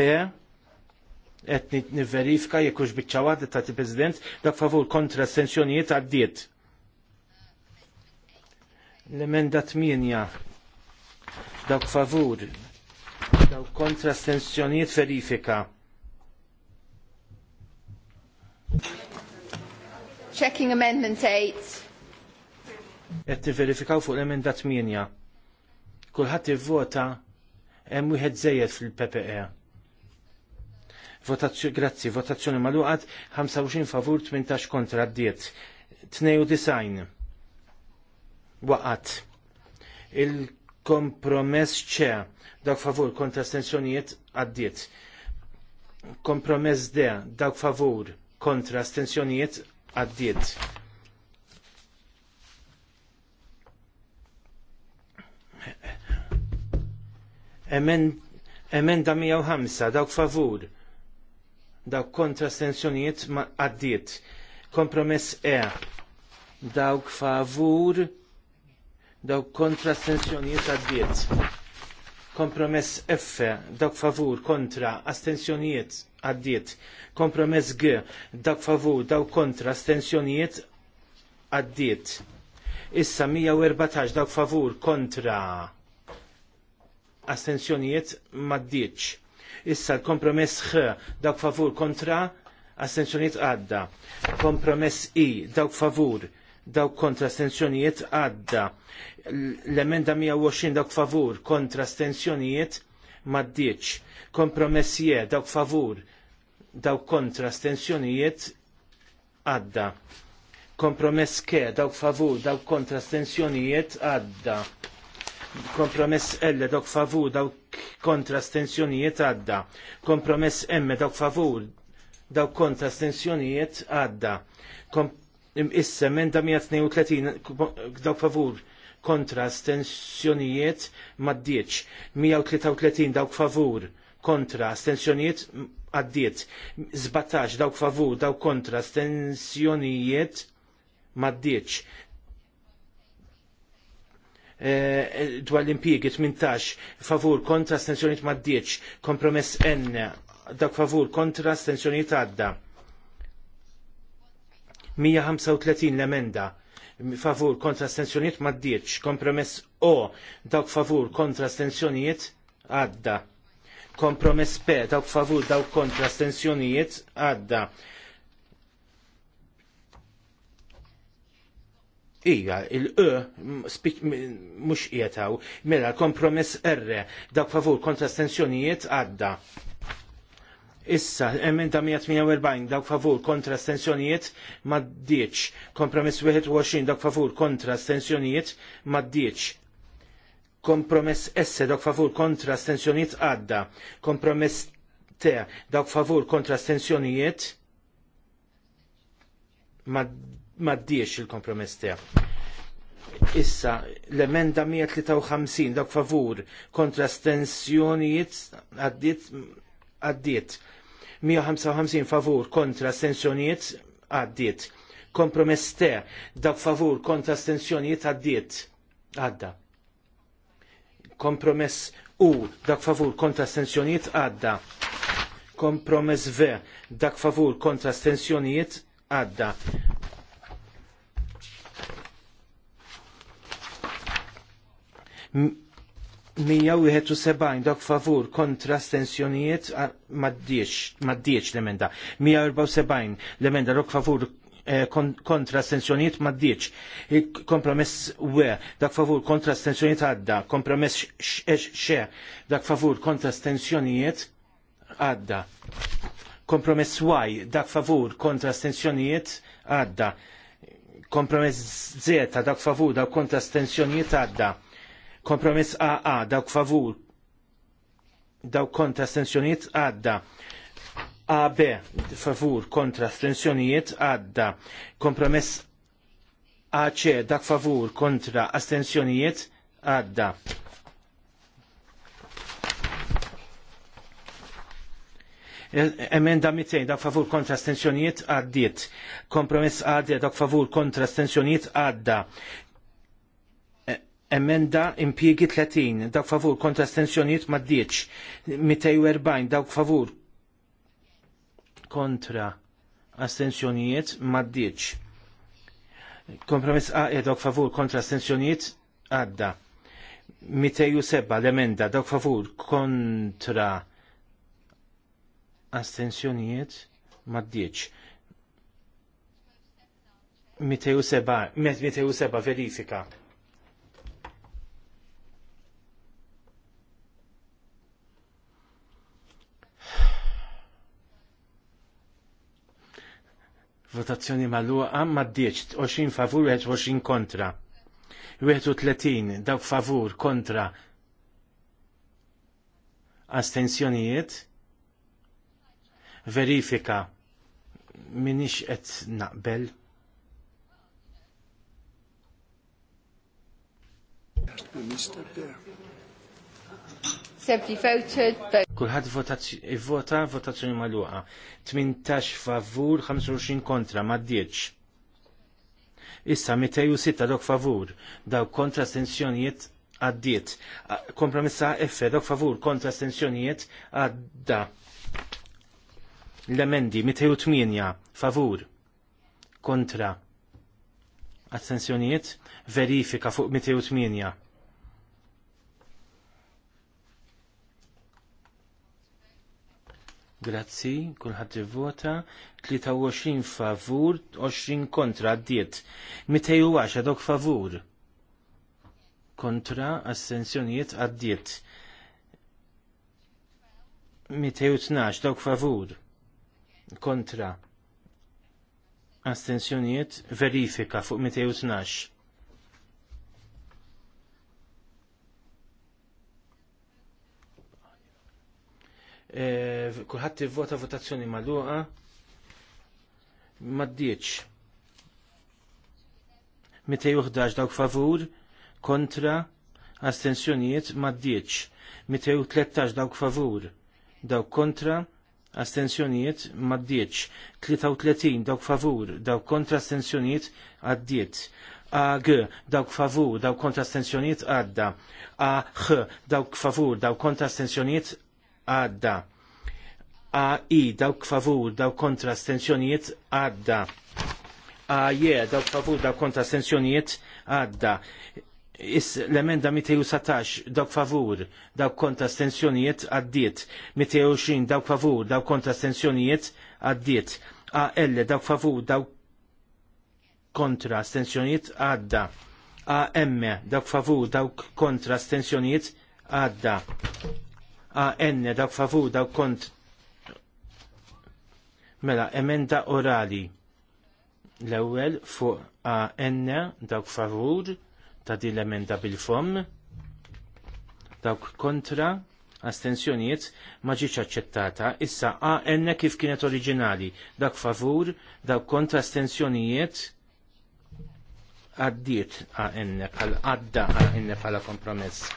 qed nivverifika jekk hux biċċa waħda ta' President dak favur kontra sensjonijiet għaddiet. L-emenda 8 dak favur Dawk kontra astensjonijiet verifika. Checking Amendment 8. Qed verifikaw fuq l-emenda 8. Kulħadd ivvota hemm wieħed żejjed fil-PPE. Votazzjoni, grazzi, votazzjoni maluqat, 25 favur, 18 kontra, diet. 92. Waqat. Il-kompromess ċe, dak favur, kontra stenzjoniet, għaddiet. Kompromess de, dak favur, kontra stenzjoniet, għaddiet. Emenda 105, dawk favur, dawk kontra stensjonijiet ma għaddiet. Kompromess E. Dawk favur, dawk kontra stensjonijiet għaddiet. Kompromess F, dawk favur, kontra, astensjonijiet għaddiet. Kompromess G, dawk favur, dawk kontra, astensjonijiet għaddiet. Issa 114 dawk favur kontra astensjonijiet maddiċ. Issa l-kompromess ħ, dawk favur kontra, astenzjoniet għadda. Kompromess i, dawk favur, dawk kontra astenzjoniet għadda. L-emenda 120 dawk favur kontra astenzjoniet maddiċ. Kompromess je, dawk favur, dawk kontra astenzjoniet għadda. Kompromess ke, dawk favur, dawk kontra astenzjoniet għadda Kompromess L dok favur dawk kontra stenzjonijiet għadda. Kompromess M dawk favur dawk kontra stenzjonijiet għadda. Kom Issa emenda 132 dawk favur kontra stenzjonijiet maddieċ. 133 dawk favur kontra stenzjonijiet għaddiet. 17 dawk favur dawk kontra stenzjonijiet maddieċ. Eh, dwar l-impiegi 18 favur kontra stenzjoniet ma' 10 kompromess n dak favur kontra stenzjoniet għadda 135 l-emenda favur kontra stenzjoniet ma' 10 kompromess o dak favur kontra stenzjoniet għadda kompromess p dak favur dak kontra stenzjoniet għadda Ija, il-E mux jietaw, mela kompromess R, dak favur kontra stensjonijiet għadda. Issa, emenda 148, dak favur kontra stensjonijiet ma Kompromess 21, dak favur kontra stensjonijiet ma Kompromess S, dak favur kontra stensjonijiet għadda. Kompromess T, dak favur kontra stensjonijiet ma maddiex il-kompromess tiegħu. Issa, l-emenda 153, dak favur, kontra stensjonijiet għaddiet għaddiet. 155 favur kontra stensjonijiet għaddiet. Kompromess te, dak favur kontra stensjonijiet għaddiet. Għadda. Kompromess u, dak favur kontra stensjonijiet għadda. Kompromess v, dak favur kontra stensjonijiet għadda 171 dak favur kontra stensjonijiet maddiex l-emenda. 174 l-emenda dok eh, favur kontra stensjonijiet maddiex. Kompromess we eh, dak favur kontra stensjonijiet għadda. Kompromess xe dak favur kontra stensjonijiet għadda. Kompromess y dak favur kontra stensjonijiet għadda. Kompromess z dak favur dak kontra stensjonijiet għadda Kompromiss AA, dawk favur, dawk kontra astensjonijiet għadda. AB, favur, kontra astensjonijiet għadda. Kompromess AC, dak favur, kontra astensjonijiet għadda. emenda mitej, dak favur kontra stenzjonijiet għaddiet. Kompromess għaddiet dak favur kontra stenzjonijiet għadda. Emenda impiegi 30, dawk favur kontra astensjonijiet ma' 10, 240 dawk favur kontra astensjonijiet ma' 10. Kompromiss A e, dawk favur kontra astensjonijiet għadda. 207 l-emenda dawk favur kontra astensjonijiet ma' 10. 207 verifika Votazzjoni mal-luqa għamma d-dieċ, 20 favur, 21 kontra. 31 dawk favur kontra astensjonijiet. Verifika minix qed naqbel. Mr. Bear. 70 voted, but... Kulħad vota votazzjoni maluqa. 18 favur, 25 kontra, ma 10. Issa sitta dok favur, daw kontra stensjonijiet għaddiet. Kompromissa F, dok favur, kontra stensjonijiet għadda. L-emendi tminja favur, kontra. Attenzjonijiet, verifika fuq 8. Grazzi, kulħadd vota 23 favur, 20 kontra għaddiet. għax, għadok favur. Kontra assenzjoniet, għaddiet. tnax, dawk favur kontra astensjonijiet verifika fuq tnax. E, kulħadd ivvota votazzjoni magħluqa m'għaddiex. 211 dawk favur kontra astensjonijiet m'għaddiex. tlettax dawk favur dawk kontra astensjonijiet m'għaddiex. 33 dawk favur dawk kontra astensjonijiet għaddiet. g, dawk favur dawk kontra astensjonijiet għadda. AH dawk favur dawk kontra astensjonijiet għadda. AI dawk favur dawk kontra stenzjoniet, għadda. A je, dawk favur dawk kontra stenzjoniet, għadda. Is l-emenda 217 dawk favur, dawk kontra stenzjonijiet għaddiet, 220 dawk favur, dawk kontra stenzjonijiet għaddiet, AL dawk favur, dawk kontra stenzjonijiet għadda, AM dawk favur, dawk kontra stenzjonijiet għadda, AN dak favur dak kont mela emenda orali l-ewwel fuq AN dak favur ta' din l-emenda bil-fom dak kontra astensjonijiet ma ġiċ aċċettata, issa AN kif kienet oriġinali, dak favur, dak kontra astensjonijiet għaddiet AN bħal għadda AN bħala kompromess.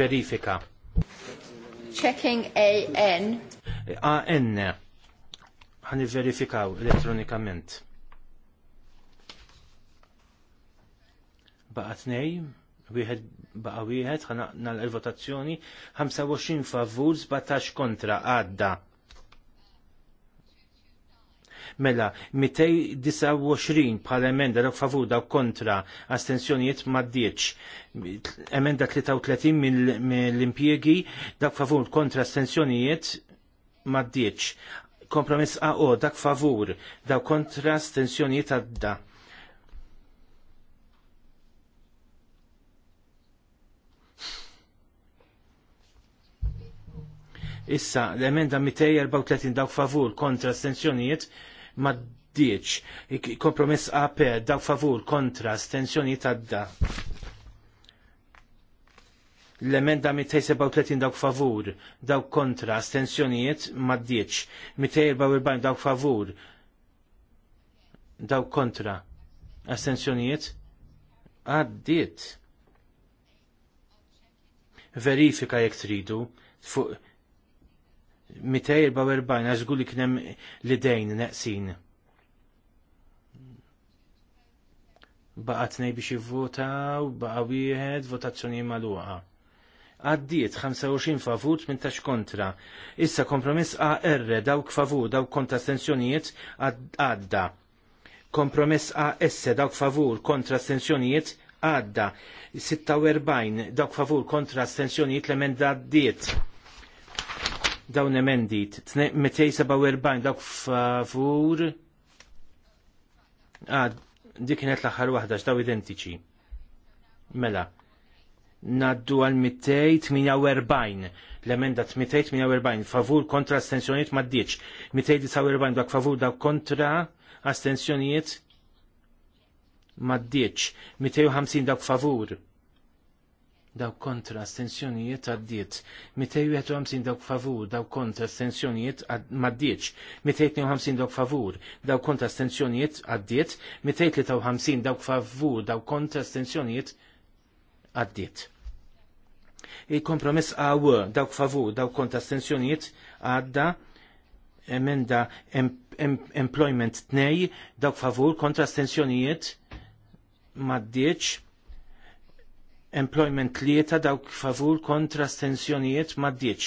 Verifika. Checking AN. AN. Għani verifikaw elettronikament. Baqa tnej, wieħed baqa wieħed, ħana l-votazzjoni, 25 favur, 17 kontra, għadda. Mela, 229 bħala emenda dak favur daw kontra astensjonijiet maddieċ. Emenda 33 mill-impjegi dak favur kontra astensjonijiet maddieċ. Kompromess AO dak favur daw kontra astensjonijiet għadda. Issa, l-emenda 234 dawk favur kontra astensjonijiet ma diċ, Kompromess AP, daw favur, kontra, stensjoni tadda. L-emenda 237 dawk favur, dawk kontra, astensjonijiet ma ddiċ. 244 dawk favur, dawk kontra, astensjonijiet għaddiet. Verifika jek tridu fuq 244 għax għu li kienem li dejn neqsin. Baqat nej biex jivvota u baqa wieħed votazzjoni maluqa. Għaddiet 25 favur tax kontra. Issa kompromiss AR dawk favur dawk kontra stenzjonijiet għadda. Kompromiss AS dawk favur kontra stenzjonijiet għadda. 46 dawk favur kontra astensjonijiet l-emenda għaddiet dawn emendi 247 dawk favur għad ah, dik kienet l-aħħar waħda x'daw identiċi. Mela, naddu għal 248 l-emenda 248 favur kontra astensjoniet ma d-dieċ 249 dak favur dak kontra astensjoniet ma d-dieċ 250 dak favur dawk kontra astensjonijiet għaddiet, 251 dawk favur, dawk kontra astensjonijiet maddiċ, 252 dawk favur, dawk kontra stensjonijiet għaddiet, 253 dawk favur, dawk kontra astensjonijiet għaddiet. Il-kompromess għaw dawk favur, dawk kontra stensjonijiet għadda emenda em, em, employment 2 dawk favur kontra stensjonijiet maddiċ employment tlieta dawk favur kontra stensjonijiet maddiċ.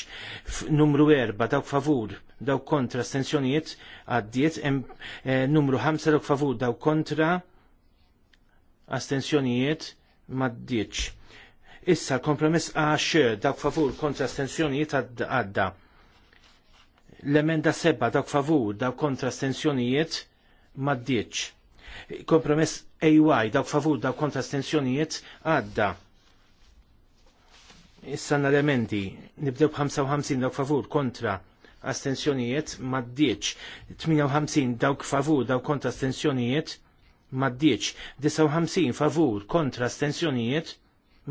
Numru erba' dawk favur dawk kontra stensjonijiet għaddiet. E, numru ħamsa dawk favur dawk kontra astensjonijiet maddiċ. Issa l-kompromess għax dawk favur kontra stensjonijiet għadda. L-emenda seba dawk favur dawk kontra stensjonijiet maddiċ. Kompromess AY dawk favur dawk kontra stensjonijiet għadda Issan elementi, nibdew b-55 dawk favur kontra astensjonijiet maddiċ, 58 dawk favur dawk kontra astensjonijiet maddiċ, 59 favur kontra astensjonijiet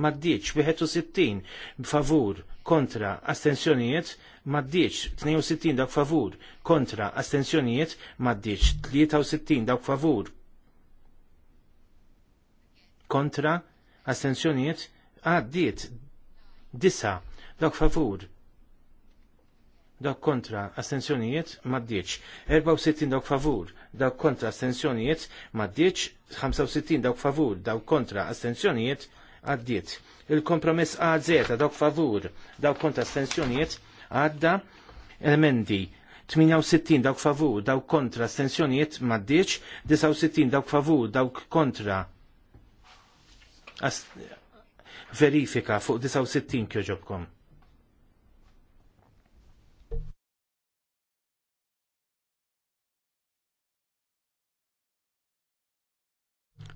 maddiċ, 61 favur kontra astensjonijiet maddiċ 62 dawk favur, kontra astensjonijiet maddiċ 63 dawk favur. Kontra astensjonijiet għaddiet Disa, dok favur. dok kontra, astensjonijiet, maddiċ. 64 dok favur, dawk kontra, astensjonijiet, maddiċ. 65 dawk favur, dok kontra, astensjonijiet, għaddiet. Il-kompromess AZ, dok favur, dawk kontra, astensjonijiet, għadda. Elementi, 68 dawk favur, dawk kontra, astensjonijiet, maddiċ. 69 dawk favur, dawk kontra, verifika fuq 69 kjoġobkom.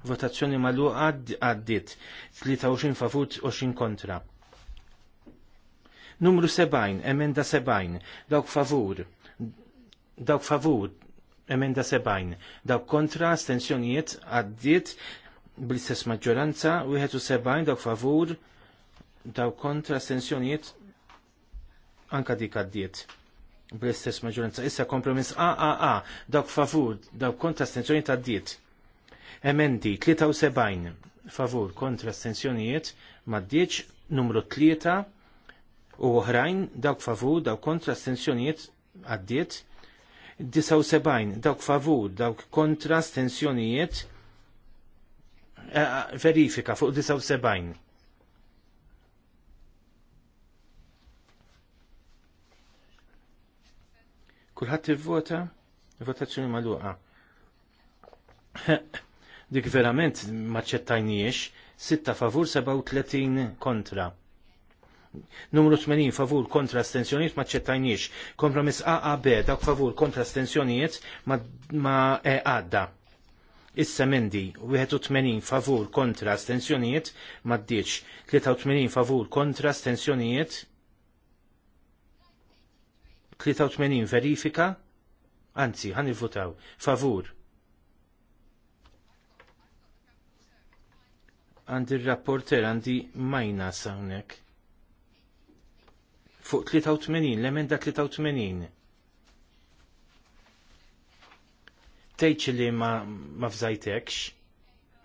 Votazzjoni maluqa għaddit 23 favut 20 kontra. Numru 70, emenda 70, dawk favur, dawk favur, emenda 70, dawk kontra, astensjonijiet għaddit bl-istess maġġoranza, 71 dawk favur, daw kontra astensjonijiet anka dik għaddiet. Bl-istess maġġoranza. Issa kompromiss AAA, dawk favur, dawk kontra astensjonijiet għaddiet. Emendi 73 favur kontra astensjonijiet maddieċ numru 3 u oħrajn dawk favur, dawk kontra astensjonijiet għaddiet. 79 dawk favur, dawk kontra astensjonijiet Eh, verifika fuq 79. Kulħadd ivvota, votazzjoni magħluqa. Dik verament ma maċċettajniex, 6 favur 37 kontra. Numru 80 favur kontra astensjoniet ma ċettajniex. Kompromiss AAB dak favur kontra astensjoniet ma e, għadda. E Issa mendi, 81 favur kontra astensjonijiet, maddiċ, 83 favur kontra astensjonijiet, 83 verifika, anzi, għan votaw favur. Għandi il-rapporter għandi majna sawnek. Fuq 83, l-emenda 83 tejċ li ma ma fżajtekx.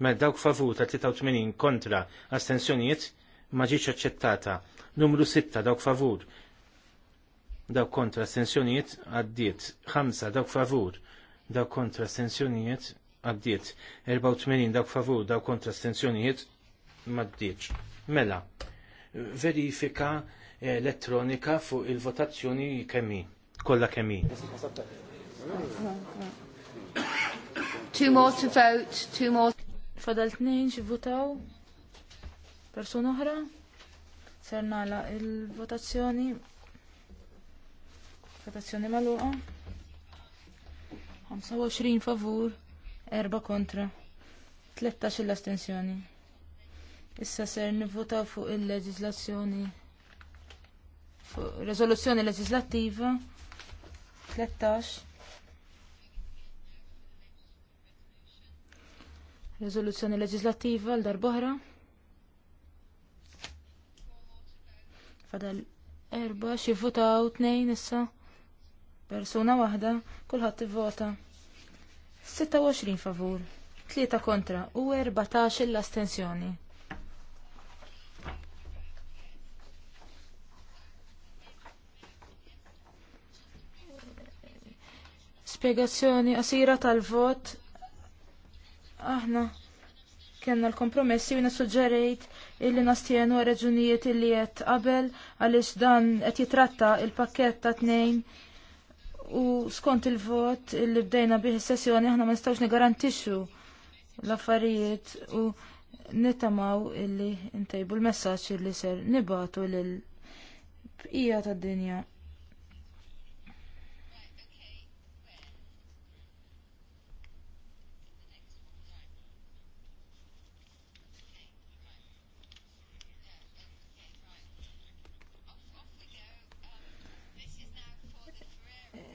Ma dawk favur ta' 83 kontra astensjonijiet ma ġietx aċċettata. Numru 6 dawk favur. Dawk kontra astensjonijiet għaddiet. 5 dawk favur. Dawk kontra astensjonijiet għaddiet. 84 dawk favur dawk kontra astensjonijiet ma ddiċ. Mela, verifika eh, elettronika fuq il-votazzjoni kemmi, kolla kemmi. Two more to vote, two more. Fadal tnejn xivvutaw. Persuna oħra. Ser nagħlaq il-votazzjoni. Votazzjoni magħluqa. 25 favur, 4 kontra, 13 l-astensjoni. Issa ser nivvotaw fuq il-leġislazzjoni fuq rezoluzzjoni leġislattiva 13 Rezoluzzjoni leġislattiva l darboħra Fadal erba xivvutaw tnejn issa. Persuna waħda, kulħadd ivvota. 26 favur, 3 kontra u 14 l-astensjoni. Spiegazzjoni qasira tal-vot Aħna kena l-kompromessi jina suġġerejt illi nastienu reġunijiet illi jett qabel għalix dan qed jitratta il-pakket ta' tnejn u skont il-vot illi bdejna bih sessjoni aħna ma nistawx nigarantixxu l-affarijiet u nittamaw illi ntejbu l-messaġġ illi ser nibatu lil bqija tad-dinja.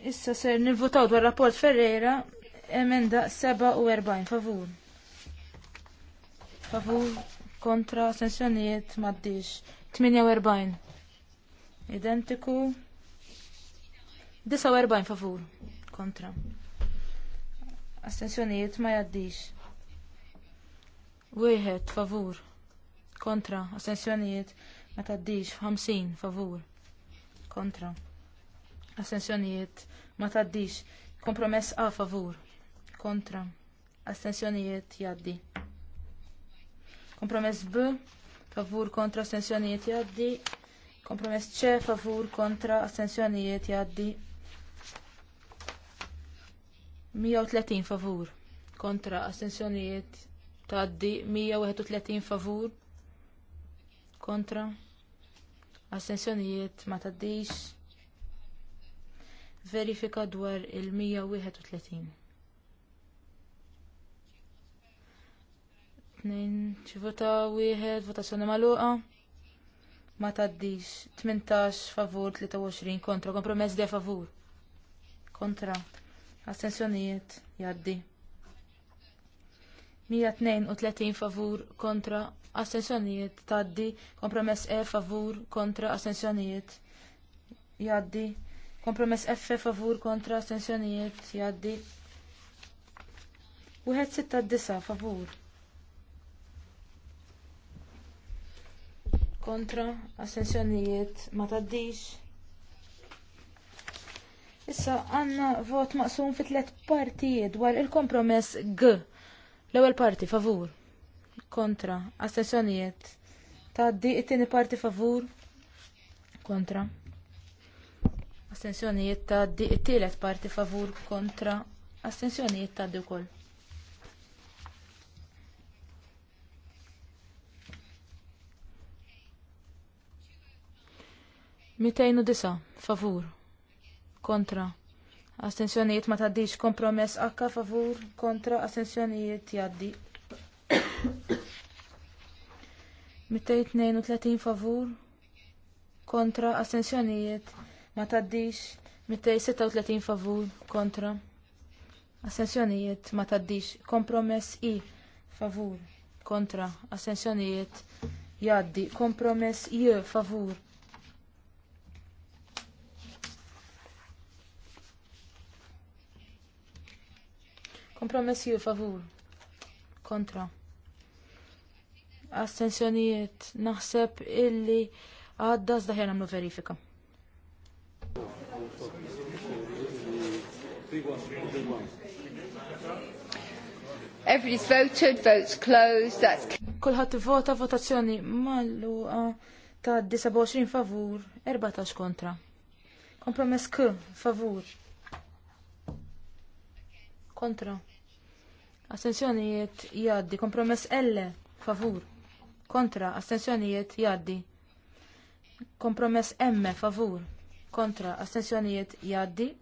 Issa ser nivvotaw dwar rapport Ferreira emenda 47 favur. Favur kontra sensjoniet maddix 48 identiku 49 favur kontra astensjonijiet ma jaddix wieħed favur kontra astensjonijiet ma taddix 50 favur kontra Astensjonijiet ma taddix. Kompromess A favur. Kontra. Astensjonijiet jaddi. Kompromess B favur kontra astensjonijiet jaddi. Kompromess C favur kontra astensjonijiet jaddi. 130 favur kontra astensjonijiet taddi 131 favur kontra astensjonijiet ma taddix verifika dwar il-131. Tnejn wieħed, vota wieħed, votazzjoni maluqa. Ma taddix 18 favur 23 kontra, kompromess de favur. Kontra. Astensjonijiet jaddi. 132 favur kontra astensjonijiet taddi, kompromess E favur kontra astensjonijiet jaddi. Kompromess F favur kontra astensjonijiet jaddi. Wieħed sitta disa favur. Kontra astensjonijiet ma taddix. Issa għanna vot maqsum fi tliet partijiet dwar il-kompromess G. L-ewwel parti favur. Kontra astensjonijiet taddi it-tieni parti favur. Kontra Astensjonijiet ta' di tielet parti favur kontra astensjonijiet ta' di wkoll. Mitejn u disa, favur, kontra, astensjonijiet ma taddix kompromess akka favur, kontra, astensjonijiet jaddi. 232 favur, kontra, astensjonijiet ma taddix 236 favur kontra assenzjonijiet ma taddix kompromess i favur kontra assenzjonijiet jaddi kompromess i favur kompromess i favur kontra astensjonijiet naħseb illi għadda zdaħjar namlu verifika. Everybody's voted, votes closed, that's... Kulħat vota votazzjoni mallu ta' 29 favur, 14 kontra. Kompromess k, favur. Kontra. Astenzjonijiet jaddi. Kompromess L, favur. Kontra, astenzjonijiet jaddi. Kompromess M, favur kontra astensjonijiet jaddi.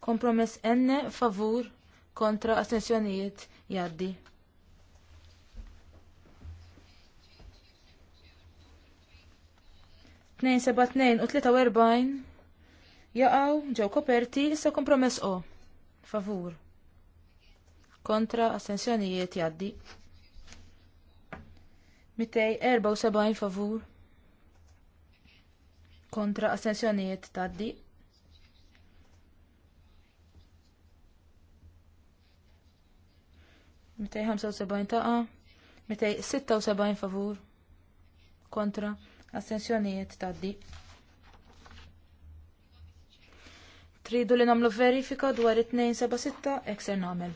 Kompromess N favur kontra astensjonijiet jaddi. Tnejn seba' tnejn u tlieta werbajn jaqgħu ġew koperti issa kompromess O. Favur. Kontra astensjonijiet jaddi. 274 favur kontra astensjonijiet taddi. Mitej 75 taqa, mitej 76 favur kontra astensjonijiet taddi. Tridu li namlu verifika dwar it-276 ekser namel.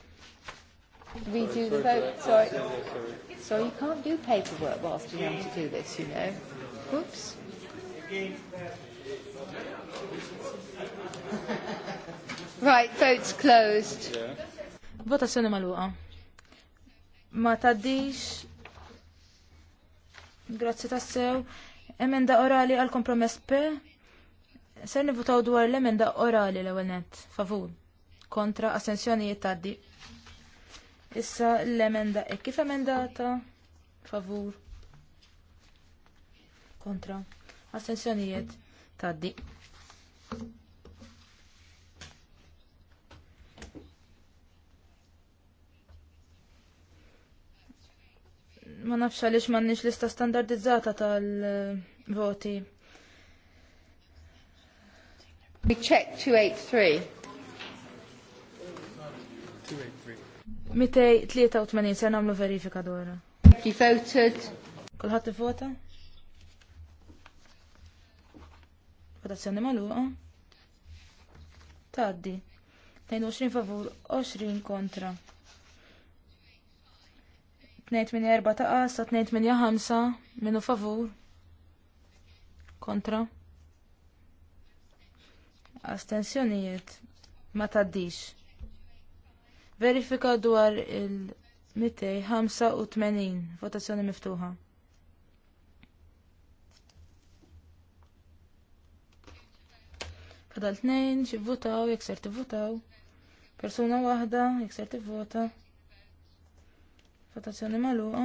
We do the vote, sorry. So you can't do paperwork whilst you want to do this, you know. Oops. Right, vote's closed. Vota s-sena maluqa. Ma taddix. Grazzi tassew. Emenda orali għal kompromess P. Ser nivutaw dwar l-emenda orali l net. Favur. Kontra assenzjonijiet jittaddi. Issa l-emenda e kif emendata? Favur. Kontra. Attenzjonijiet. taddi. Ma nafx għaliex m'għandniex lista standardizzata tal-voti. We check 283. 283. 283 Mitej se nagħmlu verifika dwarha. He voted. Kulħadd ivota? Votazzjoni magħluqa. Taddi. 22 favur, 20 kontra. 284 ta' qas, 285 minu favur. Kontra. Astensjonijiet. Ma taddix. Verifika dwar il-285 votazzjoni miftuħa. l tnejn xi votaw jekk ser tivvotaw. Persuna waħda jekk ser tivvota. Votazzjoni magħluqa.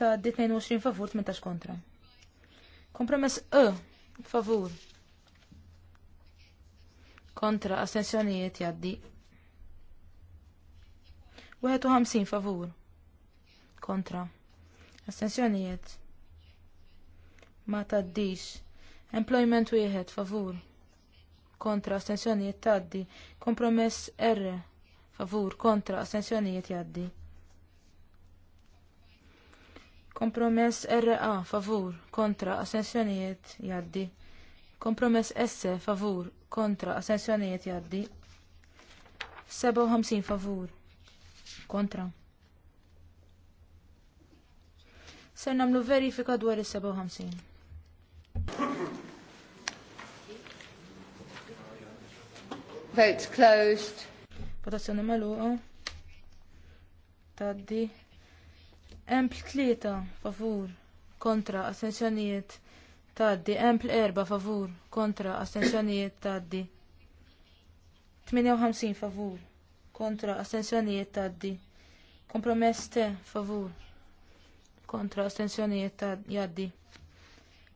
Ta' 22 favur 18 kontra. Kompromess E favur. Kontra astensjonijiet jaddi. 51 favur. Kontra. Astensjonijiet ma taddix. Employment wieħed favur kontra astensjonijiet taddi. Kompromess R favur kontra astensjonijiet jaddi. Kompromess RA favur kontra astensjonijiet jaddi. Kompromess S favur kontra astensjonijiet jaddi. 57 favur kontra. Ser namlu verifika dwar is-57. Votes closed. Votazzjoni maluqa. Taddi. Empl tlieta favur kontra astensjonijiet taddi. Empl erba favur kontra astensjonijiet taddi. 58 favur kontra astensjonijiet taddi. Kompromess te favur kontra astensjonijiet Taddi.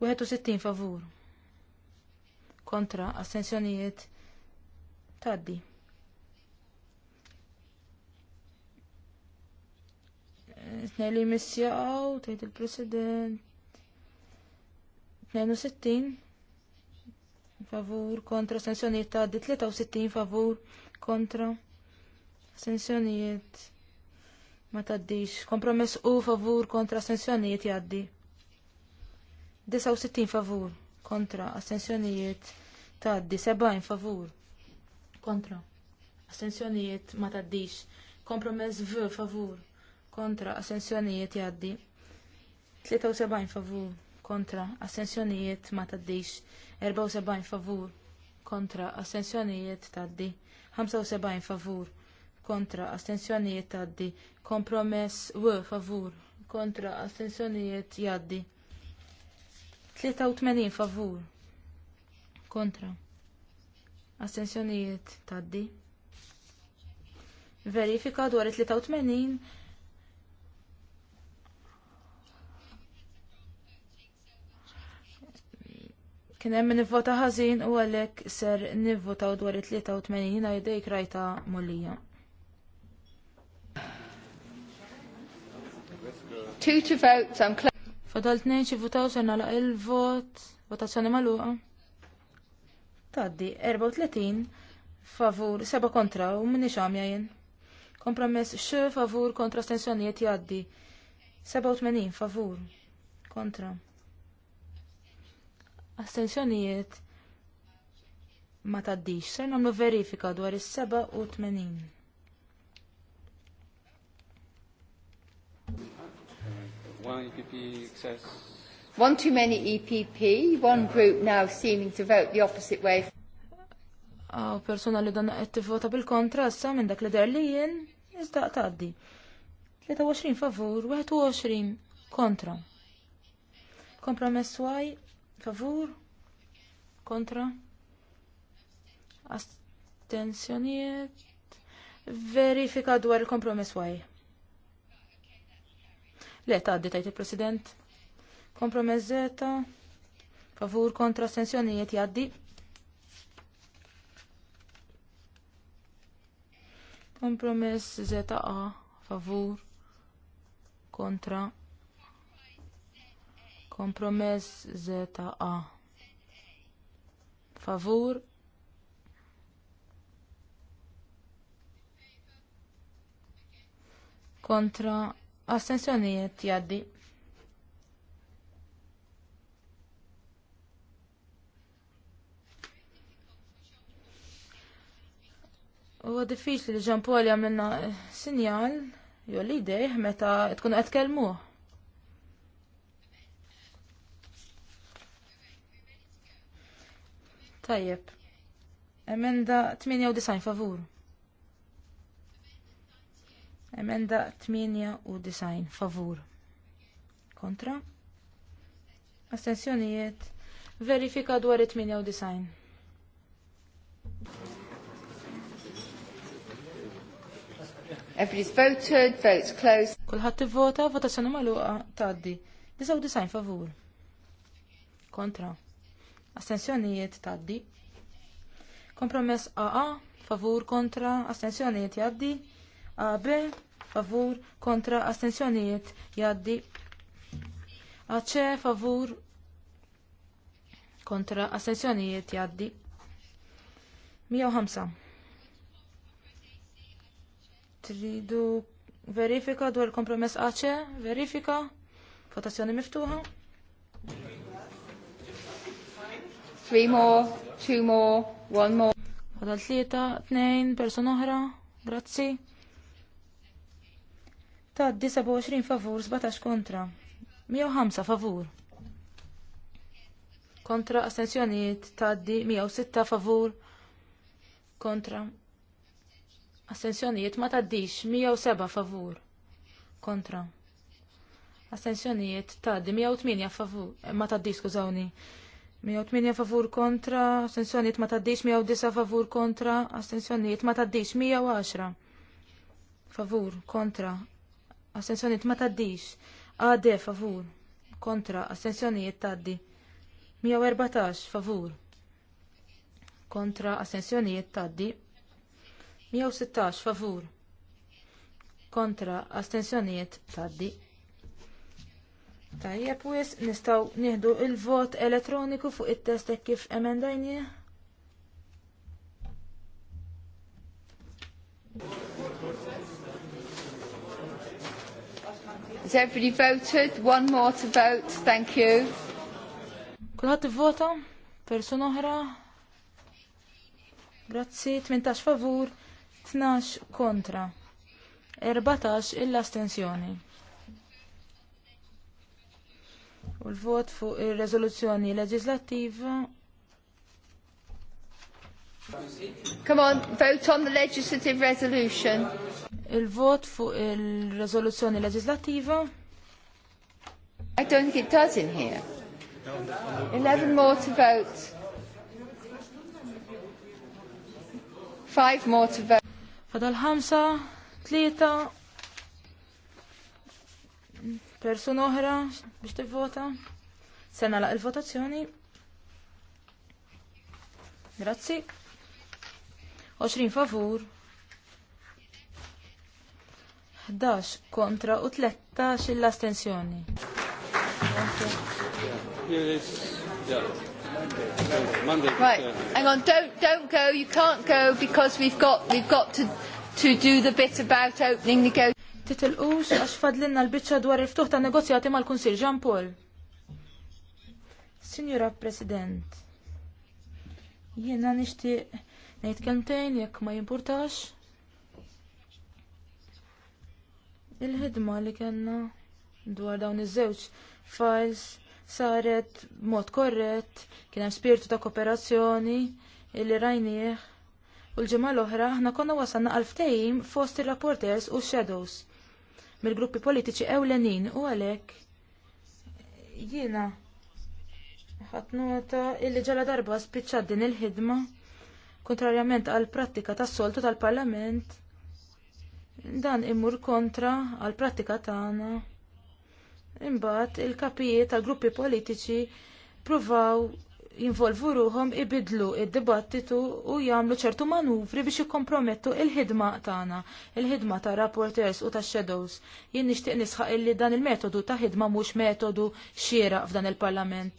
61 favur. Kontra astensjonijiet taddi. Tnej li missjaw, tejt il-president. 62 favur kontra sensjonijiet taddi. 63 favur kontra sensjonijiet ma taddix. Kompromess u favur kontra sensjonijiet jaddi. 69 favur kontra astensjonijiet taddi 70 favur kontra astensjonijiet ma taddix kompromess v favur kontra astensjonijiet jaddi 73 favur kontra astensjonijiet ma taddix 74 favur kontra astensjonijiet taddi 75 favur kontra astensjonijiet taddi kompromess w favur kontra astensjonijiet jaddi 83 favur. Kontra. Astensjonijiet taddi. Verifika dwar 83 Kien hemm nivvota ħażin u għalhekk ser nivvotaw dwar 83 għajdejk rajta mollija. Two to vote, I'm Fadal tnejn xi votaw sena nagħlaq il-vot, votazzjoni magħluqa. Taddi 34 favur, seba' kontra u minni għamja jien. Kompromess x favur kontra stensjonijiet jgħaddi. 87 favur kontra. Astensjonijiet ma taddix. Ser nagħmlu verifika dwar is-87. One EPP excess. One too many EPP, one group now seeming to vote the opposite way. Aw, persona li dan qed tivvota bil-kontra issa minn dak li der li jien iżda tgħaddi. 23 favur, 21 kontra. Kompromess waj, favur, kontra. Astenzjoniet, Verifika dwar il-kompromess waj. Le, għaddi tajt il-President. Kompromess zeta. Favur kontra astensjonijiet jaddi. Kompromess zeta A. Favur kontra. Kompromess zeta A. Favur kontra Astensjonijiet jaddi. U diffiċli li ġan poli għamilna eh, sinjal, jo li dejh, meta tkun għed kelmu. Tajjeb. Emenda 98 favur. Emenda 98 favur. Kontra. Astensjonijiet. Verifika dwar 98. Everybody's voted, votes closed. Kulħadd sanu maluqa, taddi. tgħaddi. disajn favur. Kontra. Astensjonijiet tgħaddi. Kompromess AA, favur kontra, astensjonijiet jgħaddi. AB, favur kontra astensjonijiet jaddi. AC favur kontra astensjonijiet jaddi. 105. Tridu verifika dwar kompromess AC, verifika, votazzjoni miftuħa. Three more, two more, one more. Għadal tlieta, tnejn, persona oħra, grazzi ta' 29 favur 17 kontra. 105 favur. Kontra astensjonijiet taddi 106 favur kontra. Astensjonijiet ma ta' 107 favur kontra. Astensjonijiet ta' 108 favur ma taddix skużawni. 108 favur kontra, astensjonijiet ma taddix 109 eh, favur kontra, astensjonijiet ma taddix 110 favur kontra, Assenzjoniet ma taddix. AD favur. Kontra. Assenzjoniet taddi. 114 favur. Kontra. Assenzjoniet taddi. 116 favur. Kontra. Astensjoniet taddi. Tajjeb wis nistgħu nieħdu il-vot elettroniku fuq it-test kif emendajnieh. Has everybody voted? One more to vote. Thank you. Kulħat vota oħra. Grazzi, 18 favur, 12 kontra, 14 il-astensjoni. U l-vot fuq il-rezoluzzjoni Come on, vote on the legislative resolution il-vot fuq il-rezoluzzjoni leġislativa. I don't think it does in here. 11 more to vote. 5 more to vote. Fadal ħamsa, tlieta, Person oħra biex tivvota. Sena laq il-votazzjoni. Grazzi. 20 favur, 11 kontra u 13 l-astensjoni. Right, hang on, don't, don't go, you can't go because we've got, we've got to, to do the bit about opening negotiations. Titilqux għax fadlinna l-bicċa dwar il-ftuħ ta' negozjati mal-Kunsil Jean Paul. Signora President, jiena nixtieq ngħid kentejn jekk ma jimpurtax. Il-ħidma li kellna dwar dawn iż-żewġ files saret b'mod korrett, kien hemm spiritu ta' kooperazzjoni illi rajnieh. U l-ġimgħa l-oħra aħna konna wasalna għal ftehim fost ir-rapporters u shadows mill-gruppi politiċi ewlenin u għalhekk jiena ħadd nota illi ġala darba spiċċa din il-ħidma kontrarjament għall prattika tas-soltu tal-Parlament dan immur kontra għal pratika tagħna. Imbagħad il-kapijiet tal gruppi politiċi pruvaw jinvolvu ruhom ibidlu id-dibattitu u jagħmlu ċertu manuvri biex jikkompromettu il-ħidma tagħna, il-ħidma ta' rapporters u ta' shadows. Jien nixtieq nisħaq illi dan il-metodu ta' ħidma mhux metodu xieraq f'dan il-Parlament.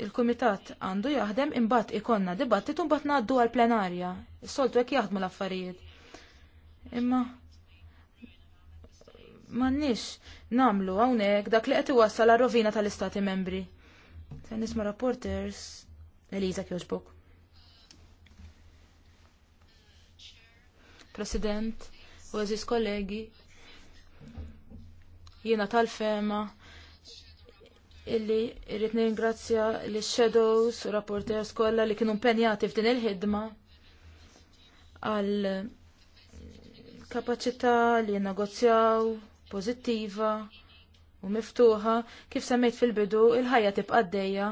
Il-Kumitat għandu jaħdem imbagħad ikonna dibattitu mbagħad ngħaddu għall-plenarja. Soltu hekk jaħdmu l-affarijiet. Imma m'għandniex namlu hawnhekk dak li qed iwassal rovina tal-Istati Membri. Se nisma' rapporters Eliza Kjosbok. President, u eżis kollegi, jiena tal-fema illi irrit ningrazzja li shadows u rapporters kollha li kienu impenjati f'din il-ħidma għal kapaċità li negozjaw pożittiva u miftuħa kif semmejt fil-bidu il-ħajja tibqa' għaddejja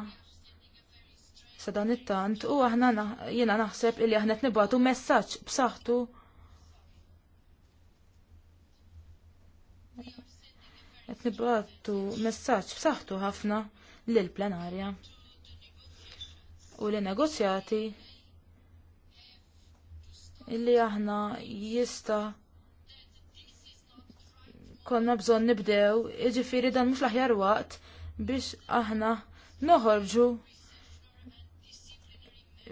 sa dan it-tant u aħna jiena naħseb illi aħna qed nibagħtu messaġġ b'saħħtu qed nibgħatu messaġġ b'saħħtu ħafna lil plenarja u li negozjati illi aħna jista' konna bżon nibdew, iġifiri dan mux laħjar waqt biex aħna noħorġu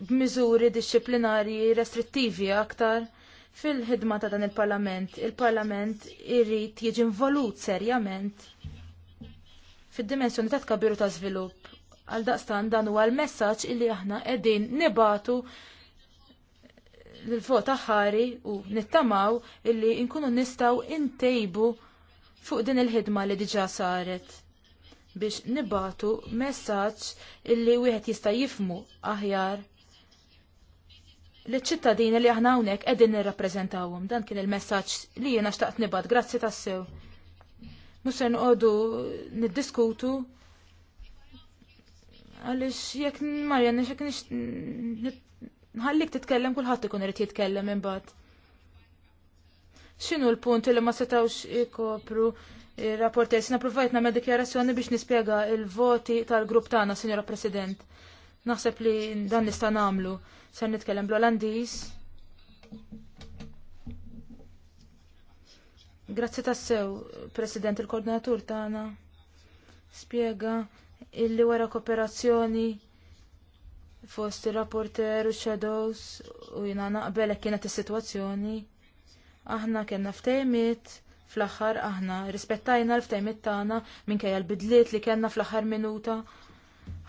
b'miżuri disċiplinarji restrittivi aktar fil-ħidma ta' dan il-Parlament. Il-Parlament irrid jiġi involut serjament fid-dimensjoni ta' tkabiru ta' żvilupp. Għal daqstan dan huwa l-messaġġ illi aħna qegħdin nibatu l-vot aħħari u nittamaw illi nkunu nistgħu intejbu fuq din il-ħidma li diġà saret biex nibatu messaġġ illi wieħed jista' jifmu aħjar liċ ċittadini li aħna hawnhekk qegħdin nirrappreżentawhom. Dan kien il-messaġġ li jiena xtaqt nibad, grazzi tassew. Mhux se noqogħdu niddiskutu għaliex jekk Marjan jekk nħallik titkellem kulħadd ikun irid jitkellem imbagħad x'inhu l-punti li ma setawx ikopru rapporter sina provajt namel dikjarazzjoni biex nispjega il-voti tal-grupp tagħna, Sinjora President. Naħseb li dan nista' nagħmlu. Ser nitkellem bl-Olandiż. Grazzi tassew, President il-Koordinatur tagħna. Spjega illi wara kooperazzjoni fost il rapporter u shadows u jina naqbelek kienet is-sitwazzjoni. Aħna kena ftejmit fl-aħħar aħna rispettajna l-ftejmit tagħna minkejja l-bidliet li kellna fl-aħħar minuta.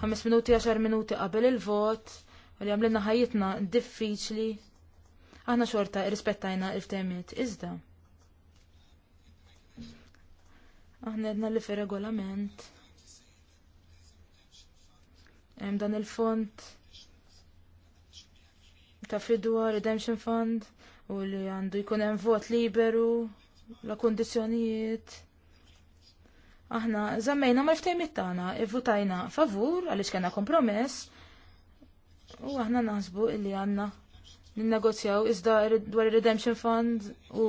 Ħames minuti għaxar minuti qabel il-vot li għamlinna ħajjitna diffiċli. Aħna xorta rispettajna l-ftejmit iżda. Aħna għedna li fir-regolament. Hemm dan il-font ta' fidwa Redemption Fund u li għandu jkun hemm vot liberu la kundizzjonijiet. Aħna żammejna mal-ftejmit tagħna, ivvutajna favur għaliex kellna kompromess u aħna naħsbu li għandna ninnegozjaw iżda dwar redemption fund u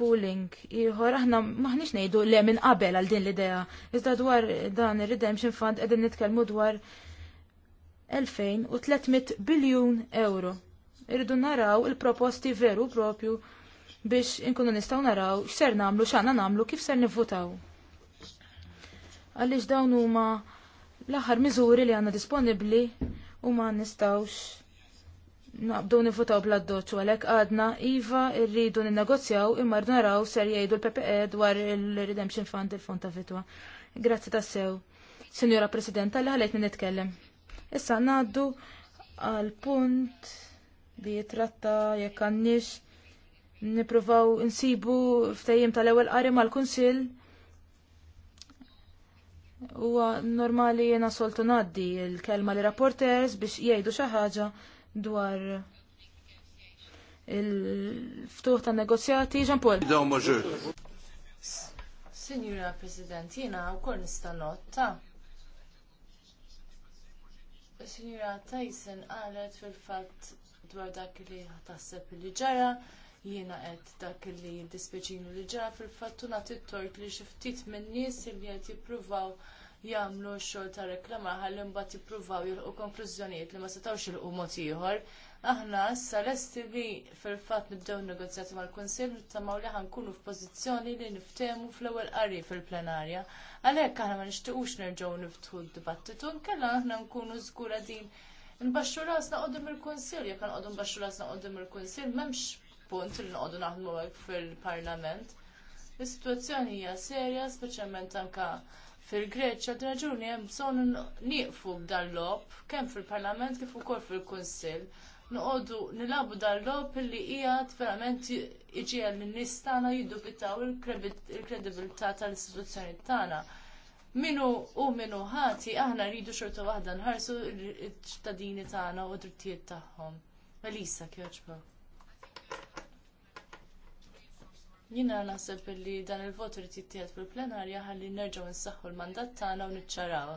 pooling ieħor aħna maħniex ngħidu le minn qabel għal din l-idea. Iżda dwar dan ir-redemption fund qegħdin nitkellmu dwar 2300 biljun euro. Irridu naraw il-proposti veru propju biex inkunu nistaw naraw x'ser namlu, x'għandna namlu, kif ser nivvutaw. Għaliex dawn huma l-aħħar miżuri li għandna disponibbli u ma nistawx naqbdu nivvutaw bla doċċu għalhekk għadna iva rridu ninnegozjaw imma rridu naraw ser jgħidu l-PPE dwar il-Redemption Fund il-Fond ta' Fitwa. Grazzi tassew. Sinjora President, għalli għalek nitkellem. Issa ngħaddu għal punt li jitratta jekk għandniex nippruvaw insibu ftejjem tal-ewwel qari mal-kunsill. Huwa normali jiena soltu ngħaddi l-kelma li rapporters biex jgħidu xi ħaġa dwar il-ftuħ tan negozjati. ġampol. Signora President, jiena wkoll nista' notta Signora Tyson qalet fil-fatt dwar dak li taħseb li ġara, jiena qed dak li dispieċinu li ġara fil u nagħti t-tort li xi ftit minn nies li qed jippruvaw jagħmlu x-xogħol ta' reklama ħalli mbagħad jippruvaw jilqu konklużjonijiet li ma setgħux jilqu mod ieħor. Aħna issa lesti li fil-fatt nibdew negozjati mal-Kunsill nittamaw li ħankunu f'pożizzjoni li niftehmu fl-ewwel qari fil-plenarja. Għalhekk aħna ma nixtiequx nerġgħu niftħu d-dibattitu, nkella aħna nkunu żgura din nbaxxu rasna qoddim il-Kunsill, jekk nqogħdu nbaxxu rasna qoddim il-Kunsill, m'hemmx punt li nqogħdu naħdmu hekk fil-Parlament. Is-sitwazzjoni hija serja, speċjalment anke fil-Greċja, din raġuni hemm bżonn nieqfu b'dan lob kemm fil-Parlament kif ukoll fil-Kunsill. Noqogħdu nilabu dal lob li hija verament jiġi lin-nies tagħna jiddubitaw il-kredibilità tal-istituzzjoni tagħna minu u minu ħati aħna rridu xorta waħda nħarsu il-ċittadini tagħna u drittijiet tagħhom. Melissa kjoċba. Jina naħseb li dan il-vot irid jittieħed fil-plenarja ħalli nerġgħu nsaħħu l-mandat tagħna u niċċaraw.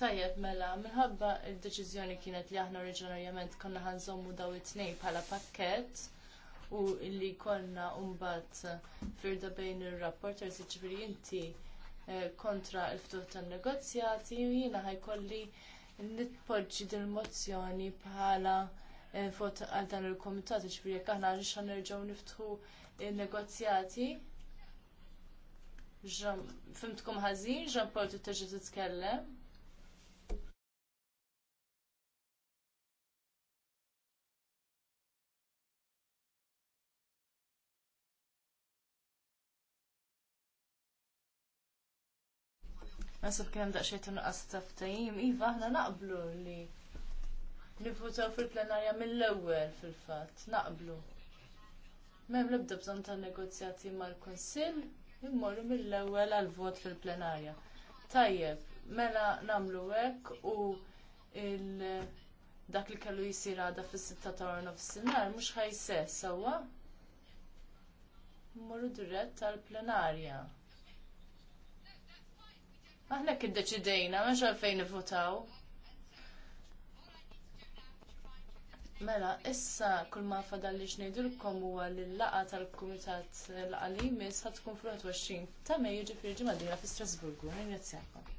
Tajjeb mela, minħabba d deċiżjoni kienet li aħna oriġinarjament konna ħanżommu daw it-tnejn bħala pakkett u illi konna mbagħad firda bejn ir-rapporters ġifieri inti eh, kontra l-ftuħ tan-negozjati u jiena ħajkolli nitpoġġi din mozzjoni bħala eh, vot għal dan il-komitat ġifieri jekk aħna għaliex nerġgħu niftħu n-negozjati. Fimtkom ħażin, ġamport t-teġi titkellem. nasib kienem hemm nuqqas taftajim, iva aħna naqblu li nifutaw fil-plenarja mill-ewwel fil-fatt, naqblu. Mem l-ibda bżonn ta' negozjati mal-Kunsill, immorru mill-ewwel għall vot fil-plenarja. Tajjeb, mela nagħmlu hekk u il- dak li kellu jisir għada fis-sitta ta' orna fis-sinar mhux ħajse sewwa. Mmorru dirett tal-plenarja. Aħna deċidejna, ma xalfejn votaw. Mela, issa kull ma fadal li xnejdilkom u l-laqa tal-Kumitat l-Qalimis ħatkun fl-21 ta' Mejju ġifiri ġimadina fi Strasburgu. Ringrazzjakom.